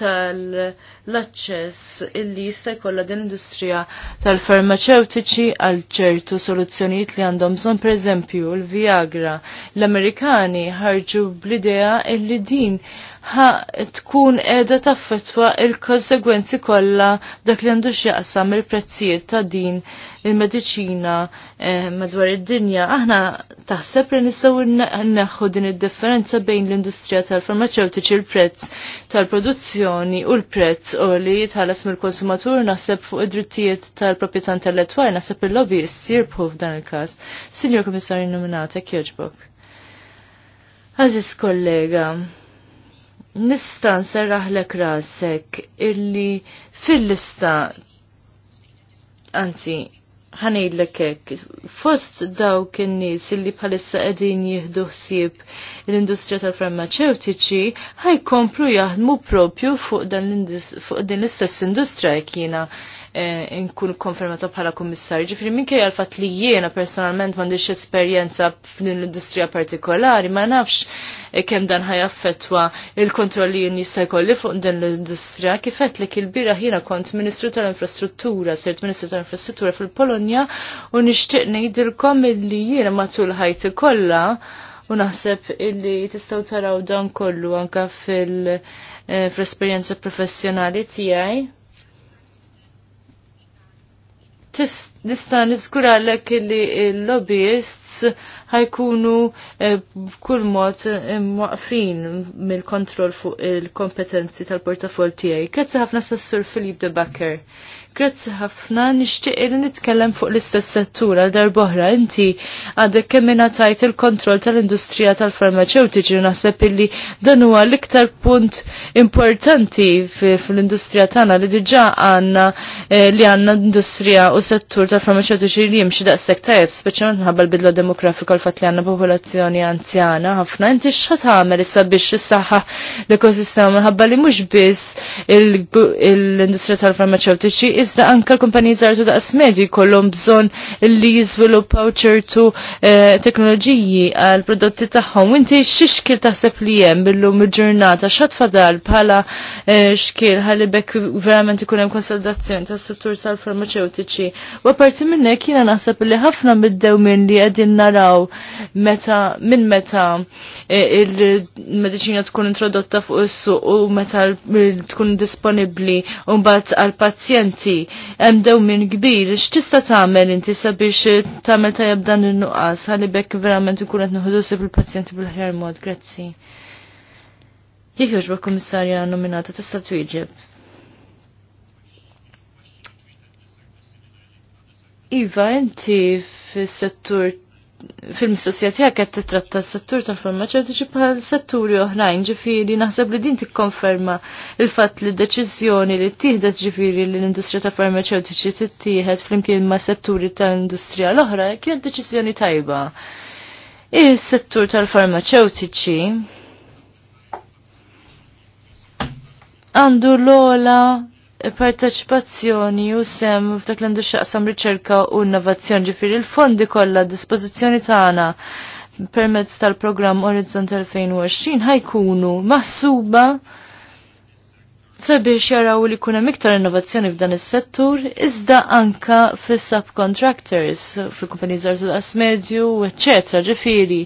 tal- l-aċċess illi jista' jkollha din industrija tal-farmaceutiċi għal ċertu soluzzjonijiet li għandhom bżonn pereżempju l-Viagra. L-Amerikani ħarġu bl-idea illi din Ħa tkun edha taffetwa il-konsegwenzi kollha dak li għandu x'jaqsam il-prezzijiet ta' din il-mediċina eh, madwar id-dinja. Aħna taħseb li nistgħu neħħu din id-differenza bejn l-industrija tal-farmaceutiċi il-prezz tal-produzzjoni u l-prezz u li jitħallas mill-konsumatur naħseb fuq id-drittijiet tal-proprjetà intellettwali naħseb il-lobby issir f'dan il-każ. Sinjor Komissarju nominata kjoġbok. Aziz kollega, nista' lek rasek illi fil-lista anzi ħanejlek hekk fost dawk in-nies illi bħalissa qegħdin jieħdu ħsieb l-industrija tal-farmaceutiċi ħajkomplu jaħdmu propju fuq din l-istess industrija jekk Eh, nkun konfermata bħala kummissar. Ġifri minkejja l-fatt li jiena personalment m'għandix esperjenza f'din l-industrija partikolari, ma nafx eh, kemm dan ħajaffettwa il-kontrolli jien jista' jkolli fuq din l-industrija. Kif qed li kilbira jiena kont Ministru tal-Infrastruttura, sirt Ministru tal-Infrastruttura fil-Polonja u nixtieq ngħidilkom illi jiena matul ħajti kollha u naħseb illi tistgħu taraw dan kollu anke fil-esperjenza eh, professjonali tiegħi nista nizguralek li l-lobbyists ħajkunu eh, b'kull mod eh, waqfin mill-kontroll fuq il-kompetenzi tal-portafol tiegħi. Grazzi ħafna sassur Filip de Bakker. Grazzi ħafna, nixtieq li nitkellem fuq l-istess settura darboħra inti għadek kemm tajt il-kontroll tal-industrija tal-farmaceutiċi naħseb illi dan huwa l-iktar punt importanti fl-industrija tagħna li diġà għandna eh, li għandna industrija u settur tal-farmaceutiċi li jimxi daqshekk tajjeb speċjalment minħabba l-bidla demografika l fatt li għandna popolazzjoni anzjana ħafna inti x'ha tagħmel issa biex issaħħa l-ekosistema minħabba li mhux biss l-industrija tal-farmaceutiċi iżda anka l kumpani żgħar daqs medji jkollhom bżonn li jiżviluppaw ċertu eh, teknoloġiji għal prodotti tagħhom. Inti xiexkil taħseb li hemm billum il-ġurnata x'għad fadal bħala eh, xkil ħalli bekk verament ikun hemm konsolidazzjoni tas-settur tal-farmaceutiċi. U apparti minn hekk jiena naħseb li ħafna middew minn li qegħdin naraw meta minn meta eh, il-medicina tkun introdotta fuq is-suq u meta tkun disponibbli u mbagħad għall-pazjenti inti hemm dewmin kbir x'tista' tagħmel inti sabiex eh, tagħmel tajjeb dan in-nuqqas Ħalibek bekk verament ikun qed sib il-pazjenti bil-ħjar mod. Grazzi. Jekk jogħġbok kummissarja nominata tista' twieġeb. Iva, inti fis-settur fil sosjetija tiegħek qed titratta s-settur tal-farmaceutiċi bħal setturi oħrajn, ġifieri naħseb li din tikkonferma il-fatt li d-deċiżjoni li ttieħdet ġifieri li l-industrija tal-farmaceutiċi tittieħed flimkien ma' setturi tal-industrija l-oħra kienet deċiżjoni tajba. Is-settur tal-farmaceutiċi għandu l-ola parteċipazzjoni u sem f'dak l-għandu xaqsam riċerka u innovazzjoni ġifiri il-fondi kollha dispożizzjoni tagħna permezz tal-programm Horizon 2020 ħajkunu maħsuba sabiex jaraw li kuna iktar innovazzjoni f'dan is-settur, iżda anka fis-subcontractors, fil-kumpaniji żgħar daqs medju, etc. ġifieri.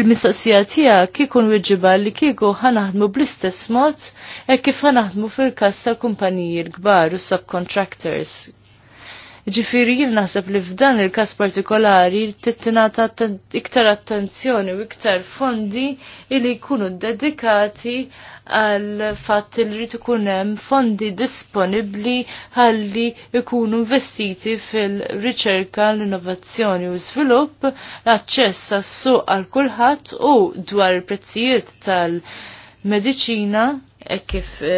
Il-mistoqsija tiegħek kikun wieġiba li kieku ħanaħdmu bl-istess mod hekk kif ħanaħdmu fil-każ tal-kumpaniji l-kbar u subcontractors. Ġifiri jil naħseb li f'dan il-kas partikolari t-tinata iktar attenzjoni u iktar fondi li jkunu dedikati għal fatt li rrid ikun hemm fondi disponibbli għalli ikunu investiti fil-riċerka, l-innovazzjoni u żvilupp, l-aċċess għas-suq għal kulħadd u dwar il-prezzijiet tal medicina e kif e,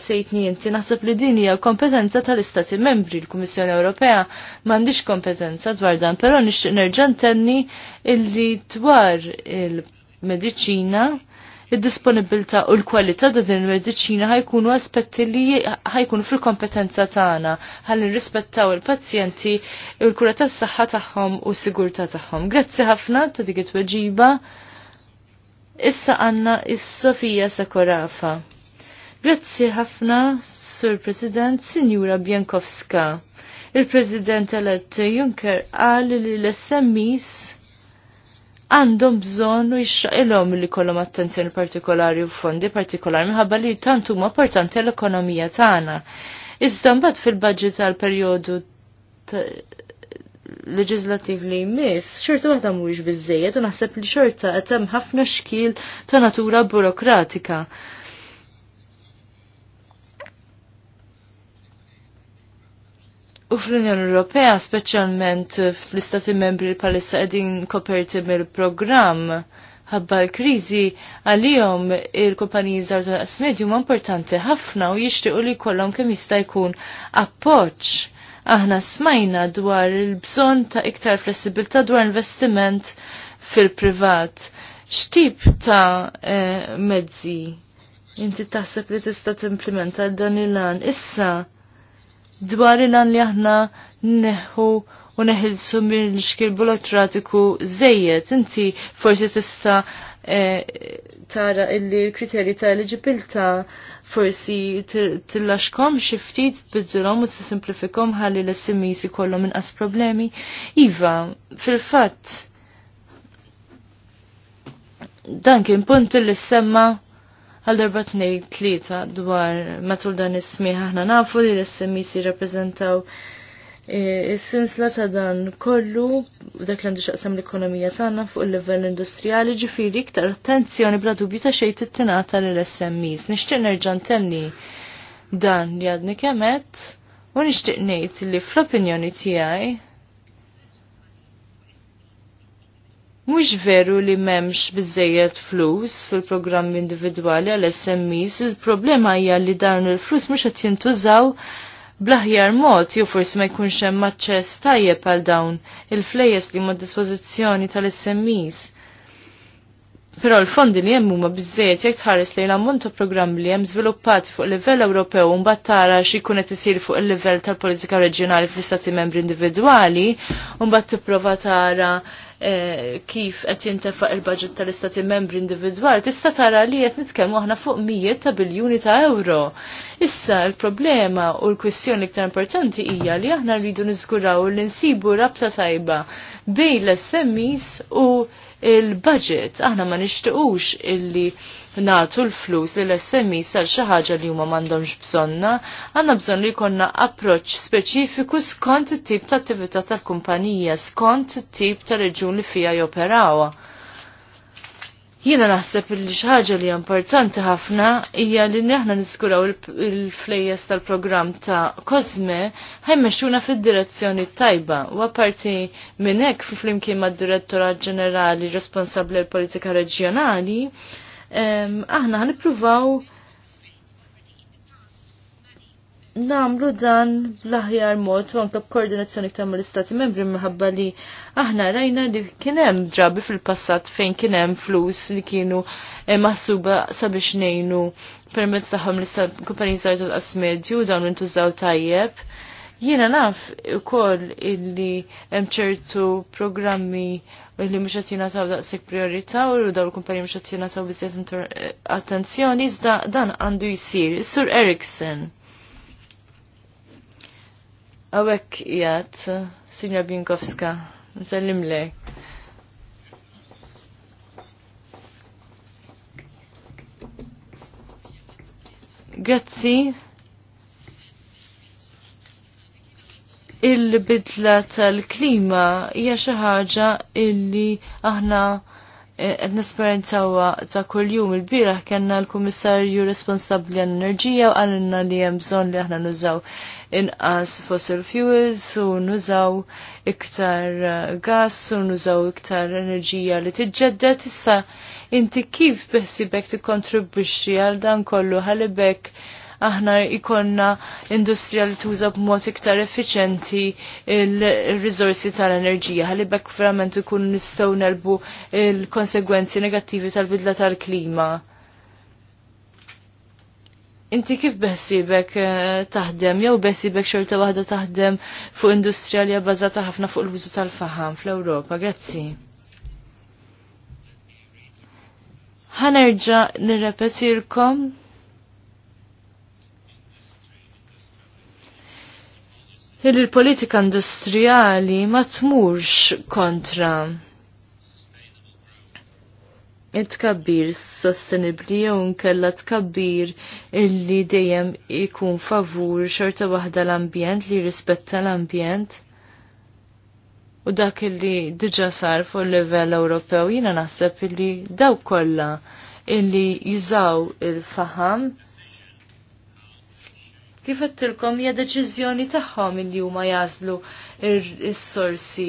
sejtni inti naħseb li din hija kompetenza tal-Istati Membri l-Kummissjoni Ewropea m'għandix kompetenza dwar dan, però nixtieq nerġa' ntenni illi dwar il-mediċina id-disponibilità u l-kwalità ta' din il-mediċina ħajkunu aspetti li ħajkunu fil-kompetenza tagħna ħalli nirrispettaw il-pazjenti u l-kura tas-saħħa tagħhom u s-sigurtà tagħhom. Grazzi ħafna ta' dik it-tweġiba. Issa għanna is-Sofija Sakorafa. Grazzi ħafna, Sur President, Sinjura Bjankowska. Il-President elett Juncker qal li l-SMIs għandhom bżonn u jixxaqilhom li kollhom attenzjoni partikolari u fondi partikolari minħabba li tant huma importanti l-ekonomija tagħna. Iżda mbagħad fil-budget tal-perjodu leġislattiv li jmiss, xorta waħda mhuwiex biżejjed u naħseb li xorta qed hemm ħafna xkil ta' natura burokratika. U fl-Unjoni Ewropea, speċjalment fl-istati membri palissa qegħdin koperti mill-programm ħabba l-kriżi għalihom il-kumpaniji żgħar ta' medju ma' importanti ħafna u jixtiequ li jkollhom kemm jista' jkun appoġġ aħna smajna dwar il-bżon ta' iktar flessibilta dwar investiment fil-privat. X'tip ta' eh, mezzi inti taħseb li tista' timplementa dan il-lan issa dwar il-għan li aħna neħu u neħilsu minn l-xkil bulotratiku zejjet. Inti forsi tista' eh, tara illi l-kriterji ta' eligibilta forsi tillaxkom xiftit tbiddilhom u t-simplifikom ħalli l kollu ikollhom inqas problemi. Iva, fil-fatt dan kien punt li semma għal darba t tlieta dwar matul dan is-smiħ aħna nafu li l-SMIs jirrappreżentaw e, is-sinsla ta' dan kollu dak li għandu xaqsam l-ekonomija tagħna fuq il-livell industrijali ġifiri iktar attenzjoni bla dubju ta' xejn tittinata lill SMIs. Nixtieq nerġa' ntenni dan li għadni kemet u nixtieq ngħid li fl-opinjoni tiegħi Mux veru li memx bizzejet flus fil-programm individuali għal-SMEs, il-problema hija li dawn il-flus mux għat jintużaw blaħjar mod, jew forsi ma jkunx hemm aċċess tajjeb għal dawn il-flejes li huma dispożizzjoni tal-SMEs. Però l-fondi li hemm huma bizzejet jekk tħares lejn ammont ta' programm li hemm żviluppati fuq livell Ewropew u mbagħad tara jkun qed isir fuq il-livell tal-politika reġjonali fl-istati membri individwali u mbagħad tipprova tara Eh, kif qed jintefaq il-budget tal-istati membri individwali, tista' tara li qed nitkellmu aħna fuq mijiet ta' biljuni ta' euro. Issa l-problema u l-kwistjoni iktar importanti hija li aħna rridu niżguraw li nsibu rabta tajba bejn l-SMEs u il-budget. Aħna ma nixtiqux illi nagħtu l-flus li l-SMI sal xi ħaġa li huma m'għandhomx bżonna, għanna bżonn li jkollna approċċ speċifiku skont it-tip ta' attività tal-kumpanija, skont it-tip ta' reġun li fija joperawa. Jiena naħseb li xi ħaġa li importanti ħafna hija li neħna niskuraw il-flejjes tal-programm ta' Cosme ħemmexxuna fid-direzzjoni tajba u apparti minn hekk flimkien mad-Direttorat Ġenerali responsabbli l-Politika Reġjonali aħna ħnippruvaw namlu dan l-aħjar mod u anke b'koordinazzjoni ta' mal-istati membri minħabba li aħna rajna li kien hemm drabi fil-passat fejn kien hemm flus li kienu eh, maħsuba sabiex ngħinu permezz tagħhom l istat żgħar tal-qas medju dawn intużaw tajjeb Jiena naf ukoll illi hemm ċertu programmi li mhux qed jingħataw daqshekk priorità u dawn il-kumpanji mhux qed jingħataw biżejjed attenzjoni iżda dan għandu jsir. Sur Erickson. Awek jgħat, Sinja Binkowska, nsellim lej. Grazzi il-bidla tal-klima hija xi ħaġa illi aħna eh, qed nesperjenzawha ta' kuljum il-bieraħ kellna l-kummissarju responsabbli għall-enerġija u qalilna li hemm bżonn li aħna nużaw inqas fossil fuels u nużaw iktar eh, gas u nużaw iktar enerġija li tiġġedded issa inti kif beħsibek tikkontribwixxi għal dan kollu ħalibek aħna ikonna industrija li tuża b'mod iktar effiċenti il-rizorsi tal-enerġija. Ħalli bekk verament ikun nistgħu nelbu il-konsegwenzi negattivi tal-bidla tal-klima. Inti kif beħsibek eh, taħdem, jew beħsibek xorta waħda taħdem fuq industrija li bbażata ħafna fuq l użu tal-faham fl-Ewropa? Grazzi. Ħanerġa' nirrepetirkom. il politika industrijali ma tmurx kontra il-tkabbir sostenibli jew nkella tkabbir illi dejjem ikun favur xorta waħda l-ambjent li rispetta l-ambjent u dak illi diġa sar fuq livell Ewropew jiena naħseb illi dawk kollha illi jużaw il-faham il il faham Kif għattilkom hija deċiżjoni tagħhom li huma jażlu s sorsi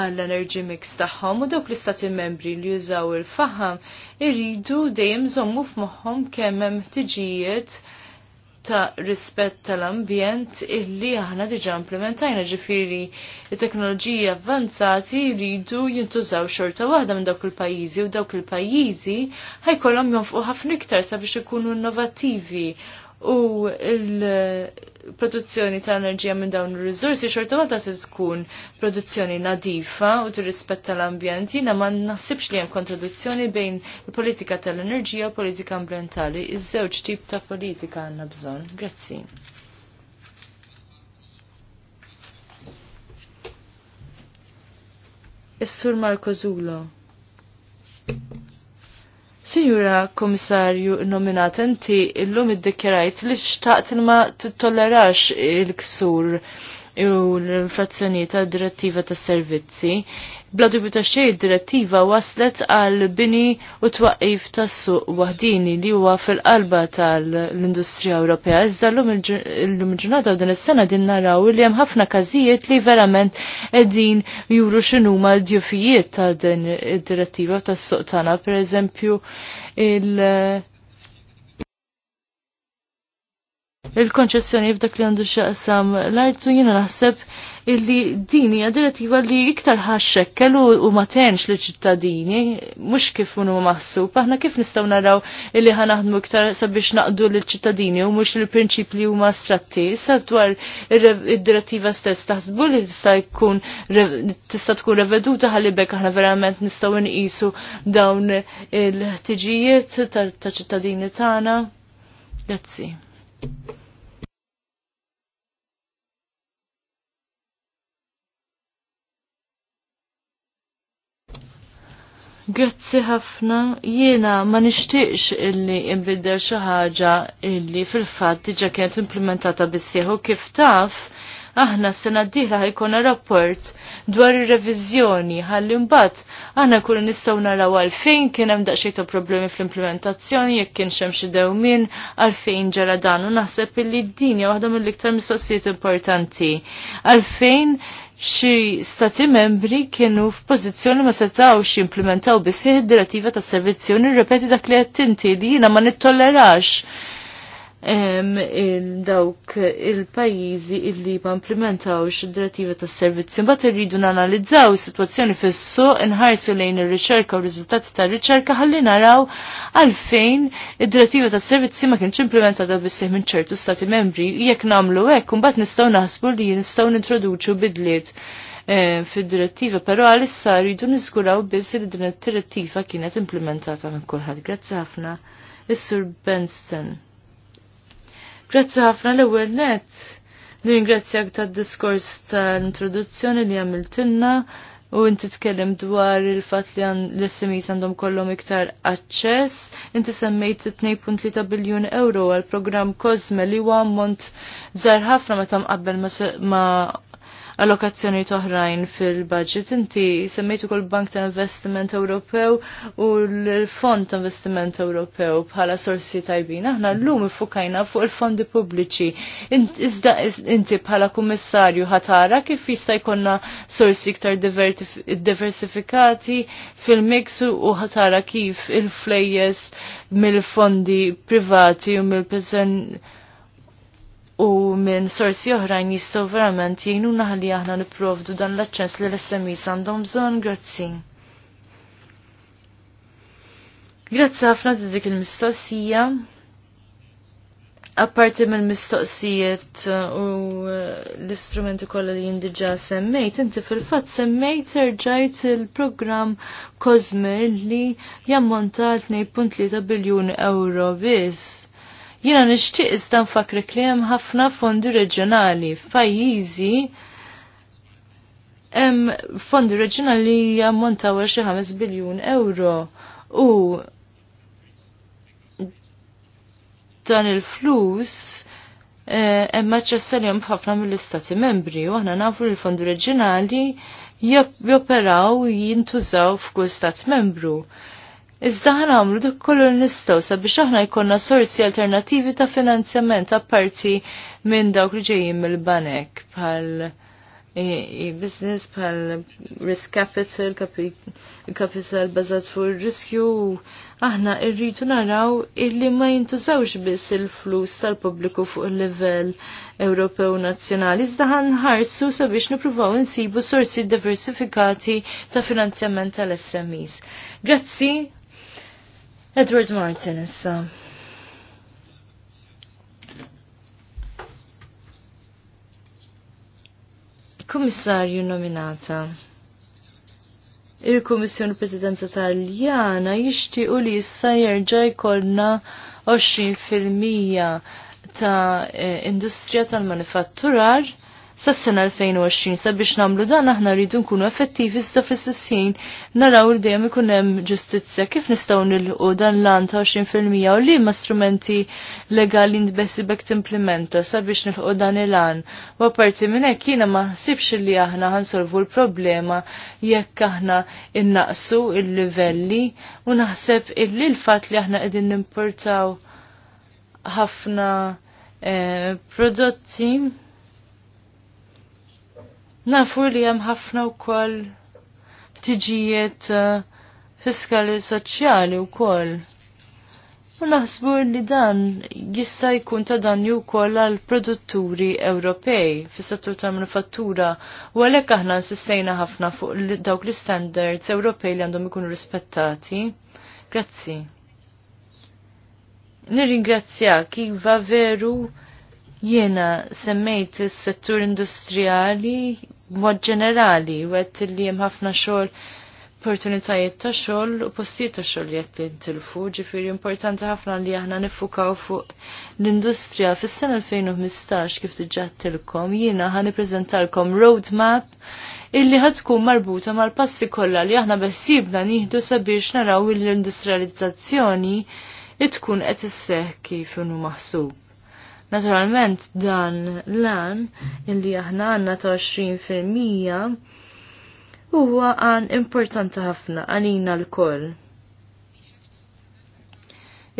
għall-energy mix tagħhom u dawk l-istati membri li jużaw il-faham irridu dejjem żommu f'moħħom kemm hemm ħtiġijiet ta' rispett tal-ambjent illi aħna diġa implementajna ġifiri il-teknoloġiji avvanzati jridu jintużaw xorta waħda minn dawk il-pajjiżi u dawk il-pajjiżi ħajkollhom jonfqu ħafna iktar sabiex ikunu innovattivi u il-produzzjoni ta' enerġija minn dawn ir-riżorsi xorta waħda tkun produzzjoni nadifa u tirrispetta l-ambjent. Jiena ma naħsibx li hemm kontradizzjoni bejn il-politika tal-enerġija u politika ambjentali. Iż-żewġ tip ta' politika għandna bżonn. Grazzi. Is-Sur Marco Zulo. Signora komissarju nominat inti illum id-dikjerajt li xtaqt ma t-tollerax il-ksur u l-infrazzjoni ta' direttiva ta' servizzi. Bla dubju ta' direttiva waslet għal bini u twaqqif ta' suq waħdini li huwa fil-qalba tal-industrija Ewropea. Iżda llum il-ġurnata din is-sena din naraw li hemm ħafna każijiet li verament qegħdin juru x'inhuma d-djufijiet ta' din id-direttiva tas-suq tagħna, pereżempju il- il-konċessjoni f'dak li għandu xaqsam l-artu jina naħseb illi din hija direttiva li iktar ħaxxekkel u ma tenx li ċittadini mhux kif unu maħsub aħna kif nistgħu naraw illi ħanaħdmu iktar sabiex naqdu lil ċittadini u mhux il prinċipli huma stratti sa dwar id-direttiva stess taħsbu li tista' tista' tkun reveduta ħalli bekk aħna verament nistgħu nqisu dawn il-ħtiġijiet ta' ċittadini tagħna. Grazzi. Grazzi ħafna, jiena ma nixtieqx illi imbidder xi ħaġa illi fil-fatt diġà kienet implementata bissieħu kif taf, aħna s-sena d-dieħla rapport dwar ir-reviżjoni ħalli mbagħad aħna nkunu nistgħu naraw għalfejn kien hemm daqsxejn ta' problemi fl-implementazzjoni jekk kien hemm xi dewmien għalfejn ġara dan u naħseb illi d dinja waħda mill-iktar mistoqsijiet importanti. Għalfejn xi stati membri kienu f'pożizzjoni ma setawx jimplementaw bisih id-direttiva tas servizzjoni u nirrepeti dak li qed tinti li jiena ma nittollerax dawk il-pajjiżi illi ma implementawx id-direttiva tas servizzi Mbagħad irridu nanalizzaw is-sitwazzjoni fis-suq inħarsu lejn ir-riċerka u r-riżultati tar-riċerka ħalli naraw għalfejn id-direttiva tas servizzi ma kienx implementata bissejh minn ċertu stati membri jekk nagħmlu hekk imbagħad nistgħu naħsbu li nistgħu nintroduċu bidliet eh, fid-direttiva, però għalissa rridu niżguraw biss li din id-direttiva kienet implementata minn kulħadd. Grazzi ħafna. Is-Sur Benson. Grazzi ħafna l-ewwel net. Ningrazzjak tad-diskors tal-introduzzjoni li għamiltinna u inti tkellem dwar il-fat li għan l smes għandhom kollom iktar access. Inti semmejt 2.3 biljun euro għal program Cosme li huwa ammont żgħar ħafna meta mqabbel ma allokazzjoni toħrajn fil-budget. Inti semmejtu kol Bank ta' Investiment Ewropew u l-Fond ta' Investiment Ewropew bħala sorsi tajbin. Aħna l-lum fukajna fuq il-fondi pubbliċi. inti bħala kummissarju ħatara kif jista' jkollna sorsi iktar diversifikati fil-mix u ħatara kif il-flejjes mill-fondi privati u mill-pensjoni u minn sorsi oħrajn jistgħu verament jgħinu ħalli aħna nipprovdu dan l-aċċess li l-SMEs għandhom bżonn, grazzi. Grazzi ħafna ta' dik il-mistoqsija. Apparti mill-mistoqsijiet uh, u uh, l-istrumenti kollha li jindiġa semmejt, inti fil-fatt semmejt erġajt il-programm Cosme li jammonta 2.3 biljun euro biss Jiena nixtieq iżda fakri li hemm ħafna fondi reġjonali f'pajjiżi hemm fondi reġjonali jammontaw għal xi ħames biljun euro u dan il-flus hemm eh, aċċessalhom ħafna mill-istati membri u aħna nafu li l-fondi reġjonali joperaw jintużaw f'kull stat membru. Iżda ħan għamlu dik kollu nistgħu sabiex aħna jkollna sorsi alternattivi ta' finanzjament apparti minn dawk li ġejjin mill-banek bħal eh, business bħal risk capital, capital bazat fuq riskju aħna irridu naraw illi ma jintużawx biss il-flus tal-pubbliku fuq il-livell Ewropew nazzjonali, iżda ħarsu sabiex nipruvaw insibu sorsi diversifikati ta' finanzjament tal-SMEs. Grazzi Edward Martin issa. Kummissarju nominata. Il-Kummissjoni Presidenza Taljana jixtiequ li issa jerġa' jkollna 20% ta' eh, industrija tal-manifatturar sas-sena 2020 sabiex nagħmlu dan aħna rridu nkunu effettivi iżda fl-istessin naraw li dejjem ikun hemm ġustizzja kif nistgħu nilqu dan l-an ta' 20% u li ma' strumenti legali bek timplementa sabiex nilħu dan il-an. U apparti minn hekk jiena ma ħsibx li aħna ħansolvu l-problema jekk aħna innaqsu il-livelli u naħseb illi l-fatt li aħna qegħdin nimportaw ħafna eh, prodotti Nafu li hemm ħafna wkoll tiġijiet eh, fiskali soċjali wkoll. U naħsbu li dan jista' jkun ta' ju wkoll għal produtturi Ewropej fis-settur ta' manufattura u għalhekk aħna nsistejna ħafna fuq dawk l-standards Ewropej li għandhom ikunu rispettati. Grazzi. Nirringrazzjak, iva veru Jiena semmejt is-settur industrijali mod ġenerali u għed li hemm ħafna xogħol opportunitajiet ta' xogħol u postijiet ta' xogħol jekk jintilfu, ġifiri importanti ħafna li aħna nifukaw fuq l-industrija fis-sena 2015 kif diġà tilkom jiena ħan nippreżentalkom roadmap illi ħatkun marbuta mal-passi kollha li aħna bessibna nieħdu sabiex naraw l-industrializzazzjoni tkun qed isseħħ kif inhu maħsub. Naturalment dan lan illi aħna għanna ta' 20% huwa għan importanti ħafna għalina l-koll.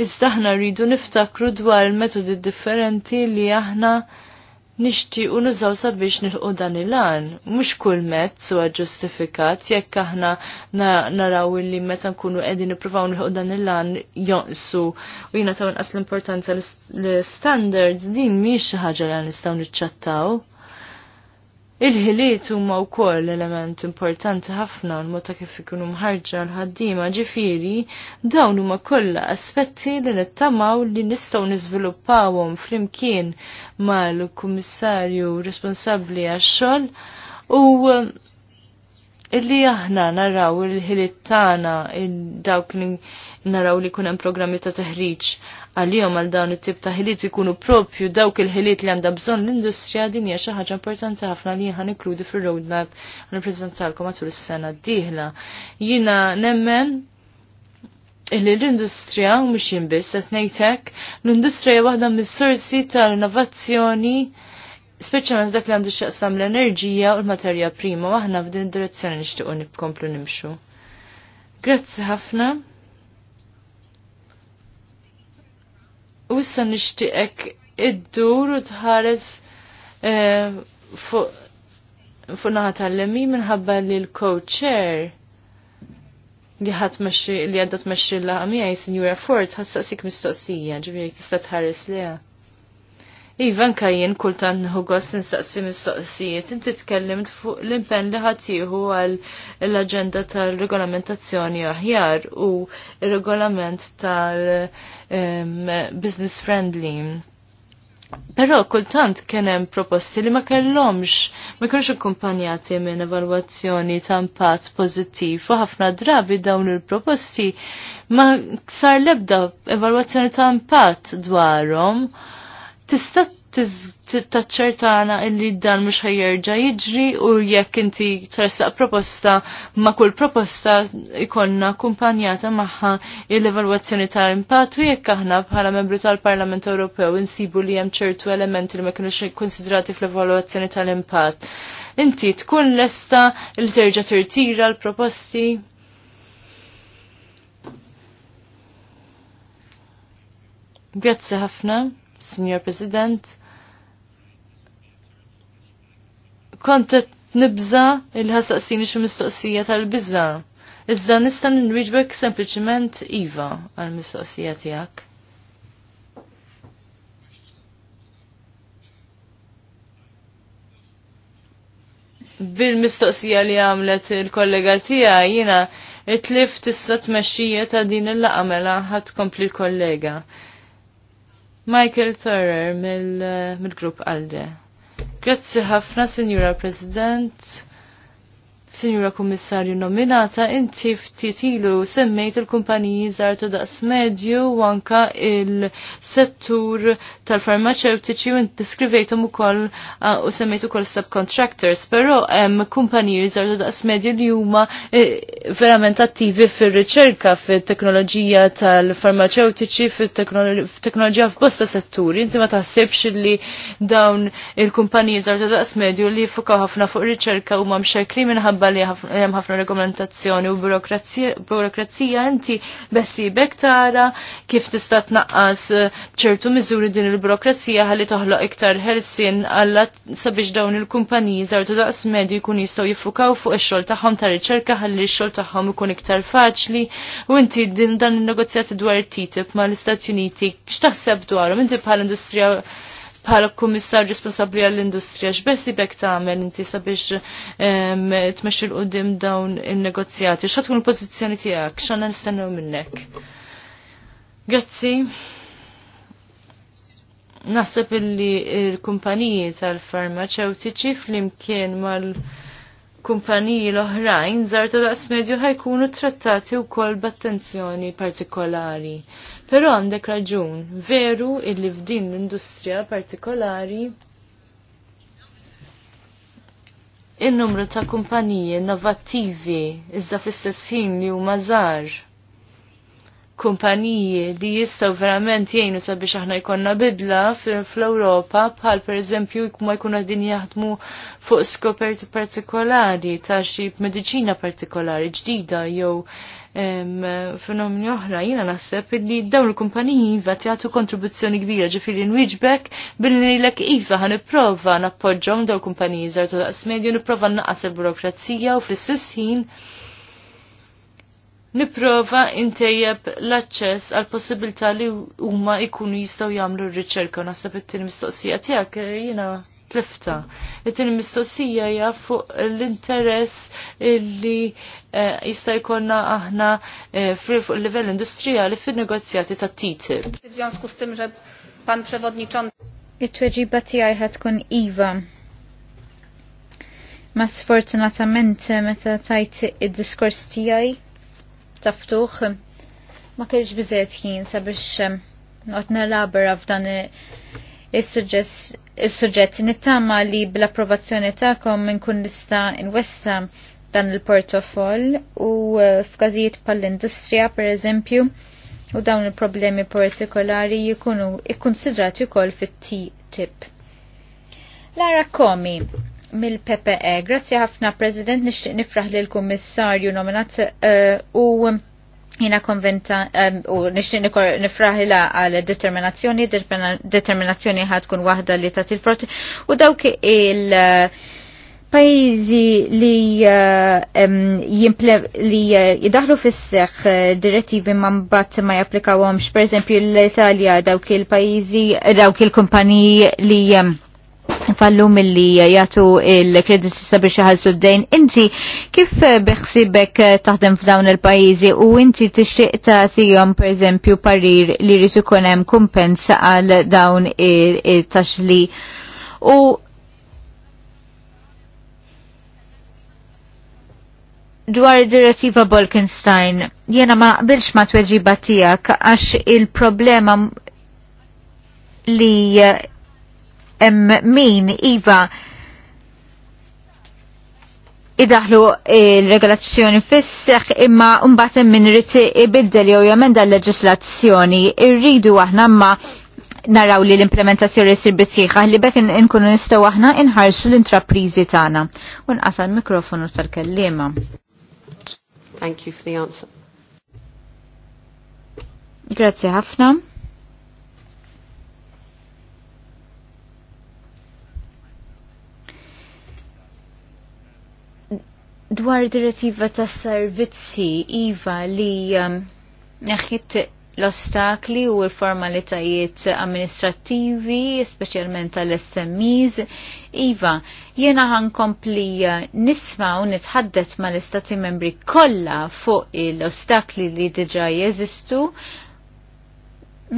Iżda aħna rridu niftakru dwar il-metodi differenti li aħna nixti u nużaw sabiex nilqu dan il-għan. Mux kull mezz huwa ġustifikat jekk aħna naraw li meta nkunu qegħdin nippruvaw nilqu dan il-għan jonqsu u jina taw nqas l-importanza l-standards din miex xi ħaġa li nistgħu niċċattaw. Il-ħiliet huma wkoll element importanti ħafna l ta' kif ikunu mħarġa l-ħaddiema ġifieri dawn huma kollha aspetti li nittamaw li nistgħu niżviluppawhom flimkien mal-kummissarju responsabbli għax-xogħol u eh, illi aħna naraw il-ħiliet tagħna dawk li naraw li kunem programmi ta' teħriġ għal-jom għal dawn it-tip ta' ħiliet ikunu propju dawk il-ħiliet li għandha bżonn l-industrija din hija xi ħaġa importanti ħafna li jien inkludi fir-roadmap nippreżentalkom matul is-sena d-dieħla. Jiena nemmen illi l-industrija mhux jinbiss qed ngħidlek, l-industrija waħda mis-sorsi tal-innovazzjoni speċjalment dak li għandu x'jaqsam l-enerġija u l-materja prima, aħna f'din id-direzzjoni nixtiequ nibkomplu nimxu. Grazzi ħafna. u issa nixtieqek id-dur u tħares eh, fuq naħat għallemi minħabba li l-co-chair li ħat li għadda tmexxi l għamija miegħi Sinjura Ford ħassaqsik mistoqsija ġifieri tista' tħares għamija. Iva nkajjen kultan nħugos nsaqsi mis-soqsijiet, inti tkellimt fuq l-impenn li ħatiħu għal l-agenda tal-regolamentazzjoni aħjar u regolament tal-business friendly. Però kultant kien hemm proposti li ma kellhomx, ma kienx akkumpanjati minn evalwazzjoni ta' impatt pożittiv u ħafna drabi dawn il-proposti ma sar lebda evalwazzjoni ta' impatt dwarhom tista' taċċertana illi dan mhux ħajjerġa' jiġri u jekk inti tressaq proposta ma' kull proposta ikonna kumpanjata magħha l-evalwazzjoni tal-impatt u jekk aħna bħala membri tal-Parlament Ewropew insibu li hemm ċertu elementi li ma kinux ikkonsidrati fl-evalwazzjoni tal-impatt. Inti tkun lesta li terġa' tirtira l-proposti? Grazzi ħafna. Signor President, kontet nibza il-ħasaqsini xi mistoqsija tal-bizza. Iżda nista' nirriġbek sempliciment iva għall mistoqsija tiegħek. Bil-mistoqsija li għamlet il-kollega tiegħi jina it-tlif tissa tmexxija ta' din il-laqamela ħat kompli l-kollega. Michael Thurer eh, mill-grupp mil Alde. Grazzi ħafna, Signora President. Sinjura Kummissarju nominata, inti ftit ilu semmejt il-kumpaniji żartu daqs medju u anka il-settur tal-farmaceutiċi u deskrivejthom ukoll u semmejt ukoll subcontractors, però hemm kumpaniji żartu daqs medju li huma e, verament attivi fir-riċerka fit-teknoloġija tal-farmaceutiċi fit-teknoloġija f'bosta setturi. Inti ma taħsibx li dawn il-kumpaniji żartu daqs medju li fukaw ħafna fuq riċerka huma mxekli minħabba minħabba li hemm ħafna regolamentazzjoni u burokrazija inti besibek tara kif tista' tnaqqas eh, ċertu miżuri din il-burokrazija ħalli toħloq iktar ħelsien għalla sabiex dawn il-kumpaniji żgħar ta' daqs medju jkun jistgħu jiffukaw fuq ix-xogħol tagħhom ta' riċerka ħalli x-xogħol tagħhom ikun iktar faċli u inti din dan in-negozjati dwar it TTIP mal-Istati Uniti x'taħseb dwarhom inti bħal industrija bħala kummissar responsabbli għall-industrija x'besi bek tagħmel inti sabiex tmexxi l qudiem dawn in-negozjati. X'ħad tkun il-pożizzjoni tiegħek? X'għandna nistennew minnek? Grazzi. Naħseb illi l-kumpaniji tal-farmaceutiċi flimkien mal- kumpaniji l-oħrajn ta' daqs medju ħajkunu trattati wkoll b'attenzjoni partikolari. Però għandek raġun, veru illi f'din l-industrija partikolari il-numru ta' kumpaniji innovattivi iżda fl-istess ħin li huma żgħar. Kumpaniji li jistgħu verament jgħinu sabiex aħna jkollna bidla fl-Ewropa bħal pereżempju ma jkunu din jaħdmu fuq skoperti partikolari ta' xi mediċina partikolari ġdida jew fenomeni oħra, jina naħseb li dawn il-kumpaniji iva jagħtu kontribuzzjoni kbira ġifieri nwiġbek billi l-ek iva ħan nipprova nappoġġhom dawn il-kumpaniji żgħar ta' daqs medju nipprova naqas il-burokrazija u fl sissin ħin nipprova intejjeb l-aċċess għal possibilità li huma jkunu jistgħu jagħmlu r-riċerka u naħseb it-tieni mistoqsija tiegħek jiena tlifta. it mistoqsija hija fuq l-interess li eh, jista' jkollna aħna eh, fuq il-livell industrijali fin-negozjati ta' TTIP. Związku z tym, że pan przewodniczący it-tweġiba tiegħi ħad tkun iva. Ma sfortunatament eh, meta tajt id-diskors tiegħi taftuħ ma kellx biżejjed jien sabiex noqgħod nelabra f'dan il-suġġett nittama li bl-approvazzjoni ta'kom nkun nista nwessa dan il-portofoll u eh, f'każijiet pal-industrija per eżempju u dawn il-problemi partikolari jikunu ikkonsidrati ukoll fit-T-tip. Lara Komi mill-PPE, grazzi ħafna President nixtieq nifraħ lil kummissarju nominat uh, u jina konventa u nixtieq nifraħila għal determinazzjoni, determinazzjoni ħad tkun waħda li tagħti il-proti u dawk il- eh, pajizi li eh, li eh, jidaħlu fis-seħ direttivi man bat ma japplikawhomx, per esempio l-Italja dawk il-pajizi, dawk il-kumpaniji li fallu mill-li jgħatu il kredit sabiex jħalsu d-dejn. Inti kif eh, beħsibek eh, taħdem f'dawn il-pajizi u inti tixtieq tagħtihom pereżempju parir li jrid ikun hemm kumpens għal dawn it-taxli. U dwar direttiva Bolkenstein, jena ma naqbilx ma tweġiba tiegħek għax il-problema li eh, em min iva idaħlu il-regolazzjoni fisseħ imma mbagħad min irid ibiddel jew jemenda l-leġislazzjoni irridu aħna ma naraw li l-implementazzjoni jsir bitieħa li bekk inkunu nistgħu aħna inħarsu l-intrapriżi tagħna. U nqasal mikrofonu tal-kellima. Thank you for the answer. Grazie ħafna. Dwar direttiva tas servizzi iva li um, neħħit l-ostakli u l-formalitajiet amministrativi, specialment tal-SMEs. Iva, jena kompli uh, nisma u nitħaddet ma l-istati membri kolla fuq l-ostakli li diġa jeżistu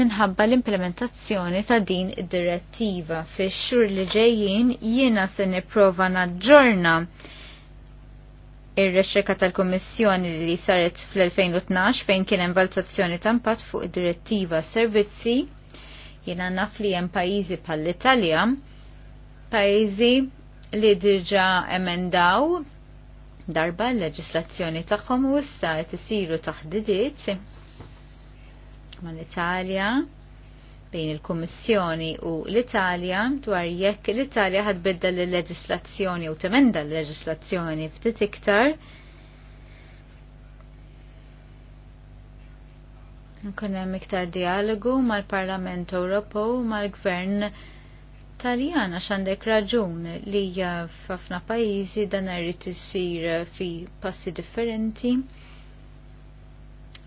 minħabba l-implementazzjoni ta' din id-direttiva fi xur li ġejjin jiena se nipprova naġġorna ir-rexxerka tal-Kummissjoni li saret fl-2012 fejn kien hemm valutazzjoni tampat fuq id-direttiva servizzi jiena naf li hemm pajjiżi bħall-Italja pajjiżi li diġà emendaw darba l-leġislazzjoni tagħhom u issa qed isiru taħdidiet mal-Italja bejn il-Kummissjoni u l-Italja dwar jekk l-Italja ħadbidda l-leġislazzjoni u temenda l-leġislazzjoni ftit iktar. Nkun hemm iktar dialogu mal-Parlament Ewropew mal-Gvern Taljan għax għandek raġun li f'ħafna pajjiżi dan irid isir fi passi differenti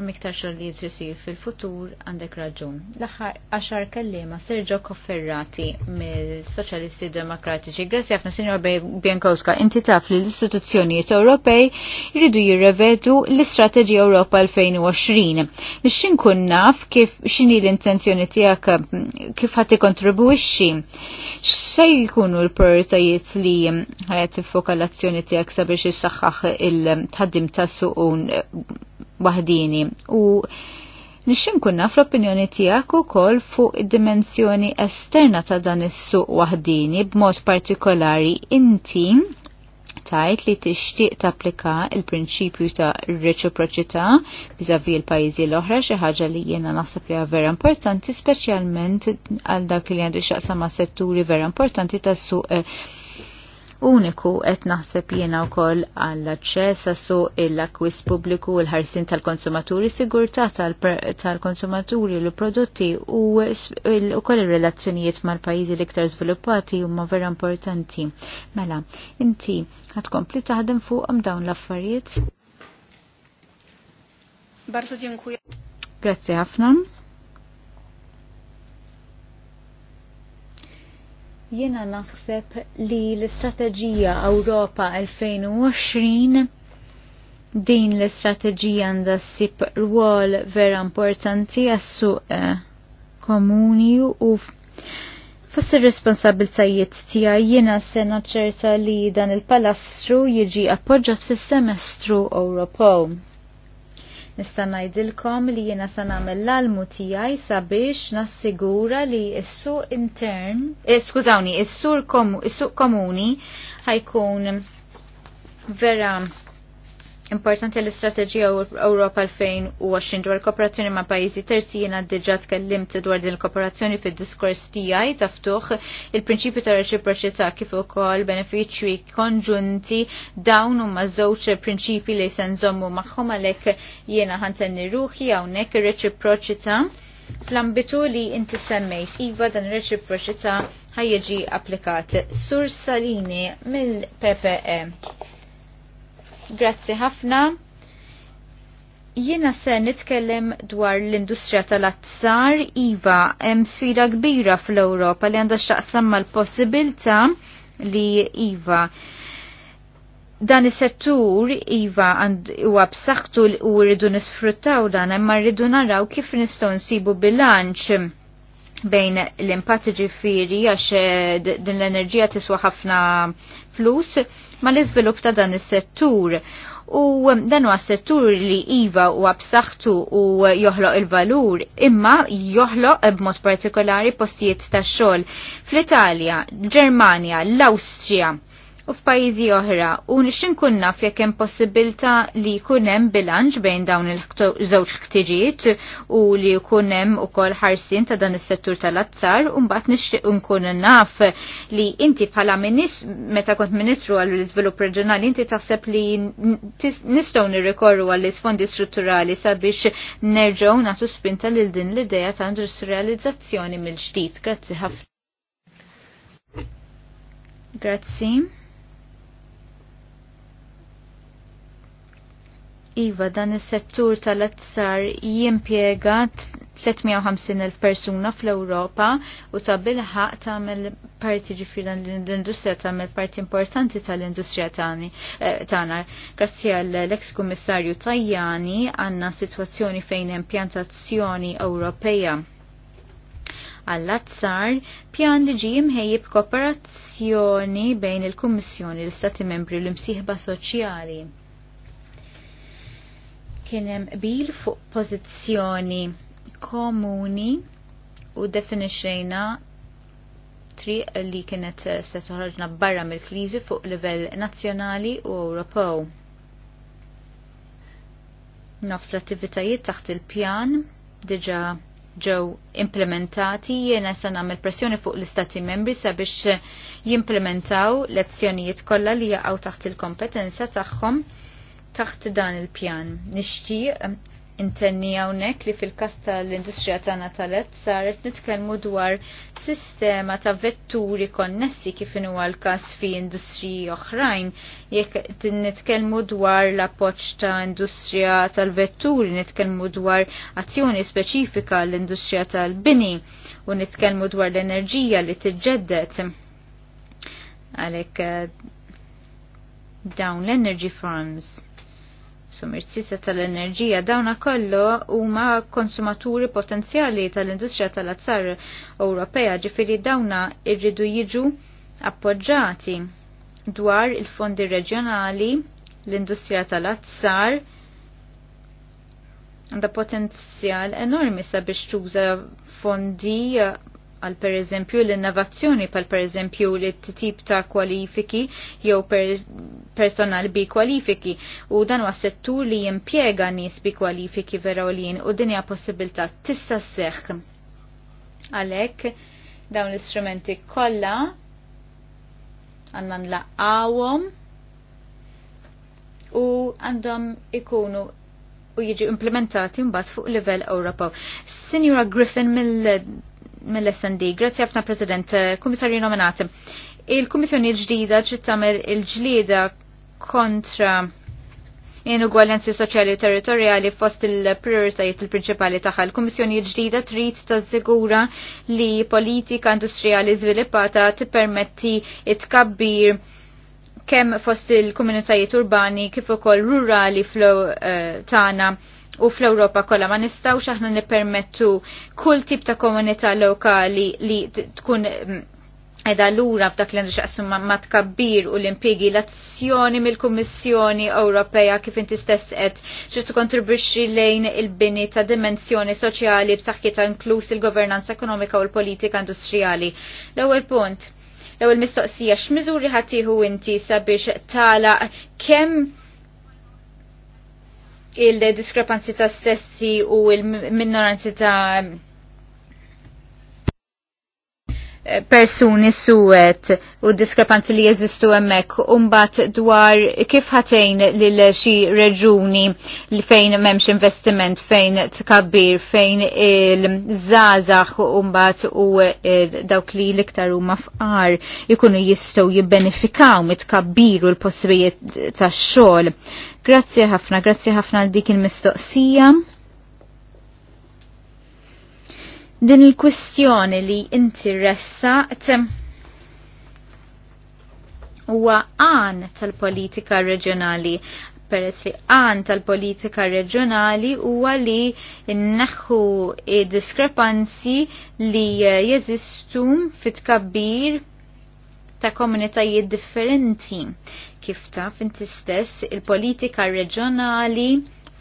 miktar xogħol li jisir fil-futur għandek raġun. L-aħħar għaxar kellima Sergio Kofferrati mill-Soċjalisti Demokratiċi. Grazzi ħafna Sinjor Bjankowska, inti taf li l-istituzzjonijiet Ewropej jridu jirrevedu l-Istrateġija Ewropa 2020. Nixxin kun naf kif x'inhi l-intenzjoni tiegħek kif ħadd ikkontribwixxi. X'se jkunu l-prioritajiet li ħajja tiffoka l-azzjoni tiegħek sabiex issaħħaħ il-tħaddim tas-suqun waħdini u nixxin kunna fl-opinjoni tijak u kol fuq dimensjoni esterna ta' dan is-suq waħdini b'mod partikolari inti tajt li tixtieq tapplika il-prinċipju ta' reċiproċità biżavi l-pajjiżi l-oħra xi ħaġa li jiena naħseb li vera importanti speċjalment għal dak li għandu xaqsa ma' setturi vera importanti tas-suq eh, uniku qed naħseb jiena wkoll għall-aċċess għassu l-akwis pubbliku u l-ħarsin tal-konsumaturi, sigurtà tal-konsumaturi l prodotti u wkoll ir-relazzjonijiet mal-pajjiżi l-iktar żviluppati huma vera importanti. Mela, inti ħadkompli taħdem fuqhom dawn l-affarijiet? Grazie ħafna. Jiena naħseb li l-istrateġija Ewropa 2020 din l-istrateġija għandha ssib rwol vera importanti għas-suq eh, komuni u fost ir-responsabiltajiet tiegħi jiena se naċċerta li dan il-palastru jiġi appoġġjat fis-semestru Ewropew. Nista' ngħidilkom li jiena se nagħmel l-almu tiegħi sabiex nassigura li s-suq intern, eh, skużawni, is-suq komuni ħajkun vera Importanti l-istrateġija Ewropa 2020 dwar kooperazzjoni ma' pajjiżi terzi jiena diġà tkellimt dwar din il-kooperazzjoni fid-diskors tiegħi taftuħ il-prinċipju ta' reċiproċità kif ukoll benefiċċji konġunti dawn huma żewġ prinċipji li se nżommu magħhom għalhekk jiena ħantenni ruħi hawnhekk ir-reċiproċità fl-ambitu li inti semmejt iva dan ir-reċiproċità ħajjeġi applikat. Sur Salini mill-PPE. Grazzi ħafna. Jiena se nitkellem dwar l-industrija tal-azzar iva hemm sfida kbira fl-Ewropa li għandha x'taqsam mal-possibilità li iva dan is-settur iva huwa b'saħħtu u rridu nisfruttaw dan imma rridu naraw kif nistgħu nsibu bilanċ bejn l-impatt ġifiri għax eh, din l-enerġija tiswa ħafna flus ma l-izvilup ta' dan is-settur. U um, dan huwa settur li iva u b'saħħtu u joħloq il-valur, imma joħloq b'mod partikolari postijiet ta' xogħol fl-Italja, Ġermanja, l-Awstrija u f'pajjiżi oħra u nixin kunna jekk hemm possibilità li jkun hemm bilanċ bejn dawn il-żewġ ħtiġijiet u li jkun hemm ukoll ħarsien ta' dan is-settur tal-azzar u mbagħad nixtieq nkun naf li inti bħala meta kont Ministru għall iżvilupp Reġjonali inti taħseb li nistgħu nirrikorru għall isfondi strutturali sabiex nerġgħu nagħtu spinta lil din l-idea ta' industrializzazzjoni mill-ġdid. Grazzi ħafna. Grazzi. Iva, dan is-settur tal-azzar jimpiega 350.000 persuna fl-Ewropa u ta' bilħaq tagħmel parti ġifiran l-industrija tagħmel parti importanti tal-industrija eh, tagħna. Grazzi għall-eks kummissarju Tajjani għandna sitwazzjoni fejn hemm pjantazzjoni Ewropeja għall-azzar pjan li ġi mħejjib kooperazzjoni bejn il-Kummissjoni l-Stati Membri l-Imsieħba Soċjali kienem bil fuq pozizjoni komuni u definixxejna tri li kienet eh, se toħroġna barra mill kliżi fuq livell nazzjonali u Ewropew. Nofs l-attivitajiet taħt il-pjan diġa ġew implementati jiena se nagħmel pressjoni fuq l-istati membri sabiex jimplementaw lezzjonijiet kollha li jaqgħu taħt il-kompetenza tagħhom taħt dan il-pjan. Nixtieq intenni hawnhekk li fil-kas tal-industrija ta' tal saret nitkellmu dwar sistema ta' vetturi konnessi kif inu għal każ fi industriji oħrajn jekk nitkellmu dwar l-appoġġ ta' industrija tal-vetturi, nitkellmu dwar azzjoni speċifika l-industrija tal-bini u nitkellmu dwar l-enerġija li tiġġedded. Għalhekk eh, dawn l-energy farms sumirzisa tal-enerġija dawna kollu huma konsumaturi potenzjali tal-industrija tal-azzar Ewropea ġifiri dawna irridu jiġu appoġġati dwar il-fondi reġjonali l-industrija tal-azzar għandha potenzjal enormi sabiex tuża fondi għal per eżempju l-innovazzjoni pal per eżempju li t-tip ta' kwalifiki jew per personal bi kwalifiki u dan huwa settur li jimpiega nies bi kwalifiki vera u lin u dinja possibilta tista' seħ Għalhekk dawn l-istrumenti kollha għannan nlaqgħuhom u għandhom ikunu u jiġi implementati mbagħad fuq livell Ewropew. Sinjura Griffin mill mill-SND. Grazie ħafna President, eh, Kummissarju Nominati. Il-Kummissjoni l-ġdida ġiet tagħmel il-ġlieda kontra inugwaljanzi soċjali u territorjali fost il-prioritajiet il-prinċipali tagħha. Il-Kummissjoni l-ġdida trid tażigura li politika industrijali żviluppata tippermetti it-tkabbir kemm fost il-komunitajiet urbani kif ukoll rurali flow uh, tagħna u fl-Europa kollha ma nistgħux aħna nippermettu kull tip ta' komunità lokali li tkun mm, edha lura f'dak li għandu xaqsum ma tkabbir u l impigi l-azzjoni mill-Kummissjoni Ewropea kif inti stess qed xi kontribwixxi lejn il-bini ta' dimensjoni soċjali b'saħħitha inkluż il-governanza ekonomika u l-politika industrijali. L-ewwel punt, l-ewwel mistoqsija x'miżuri ħadd inti sabiex tala kemm il-diskrepanzi ta' sessi u il-minoranzi ta' persuni suwet u diskrepanzi li jeżistu emmek umbat dwar kif ħatejn lil xi reġuni li fejn memx investiment fejn tkabbir fejn il-żazax umbat u dawk li liktar u mafqar ikunu jistow jibbenefikaw mitkabbir u l-possibijiet tax xogħol. Grazzi ħafna, grazzi ħafna għal dik il-mistoqsija din il-kwistjoni li inti tem huwa għan tal-politika reġjonali peress li għan tal-politika reġjonali huwa li nneħħu diskrepanzi li jeżistu fit-kabbir ta' komunitajiet differenti. Kif taf inti stess il-politika reġjonali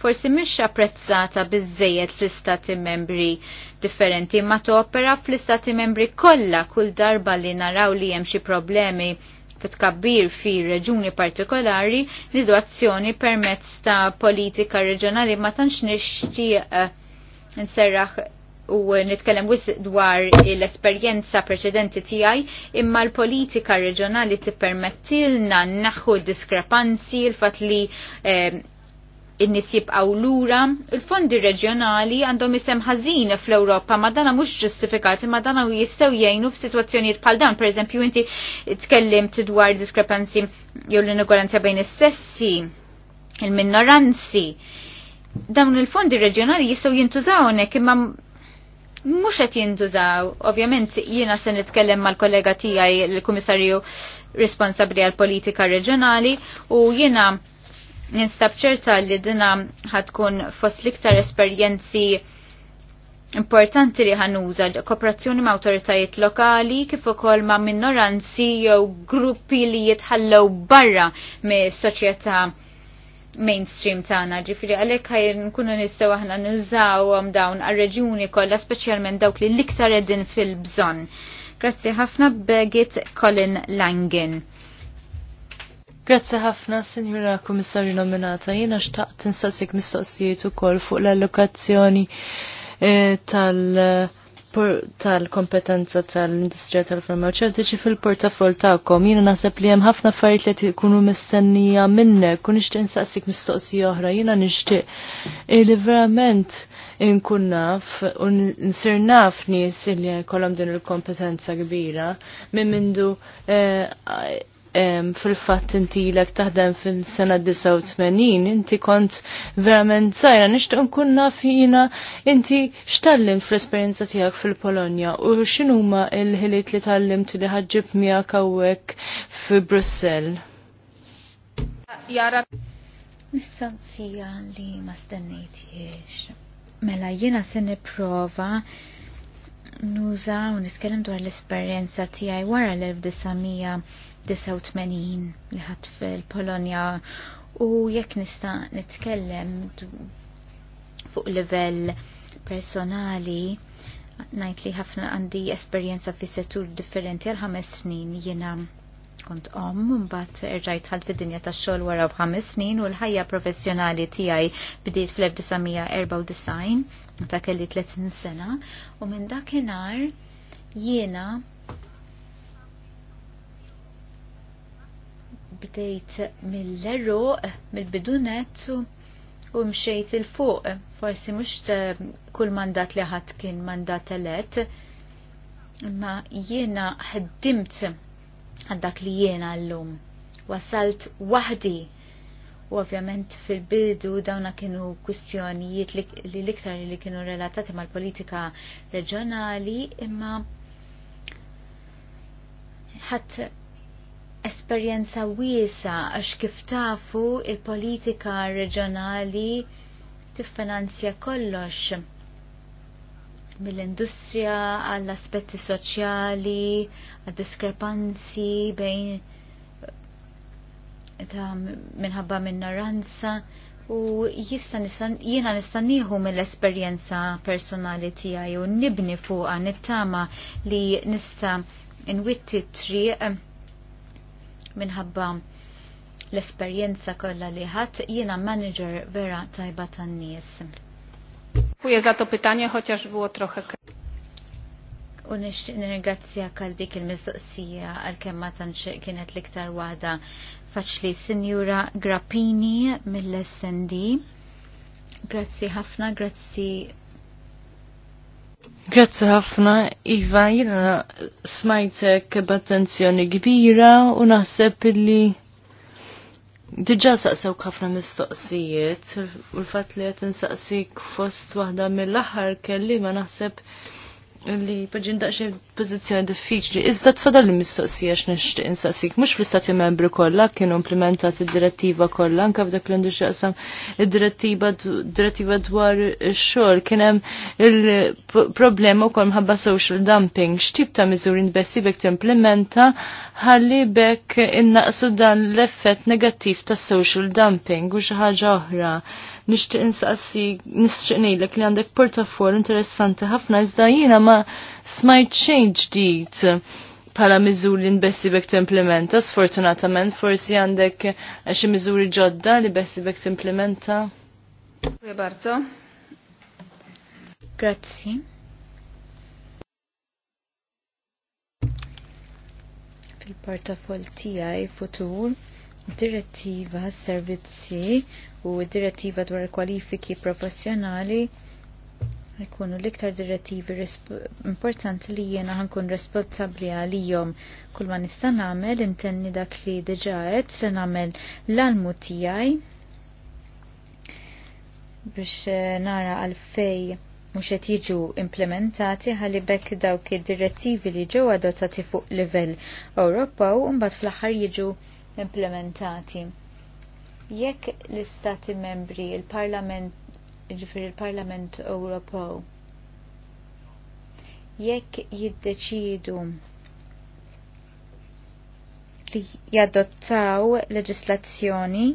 forsi mhix apprezzata biżejjed fl-istati membri differenti ma toppera fl-istati membri kollha kull darba li naraw li hemm xi problemi fit-kabbir fi reġuni partikolari nidu azzjoni permezz ta' politika reġjonali ma tantx nixtieq eh, nserraħ u nitkellem wis dwar l-esperjenza preċedenti tiegħi imma l-politika reġjonali tippermettilna naħu diskrepanzi l-fatt li eh, in-nies jibqgħu lura, il-fondi reġjonali għandhom isem ħażin fl-Ewropa ma dana mhux ġustifikati ma dana jistgħu jgħinu f'sitwazzjonijiet bħal dawn, pereżempju inti tkellimt dwar diskrepanzi jew l-inegualanza bejn is-sessi, il-minoranzi. Dawn il-fondi reġjonali jistgħu jintużaw hekk imma mhux qed jintużaw, ovvjament jiena se nitkellem mal-kollega tiegħi l-Kummissarju responsabbli għal politika reġjonali u jiena Ninstab ċerta li dina ħatkun fost liktar esperjenzi importanti li ħanuża kooperazzjoni ma' autoritajiet lokali kif ukoll ma' minoranzi jew gruppi li jitħallew barra me' soċjetà mainstream tagħna. Ġifieri għalhekk ħajr nkunu nistgħu aħna nużawhom dawn għar-reġjuni kollha speċjalment dawk li l-iktar qegħdin fil-bżonn. Grazzi ħafna Begit Colin Langin. Grazzi ħafna, Sinjura Komissarju nominata. Jiena xtaqt insasik mistoqsijiet ukoll fuq l-allokazzjoni eh, tal-kompetenza tal-industrija tal-farmaceutiċi fil-portafol ta'kom. Jiena naħseb li hemm ħafna affarijiet li jkunu mistennija minnek u nixtieq insaqsik mistoqsija oħra. Jiena nixtieq li verament inkun naf u nsir naf nies li kollhom din il-kompetenza kbira minn mindu eh, fil-fatt inti l taħdem fil-sena 89, inti kont verament zaħra, nishtu nkunna fina inti xtallim fil-esperienza tijak fil-Polonja u xinuma il-ħiliet li tallimt li ħagġib mija kawwek fil-Brussel. Jara. Mistanzija li ma jiex. Mela jiena se nipprova nuża u nitkellem dwar l-esperjenza tiegħi wara l-1900 89 li ħadd fil-Polonja u jekk nista' nitkellem fuq livell personali ngħid li ħafna għandi esperjenza fi settur differenti għal ħames snin jiena kont om, mbagħad irġajt ħalt fid-dinja tax-xogħol wara b'ħames snin u l-ħajja professjonali tiegħi bdiet fl-1994 meta kelli 30 sena u minn dakinhar jiena bdejt mill erru mill-bidunet u mxejt il-fuq. Forsi mux eh, kull mandat li ħadd kien mandat elett, ma jiena ħeddimt għaddak li jiena l-lum. Wasalt wahdi u ovvjament fil-bidu dawna kienu kustjonijiet li liktar li kienu relatati mal-politika reġjonali imma ħadd esperjenza wiesa għax kif tafu il-politika reġjonali tiffinanzja kollox mill-industrija għall aspetti soċjali, għad diskrepanzi bejn ta' minħabba minoranza u jista jiena nistanniħu mill-esperjenza personali tiegħi u nibni fuqha nittama li nista' nwitti triq minħabba l-esperjenza kollha li ħadd jiena manager vera tajba tan-nies. Dziękuję za to pytanie, chociaż było trochę Unix nirringrazzja għal dik il-mistoqsija għal kemma ma tantx kienet l-iktar waħda faċli Sinjura Grappini mill-SND. Grazzi ħafna, grazzi Grazzi ħafna, Iva, jina smajtek b'attenzjoni kbira u naħseb illi diġa saqsew ħafna mistoqsijiet u l-fat li qed insaqsik fost waħda mill-aħħar kelli ma naħseb li paġin daqxie pozizjoni diffiċli. Iżda tfadal li mistoqsija x'nixtieq insaqsik, mhux fl-istati membri kollha kienu implementat id-direttiva kollha anke f'dak li għandu x'jaqsam id-direttiva direttiva dwar ix-xogħol kien hemm il-problema wkoll mħabba social dumping. X'tip ta' miżuri nbessi bek timplementa ħalli bekk innaqsu dan l-effett negattiv tas social dumping u xi ħaġa oħra nixtieq insaqsi nixtieq ngħidlek li għandek portafol interessanti ħafna iżda jiena ma smajt xejn ġdid bħala miżuri nbessi bek timplementa, sfortunatament forsi għandek xi miżuri ġodda li bessi bek timplementa. Barzo. Grazzi. Fil-portafol tiegħi futur direttiva servizzi u direttiva dwar kwalifiki professjonali jkunu l-iktar direttivi importanti li jiena ħankun responsabbli għalihom. Kull ma nista' nagħmel intenni dak li diġà qed se nagħmel l-almu tiegħi biex eh, nara għalfej mhux qed jiġu implementati ħalli bekk dawk id-direttivi li ġew adottati fuq livell Ewropa u mbagħad fl-aħħar jiġu implementati. Jekk l-Istati membri, il-Parlament, ġifir il-Parlament Ewropew, jekk jiddeċidu li jadottaw leġislazzjoni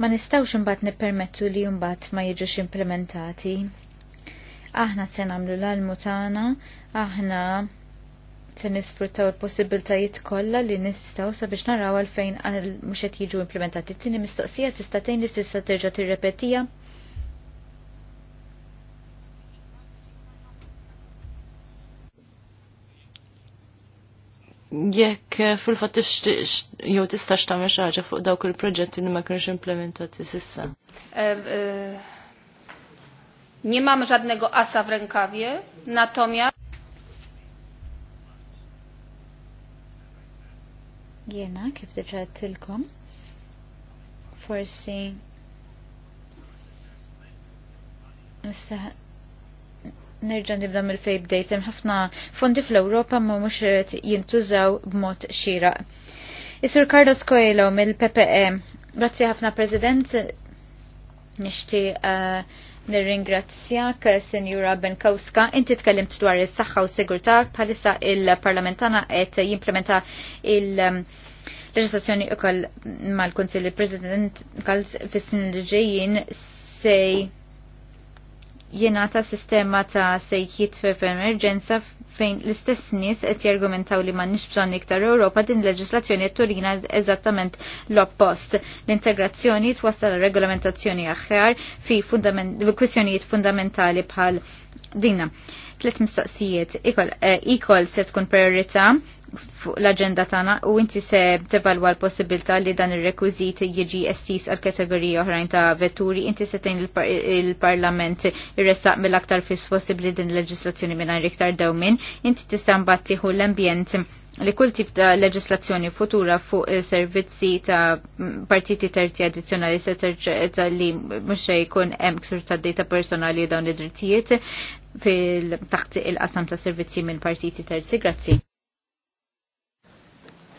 ma nistawx imbagħad nippermettu li mbagħad ma jiġux implementati aħna se nagħmlu l-almu tagħna, aħna se nisfruttaw il-possibiltajiet kollha li nistgħu sabiex naraw għalfejn mhux qed jiġu implementati. Tieni mistoqsija tista' tgħin li tista' terġa' tirrepetija. Jekk eh, fil-fatt jew tistax tagħmel xi ħaġa fuq dawk il-proġetti li ma kienux implementati s'issa. Eh, eh, Nie mam żadnego asa w rękawie, natomiast jena kif diġa tylko. forsi issa nerġa' nibda mill-fej bdejt hemm ħafna fondi fl-Ewropa ma mhux jintużaw b'mod xira. Isur Carlos Coelho mill-PPE. Grazzi ħafna President nixtieq uh, Nirringrazzjak, Senjura Benkowska. Inti tkellimt dwar is-saħħa u s sigurtà bħalissa il-parlamentana qed jimplementa il- um, Leġislazzjoni ukoll mal-Kunsill il-President Kalz fis-sin li ġejjin sej jena ta' sistema ta' sejkit fer emerġenza fejn l-istess nies qed jargumentaw li m'għandniex bżonn iktar Ewropa din leġislazzjoni qed turina eżattament l-oppost. L-integrazzjoni twassal regolamentazzjoni aħjar fi kwistjonijiet fundamentali bħal dinna. Tlet mistoqsijiet, ikol, eh, se tkun priorità fuq l-agenda tana u inti se tevalwa l-possibilità li dan ir-rekwiżit jiġi estis għal kategorija oħrajn ta' vetturi, inti se tgħin il-Parlament il-resta mill-aktar fis possibbli din il-leġislazzjoni mingħajr iktar dewmin, inti tista' battiħu tieħu l-ambjent li kull tip ta' leġislazzjoni futura fuq servizzi ta' partiti terzi addizzjonali se terġa' li mhux se jkun hemm ksur ta' data personali dawn id-drittijiet fil taħt il-qasam ta' servizzi mill partiti terzi. Grazzi.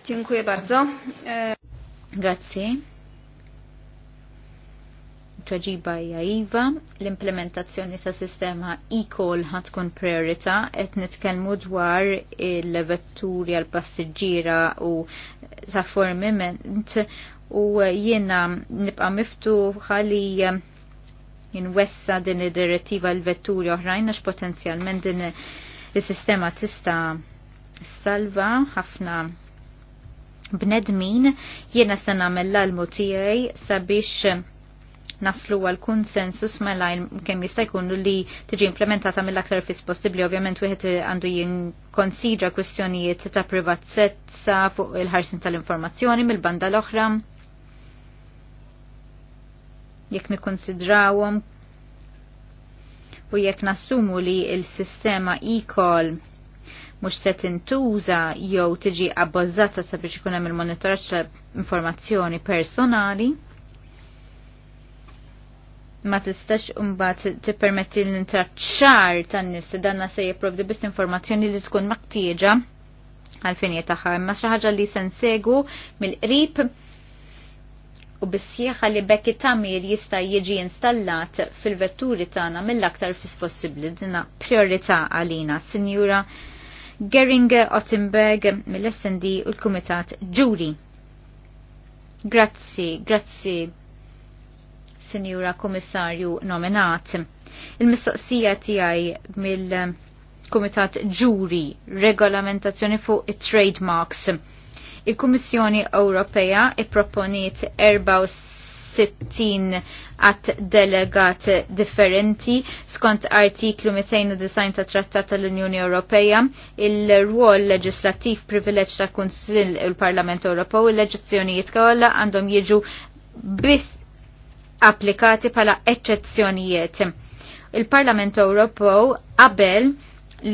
Dziękuję bardzo. E, Grazie. Traġiba hija iva, l-implementazzjoni ta' sistema e-call ħad tkun priorità qed nitkellmu dwar il-vetturi għal passiġġiera u ta' formiment u jiena nibqa' miftuħa li jinwessa din id-direttiva l-vetturi oħrajn għax potenzjalment din is-sistema tista' salva ħafna bnedmin jiena se nagħmel l-almu tiegħi sabiex naslu għal konsensus malajn kemm jista' jkun li tiġi implementata mill-aktar fis possibbli ovvjament wieħed għandu jinkonsidra kwistjonijiet ta' privazzezza fuq il-ħarsin tal-informazzjoni mill-banda l-oħra jekk nikkonsidrawhom u jekk nassumu li il-sistema e-call mhux se tintuża jew tiġi abbozzata sabiex ikun hemm il-monitoraġġ tal-informazzjoni personali ma tistax imbagħad tippermetti l-intraċċar tan-nies danna se jipprovdi biss informazzjoni li tkun maqtieġa għal-finji tagħha imma xi ħaġa li se nsegu mill-qrib u bissieħa li bekki tamir jista jiġi installat fil-vetturi tagħna mill-aktar fis possibbli dina priorità għalina. Sinjura Gering Ottenberg mill-SND u l-Kumitat Ġuri. Grazzi, grazzi, Sinjura Komissarju nominat. Il-mistoqsija tiegħi mill-Kumitat Ġuri, regolamentazzjoni fuq it-trademarks. Il-Kummissjoni Ewropea ipproponiet 4 60 għat delegat differenti skont artiklu 290 ta' Trattat tal-Unjoni Ewropeja il-rwol leġislattiv privileġġ ta' Kunsil il parlament Ewropew il-leġizzjonijiet kollha għandhom jiġu biss applikati pala eccezzjonijiet. Il-Parlament Ewropew qabel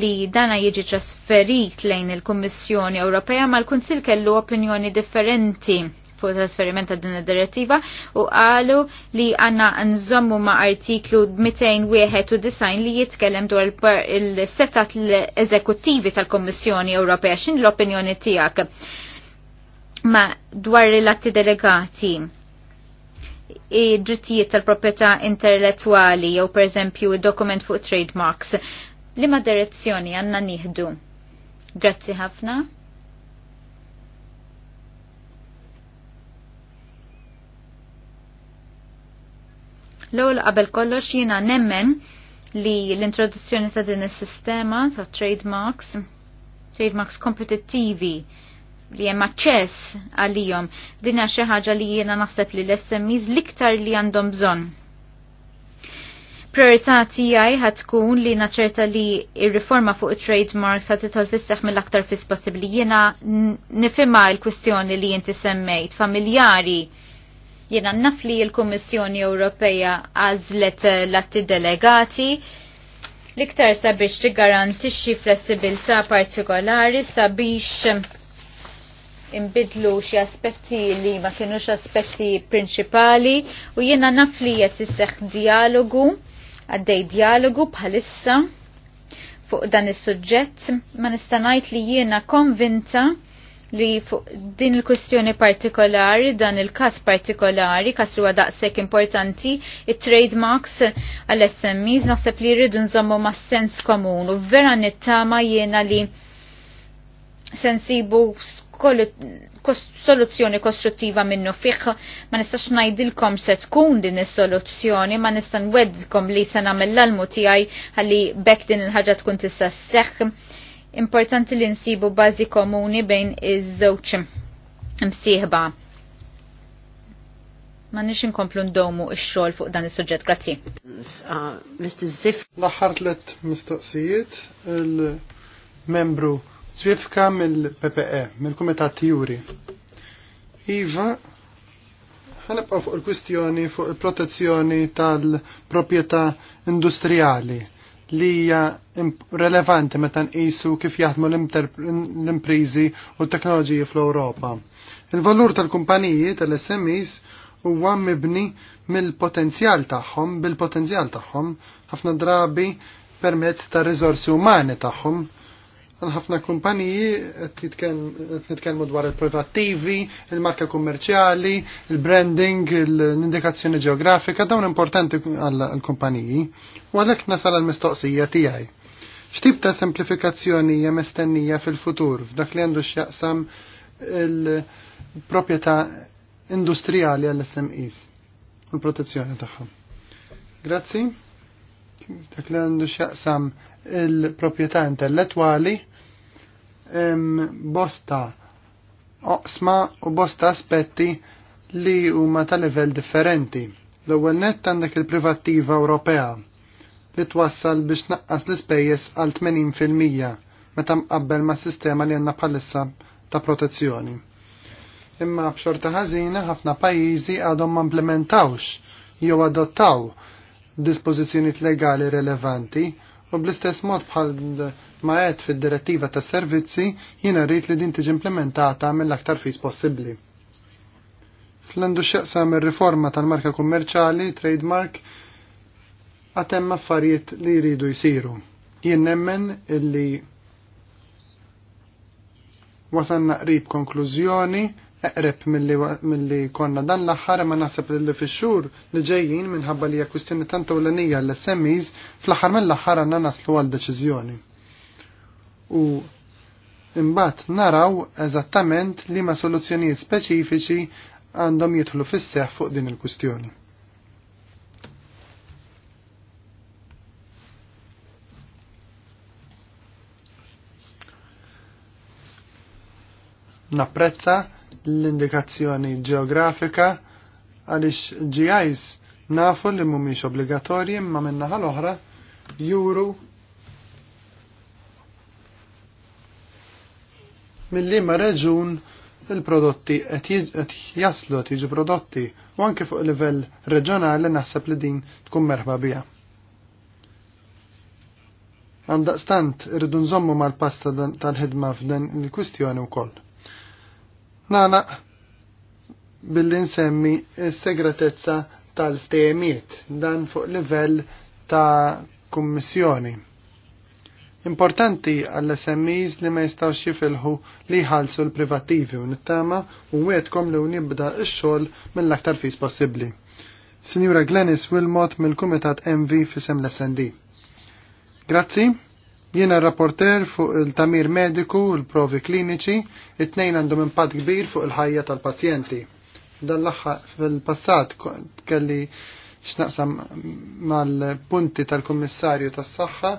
li dana jiġi trasferit lejn il-Kummissjoni Ewropea ma l-Kunsil kellu opinjoni differenti fuq trasferiment ta' din id-direttiva u qalu li għanna nżommu ma' artiklu 291 li jitkellem dwar il-setat l-eżekuttivi tal-Kommissjoni Ewropea xin l-opinjoni tijak ma' dwar il-atti delegati id-drittijiet tal-proprjetà intellettwali jew pereżempju id-dokument fuq trademarks. ma' direzzjoni għandna nieħdu? Grazzi ħafna. L-ewwel qabel kollox jiena nemmen li l-introduzzjoni ta' din is-sistema ta' trademarks, trademarks kompetittivi li hemm aċċess għalihom din hija xi ħaġa li jiena naħseb li l-SMEs liktar li għandhom bżonn priorità tiegħi ħad tkun li naċerta li ir-riforma fuq it-trademarks ħad titħol fisseħ mill-aktar fis possibbli. Jiena nifhimha l-kwistjoni li inti semmejt familjari Jena naf li l-Kummissjoni Ewropeja għażlet eh, l-atti delegati l-iktar sabiex tigarantixxi flessibilità partikolari sabiex imbidlu xi aspetti li ma kienux aspetti prinċipali u jiena naf li qed isseħ dialogu għaddej dialogu bħalissa fuq dan is-suġġett ma nista' ngħid li jiena konvinta li fuq din il-kwestjoni partikolari, dan il-kas partikolari, kas huwa daqshekk importanti, il trademarks għall-SMEs naħseb li rridu nżommu ma' sens komun u vera nittama jiena li sensibu soluzzjoni kostruttiva minnu fiħ ma nistax najdilkom se tkun din is-soluzzjoni ma nista' nwedkom li se nagħmel l-almu tiegħi għalli bekk din il-ħaġa tkun tista' sseħħ importanti li nsibu bażi komuni bejn iż-żewġ msieħba. Ma nix inkomplu ndomu x-xogħol fuq dan is-suġġett. Grazzi. Uh, Mr. Ziff. L-aħħar tliet mistoqsijiet il-membru Zwifka mill-PPE, mill-Kumitat Juri. Iva, ħanibqa' fuq il-kwistjoni fuq il-protezzjoni tal-proprjetà industrijali li hija relevanti meta nqisu kif jaħdmu l-imprizi u t-teknoloġiji fl-Ewropa. Il-valur tal-kumpaniji tal-SMEs huwa mibni mill-potenzjal tagħhom bil-potenzjal tagħhom ħafna drabi permezz ta' riżorsi umani tagħhom għal ħafna kumpaniji qed nitkellmu dwar il TV, il-marka kummerċjali, il-branding, l-indikazzjoni ġeografika, dawn importanti għal kumpaniji. U għalhekk nasal għall-mistoqsija tiegħi. X'tip ta' semplifikazzjoni hija fil-futur f'dak li għandu x'jaqsam il-proprjetà industrijali għall-SMEs u l-protezzjoni tagħhom. Grazzi dak li għandu x'jaqsam il-proprjetà intellettwali bosta oqsma u bosta aspetti li huma ta' livell differenti. L-ewwel nett għandek il-privattiva Ewropea li twassal biex naqqas l-ispejjeż għal 80% meta mqabbel ma' sistema li għandna bħalissa ta' protezzjoni. Imma b'xorta ħażina ħafna pajjiżi għadhom ma implementawx jew adottaw dispożizzjonijiet legali relevanti u bl-istess mod bħal ma qed fid-direttiva tas servizzi jiena rrid li din tiġi implementata mill-aktar fis possibbli. Fl-għandu x'jaqsam ir-riforma tal-marka kummerċali, trademark, għatem affarijiet li jridu jisiru. Jien nemmen illi wasanna qrib konklużjoni eqreb mill-li konna dan l-aħħar ma nasab li fix-xhur li ġejjin minħabba li hija kwistjoni tant ewlenija l-SMEs fl-aħħar mill-aħħar għandna naslu għal deċiżjoni. U imbagħad naraw eżattament li ma soluzzjonijiet speċifiċi għandhom jidħlu fis-seħ fuq din il-kwistjoni. Napprezza l-indikazzjoni ġeografika għaliex GIs nafu li mhumiex obbligatorji imma minna l-oħra juru mill-liema reġun il-prodotti qed jaslu qed jiġu prodotti u anke fuq livell reġjonali naħseb li din tkun merħba biha. Għandaqstant irridu nżommu mal-pasta tal-ħidma f'dan il-kwistjoni wkoll nana billi nsemmi s-segretezza tal-ftejemiet dan fuq livell ta' kummissjoni. Importanti għall-SMEs li ma jistawx jifilħu li jħalsu l-privativi u nittama u wetkom li unibda x-xol mill-aktar fis possibli. Sinjura Glenis Wilmot mill-Kumitat MV fisem l-SND. Grazzi, Jiena rapporter fuq il-tamir mediku u l-provi kliniċi, it-tnejn għandhom impatt kbir fuq il-ħajja tal-pazjenti. Dan l-aħħar fil-passat kelli x'naqsam mal-punti tal-Kummissarju tas-Saħħa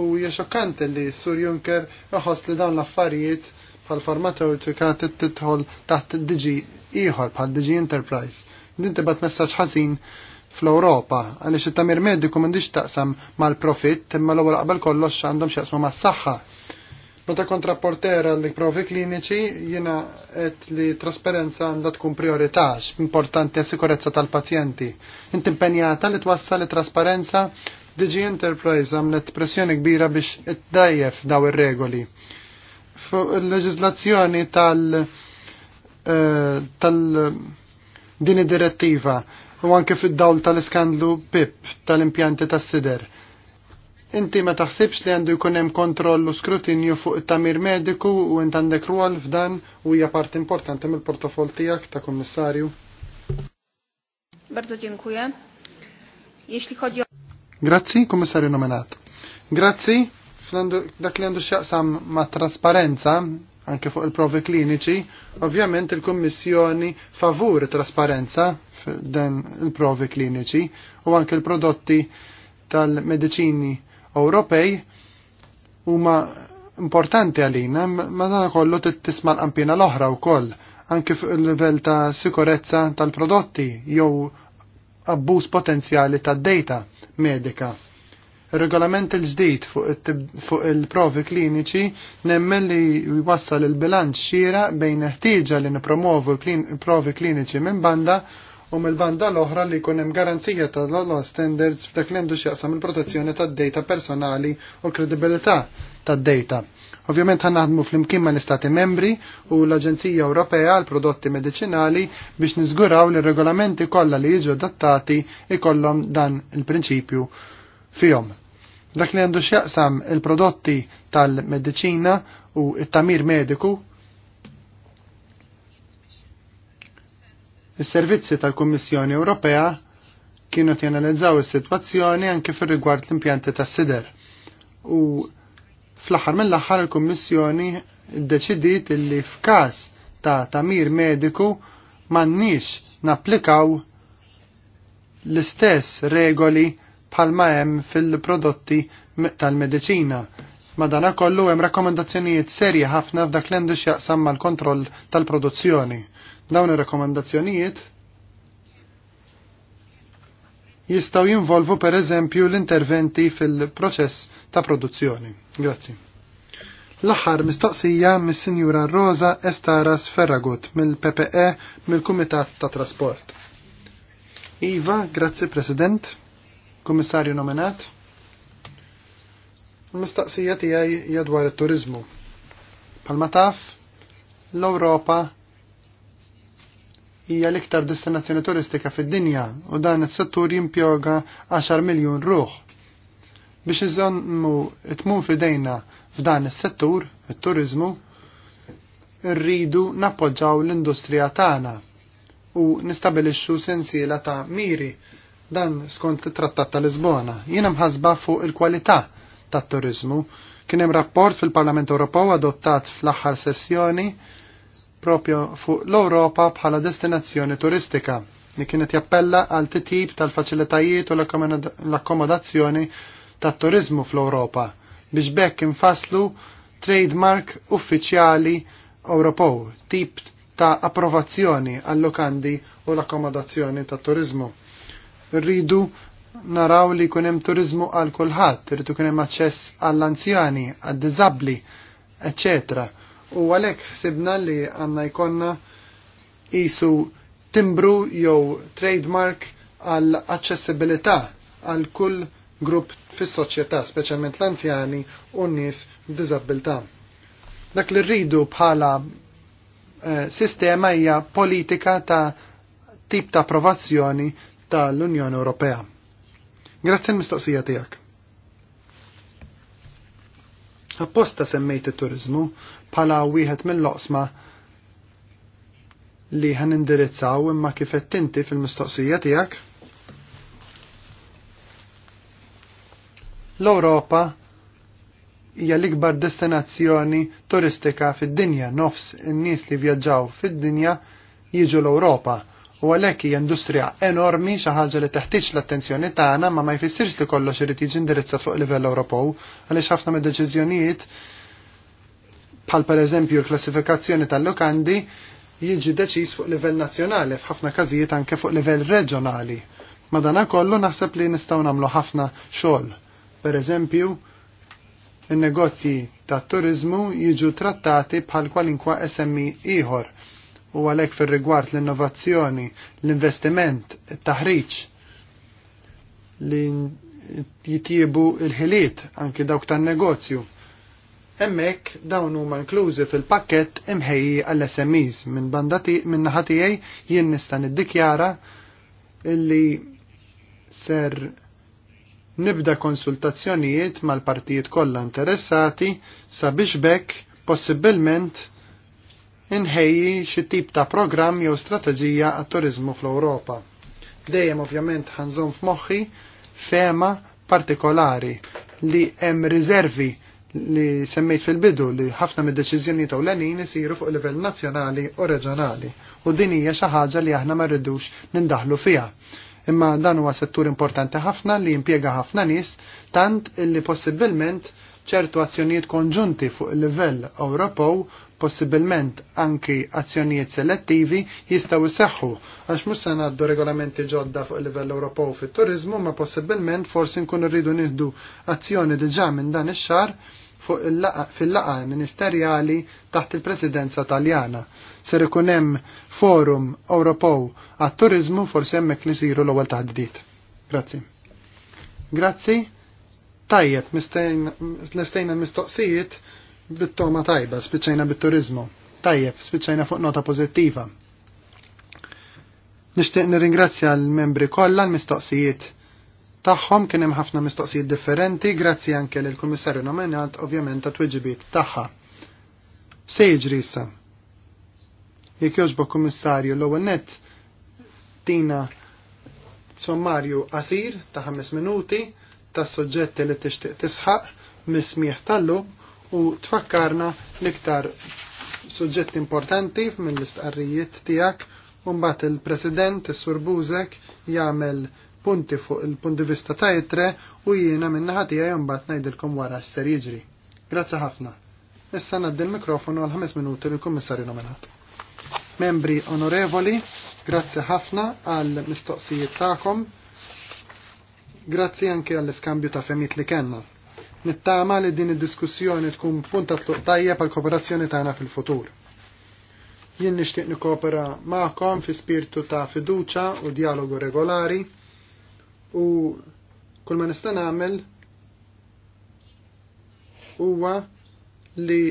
u hija xokkanti li Sur Juncker joħos li dawn l-affarijiet bħal-farmaceutika titħol taħt diġi ieħor bħal diġi Enterprise. Din tibgħat messaġġ ħażin fl-Ewropa għaliex it-tamir mediku m'għandix taqsam mal-profitt imma l-ewwel qabel kollox għandhom x'jaqsmu mas-saħħa. Meta kontrapportera li provi kliniċi jiena qed li trasparenza għandha tkun priorità importanti għas-sikurezza tal-pazjenti. Inti impenjata li twassal li trasparenza Digi Enterprise għamlet pressjoni kbira biex iddajjef daw ir-regoli. Fu il-leġizlazzjoni tal- eh, tal- din id-direttiva u anke fid-dawl tal-iskandlu PIP tal-impjanti tas-sider inti ma taħsibx li għandu jkun hemm kontroll u skrutinju fuq it-tamir mediku u int għandek rwol f'dan u hija parti importanti mill-portofol tiegħek ta' kummissarju? Bardzo dziękuję. Jeśli chodzi o... Grazzi, kummissarju nominat. Grazzi, dak li għandu x'jaqsam ma' trasparenza anke fuq il-provi kliniċi, ovvjament il-Kummissjoni favur trasparenza f'den il-provi kliniċi u anke l-prodotti tal-mediċini Ewropej huma importanti għalina ma dan kollu tisma' l-qampina l-oħra wkoll anke fuq il-livell ta' sikurezza tal-prodotti jew abbuż potenzjali tad-data medika. Il-regolament il-ġdid fuq il-provi kliniċi nemmen li jwassal il-bilanċ xira bejn ħtieġa li nipromovu l-provi kliniċi minn banda u mill-banda l-oħra li jkun hemm garanzija ta' law standards f'dak li għandu x'jaqsam il-protezzjoni tad-data personali u l-kredibilità tad-data. Ovvjament ħan naħdmu fl-imkien ma' l-Istati membri u l-Aġenzija Ewropea għal prodotti medicinali biex niżguraw li regolamenti kollha li jiġu adattati ikollhom dan il-prinċipju fihom. Dak li għandu x'jaqsam il-prodotti tal-mediċina u it-tamir mediku Is-servizzi tal-Kummissjoni Ewropea kienu tjenalizzaw is-sitwazzjoni anke fir-rigward l-impjanti tas-sider. U fl-aħħar mill-aħħar il-Kummissjoni ddeċidiet li f'każ ta' tamir mediku m'għandniex napplikaw l-istess regoli bħalma hemm fil-prodotti tal-mediċina. Madana kollu hemm rakkomandazzjonijiet serji ħafna f'dak l-endu x'jaqsam mal-kontroll tal-produzzjoni. Dawn ir-rakkomandazzjonijiet jistgħu jinvolvu per eżempju l-interventi fil-proċess ta' produzzjoni. Grazzi. L-aħħar mistoqsija mis sinjura Rosa Estaras Ferragut mill-PPE mill-Kumitat ta' Trasport. Iva, grazzi President, Kummissarju nominat. l mistoqsija tiegħi jadwar dwar it-turizmu. Palmataf, taf, l-Ewropa hija l-iktar destinazzjoni turistika fid-dinja u dan is-settur jimpjoga 10 miljun ruħ. Biex iżommu tmun fidejna f'dan is-settur, it-turizmu, rridu nappoġġaw l-industrija tagħna u nistabilixxu sensiela ta' miri dan skont it-Trattat ta' Lisbona. Jiena mħasba fuq il-kwalità tat-turizmu. Kien hemm rapport fil-Parlament Ewropew adottat fl-aħħar sessjoni propju fuq l-Europa bħala destinazzjoni turistika li kienet jappella għal titjib tal-faċilitajiet u l-akkomodazzjoni tat turizmu fl-Europa biex bekk infaslu trademark uffiċjali Ewropew, tip ta' approvazzjoni għall-lokandi u l-akkomodazzjoni tat turizmu. Rridu naraw li kunem turizmu għal kulħadd, rridu kunem aċċess għall-anzjani, għad-dizabli, eccetera U għalhekk ħsibna li għandna jkollna jisu timbru jew trademark għal aċċessibilità għal kull grupp fis-soċjetà, speċjalment l-anzjani u n-nies b'diżabilità. Dak li rridu bħala eh, sistema hija politika ta' tip ta' approvazzjoni tal-Unjoni Ewropea. Grazzi mistoqsija tiegħek. Apposta semmejt it-turizmu bħala wieħed mill-loqsma li ħan indirizzaw imma kifet inti fil-mistoqsija tiegħek. L-Ewropa hija l-ikbar destinazzjoni turistika fid-dinja nofs in-nies li vjaġġaw fid-dinja jiġu l-Ewropa U għalhekk hija industrija enormi xi ħaġa li teħtieġ l-attenzjoni tagħna ma ma jfissirx li kollox irid jiġi indirizzat fuq livell Ewropew għaliex ħafna mid-deċiżjonijiet bħal pereżempju l-klassifikazzjoni tal lukandi jiġi deċiż fuq livell nazzjonali f'ħafna każijiet anke fuq livell reġjonali. Madana kollu naħseb li nistgħu nagħmlu ħafna xogħol. Pereżempju, in-negozji tat-turiżmu jiġu trattati bħal kwalinkwa SMI e ieħor u għalhekk fir-rigward l-innovazzjoni, l-investiment, il taħriġ li jitjibu il-ħiliet anki dawk tan-negozju. Emmek dawn huma inklużi fil-pakket imħejji għall-SMEs minn bandati minn naħatijaj jien nista' niddikjara illi ser nibda konsultazzjonijiet mal-partijiet kollha interessati sabiex bekk possibilment inħejji xi tip ta' programm jew strateġija għat-turizmu fl-Ewropa. Dejjem ovvjament ħanżom f'moħħi fema partikolari li hemm riservi li semmejt fil-bidu li ħafna mid deċiżjoni ta' l isiru fuq livell nazzjonali u reġjonali u din hija xi ħaġa li aħna ma rridux nindaħlu fiha. Imma dan huwa settur importanti ħafna li jimpjega ħafna nies tant illi possibilment ċertu azzjonijiet konġunti fuq il-livell Ewropew possibilment anki azzjonijiet selettivi jistaw isseħħu għax mhux se ngħaddu regolamenti ġodda fuq livell Ewropew fit-turiżmu ma possibilment forsi nkunu rridu nieħdu azzjoni diġà minn dan ix-xahar fil-laqa ministerjali taħt il-presidenza taljana. Ser ikun hemm forum Ewropew għat-turiżmu forsi hemmhekk nisiru l-ewwel taħdidiet. Grazzi. Grazzi. Tajjeb, nistejna mistoqsijiet bit-toma tajba, spiċċajna bit-turizmu. Tajjeb, spiċċajna fuq nota pożittiva. Nixtieq nirringrazzja l-membri kollha l-mistoqsijiet tagħhom kien hemm ħafna mistoqsijiet differenti, grazzi anke lill kummissarju nominat ovvjament ta' tweġibiet tagħha. Se jiġri issa. Jekk jogħġbok kummissarju l-ewwel nett tina sommarju qasir ta' ħames minuti tas soġġetti li tixtieq tisħaq mis-smieħ tal-lum u tfakkarna l-iktar suġġetti importanti mill-istqarrijiet tiegħek u mbagħad il-President is-Sur Buzek jagħmel punti fuq il-punti vista ta' jitre u jiena minnaħa tiegħi jombat ngħidilkom wara x'ser jiġri. Grazzi ħafna. Issa naddi l-mikrofonu għal ħames minuti lill-Kummissarju nominat. Membri onorevoli, grazzi ħafna għal mistoqsijiet tagħkom. Grazzi anke għall-iskambju ta' femit li kellna. Nittama li din id-diskussjoni tkun punta tluq tajja pal kooperazzjoni tagħna fil-futur. Jien nixtieq nikkopera magħkom fi spirtu ta' fiduċa u dialogu regolari u kull ma nista' nagħmel huwa li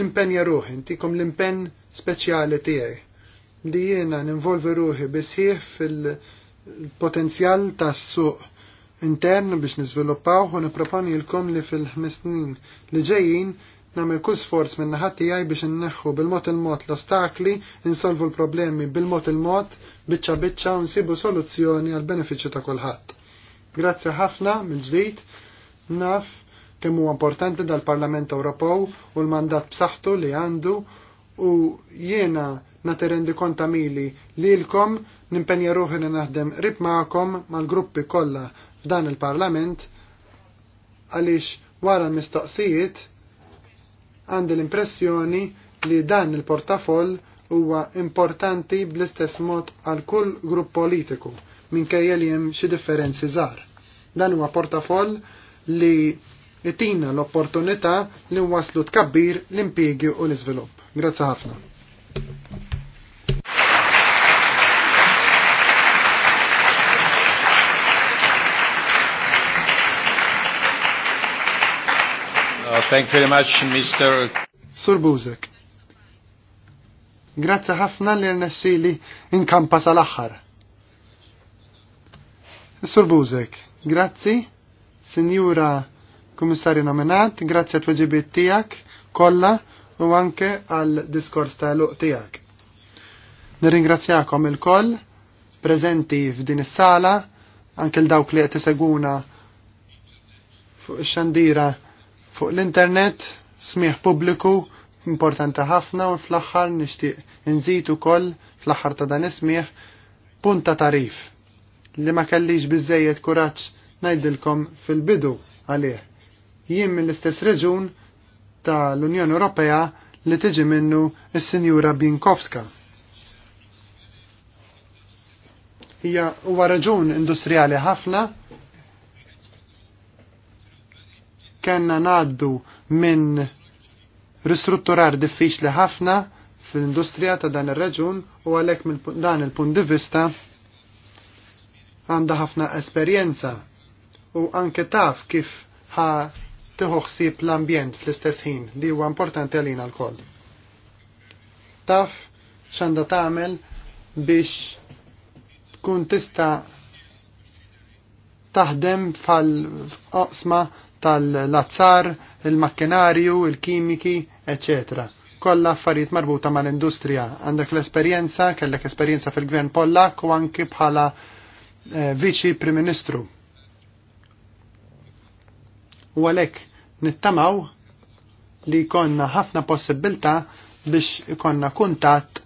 nimpenja ruħi, intikom l-impenn speċjali tiegħi li jiena ninvolvi ruħi bisħieħ fil-potenzjal tas-suq intern biex niżviluppaw u lkom li fil-ħmis snin li ġejjin nagħmel kull sforz minn naħat tiegħi biex inneħħu bil-mod il-mod l-ostakli, insolvu l-problemi bil-mod il-mod, biċċa biċċa u nsibu soluzzjoni għal benefiċċju ta' kulħadd. Grazzi ħafna minn ġdid, naf kemm huwa importanti dal-Parlament Ewropew u l-mandat b'saħħtu li għandu u jiena nagħti rendi konta mili lilkom nimpenja ruħi li naħdem rib magħkom mal-gruppi kollha dan il-Parlament għaliex wara l-mistoqsijiet għandi l-impressjoni li dan il-portafoll huwa importanti bl-istess mod għal kull grupp politiku minkejja li hemm xi differenzi żgħar. Dan huwa portafoll li itina l-opportunità li nwaslu tkabbir l impiegi u l-iżvilupp. Grazzi ħafna. Thank you very much, Mr. Sur Buzek. Grazzi ħafna li rnexxili inkampa sal-aħħar. Sur Buzek, grazie, Signora Kummissarju nominat, grazzi għat weġibiet tiegħek kollha u anke għal diskors ta' luq tiegħek. Nirringrazzjakom il-koll preżenti f'din is-sala, anke l-dawk li qed iseguna fuq ix-xandira Fuq l-internet smieħ pubbliku importanti ħafna u fl-aħħar nixtieq nżitu ukoll fl-aħħar ta' dan ismieħ punta tarif li ma kellix bizzejiet kuraġġ ngħidilkom fil-bidu għalih. Jien mill-istess reġun tal-Unjoni Ewropea li tiġi minnu is-Sinjura Binkowska. Hija huwa reġun industrijali ħafna kena ngħaddu minn ristrutturar diffiċli ħafna fil-industrija ta' dan ir-reġun u għalhekk minn dan il-punt di vista għandha ħafna esperjenza u anke taf kif ħa tieħu l-ambjent fl-istess ħin li huwa importanti għalina l-koll. Taf x'għandha tagħmel biex tkun tista' taħdem fal-qosma tal-azzar, il-makkenarju, il-kimiki, eccetera kollha affarijiet marbuta mal-industrija. Għandek l-esperjenza, kellek esperjenza fil-gvern Pollak u anki bħala eh, viċi prim ministru. U għalhekk nittamaw li konna ħafna possibilità biex ikonna kuntatt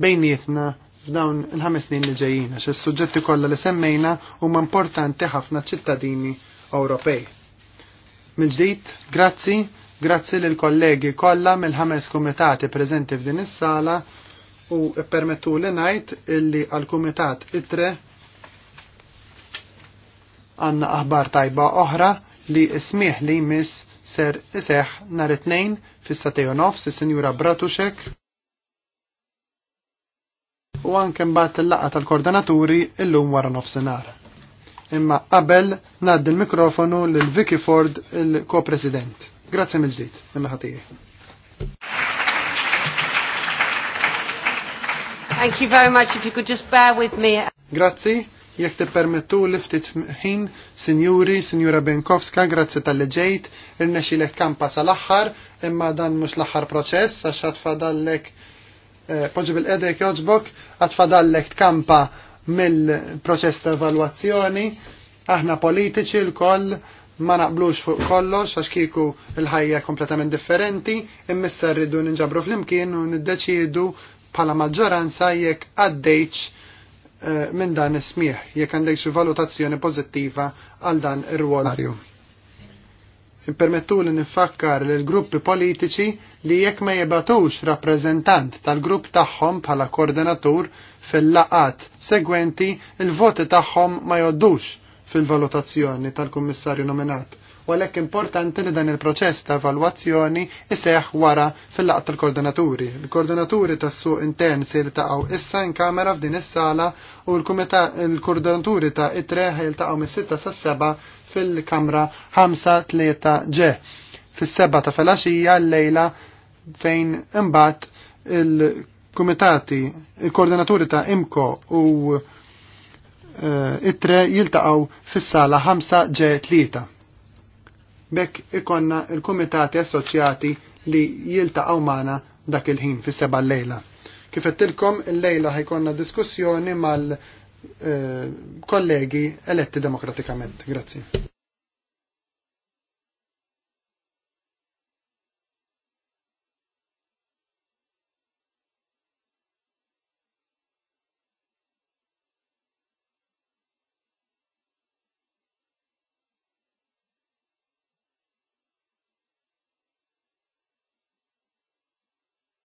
bejnietna f'dawn il-ħames snin li ġejjina, għax suġġetti kollha li semmejna huma importanti ħafna ċittadini Ewropej. Mil-ġdijt, grazzi, grazzi l-kollegi kollha mill-ħames kumitati preżenti f'din is-sala u permettu li najt illi għal-Kumitat ITRE għanna aħbar tajba oħra li ismiħ li miss ser iseħ nar it-tnejn fis-satejo nofs is-Sinjura Bratuxek u anke mbagħad il-laqgħa tal-koordinaturi illum wara senara imma qabel ngħaddi l-mikrofonu lil Vicky Ford il-ko-president. Grazzi mill-ġdid, mill-ħatijie. Thank you very much. If you could just bear with me. Grazzi. Jek te permettu liftit ħin, Sinjuri, Sinjura Benkowska, grazzi tal-leġejt, irnexi lek kampa sal-axħar, imma dan mux l-axħar proċess, għax għatfadallek, eh, poġi bil-edek joġbok, għatfadallek tkampa mill-proċess ta' evalwazzjoni, aħna politiċi l-koll ma naqblux fuq kollox għax kiku l-ħajja kompletament differenti, immissa rridu ninġabru fl-imkien u niddeċidu bħala maġġoranza jekk għaddejċ eh, minn dan ismiħ, jekk għandek xi valutazzjoni pożittiva għal dan ir-rwol. Impermettu li nifakkar l gruppi politiċi li jekk ma jibatux rappreżentant tal-grupp tagħhom bħala koordinatur fil-laqat segwenti il-voti tagħhom ma joddux fil-valutazzjoni tal-kummissarju nominat. U għalhekk importanti li dan il-proċess ta' evalwazzjoni iseħ wara fil-laqat tal-koordinaturi. Il-koordinaturi tas-suq intern se jiltaqgħu issa in kamera f'din is-sala u l-koordinaturi ta' it-tre jiltaqgħu mis-sitta sas-seba fil-kamra 5-3 ġe. Fis-seba ta' felaxija l-lejla fejn imbagħad il komitati, il-koordinaturi ta' IMCO u uh, it-tre jiltaqaw fis-sala 5 ġe 3. Bekk ikonna il-komitati assoċjati li jiltaqaw mana dak il-ħin fis-seba l-lejla. Kif qedtilkom il-lejla ħajkonna diskussjoni mal eh, kollegi eletti demokratikament. Grazzi.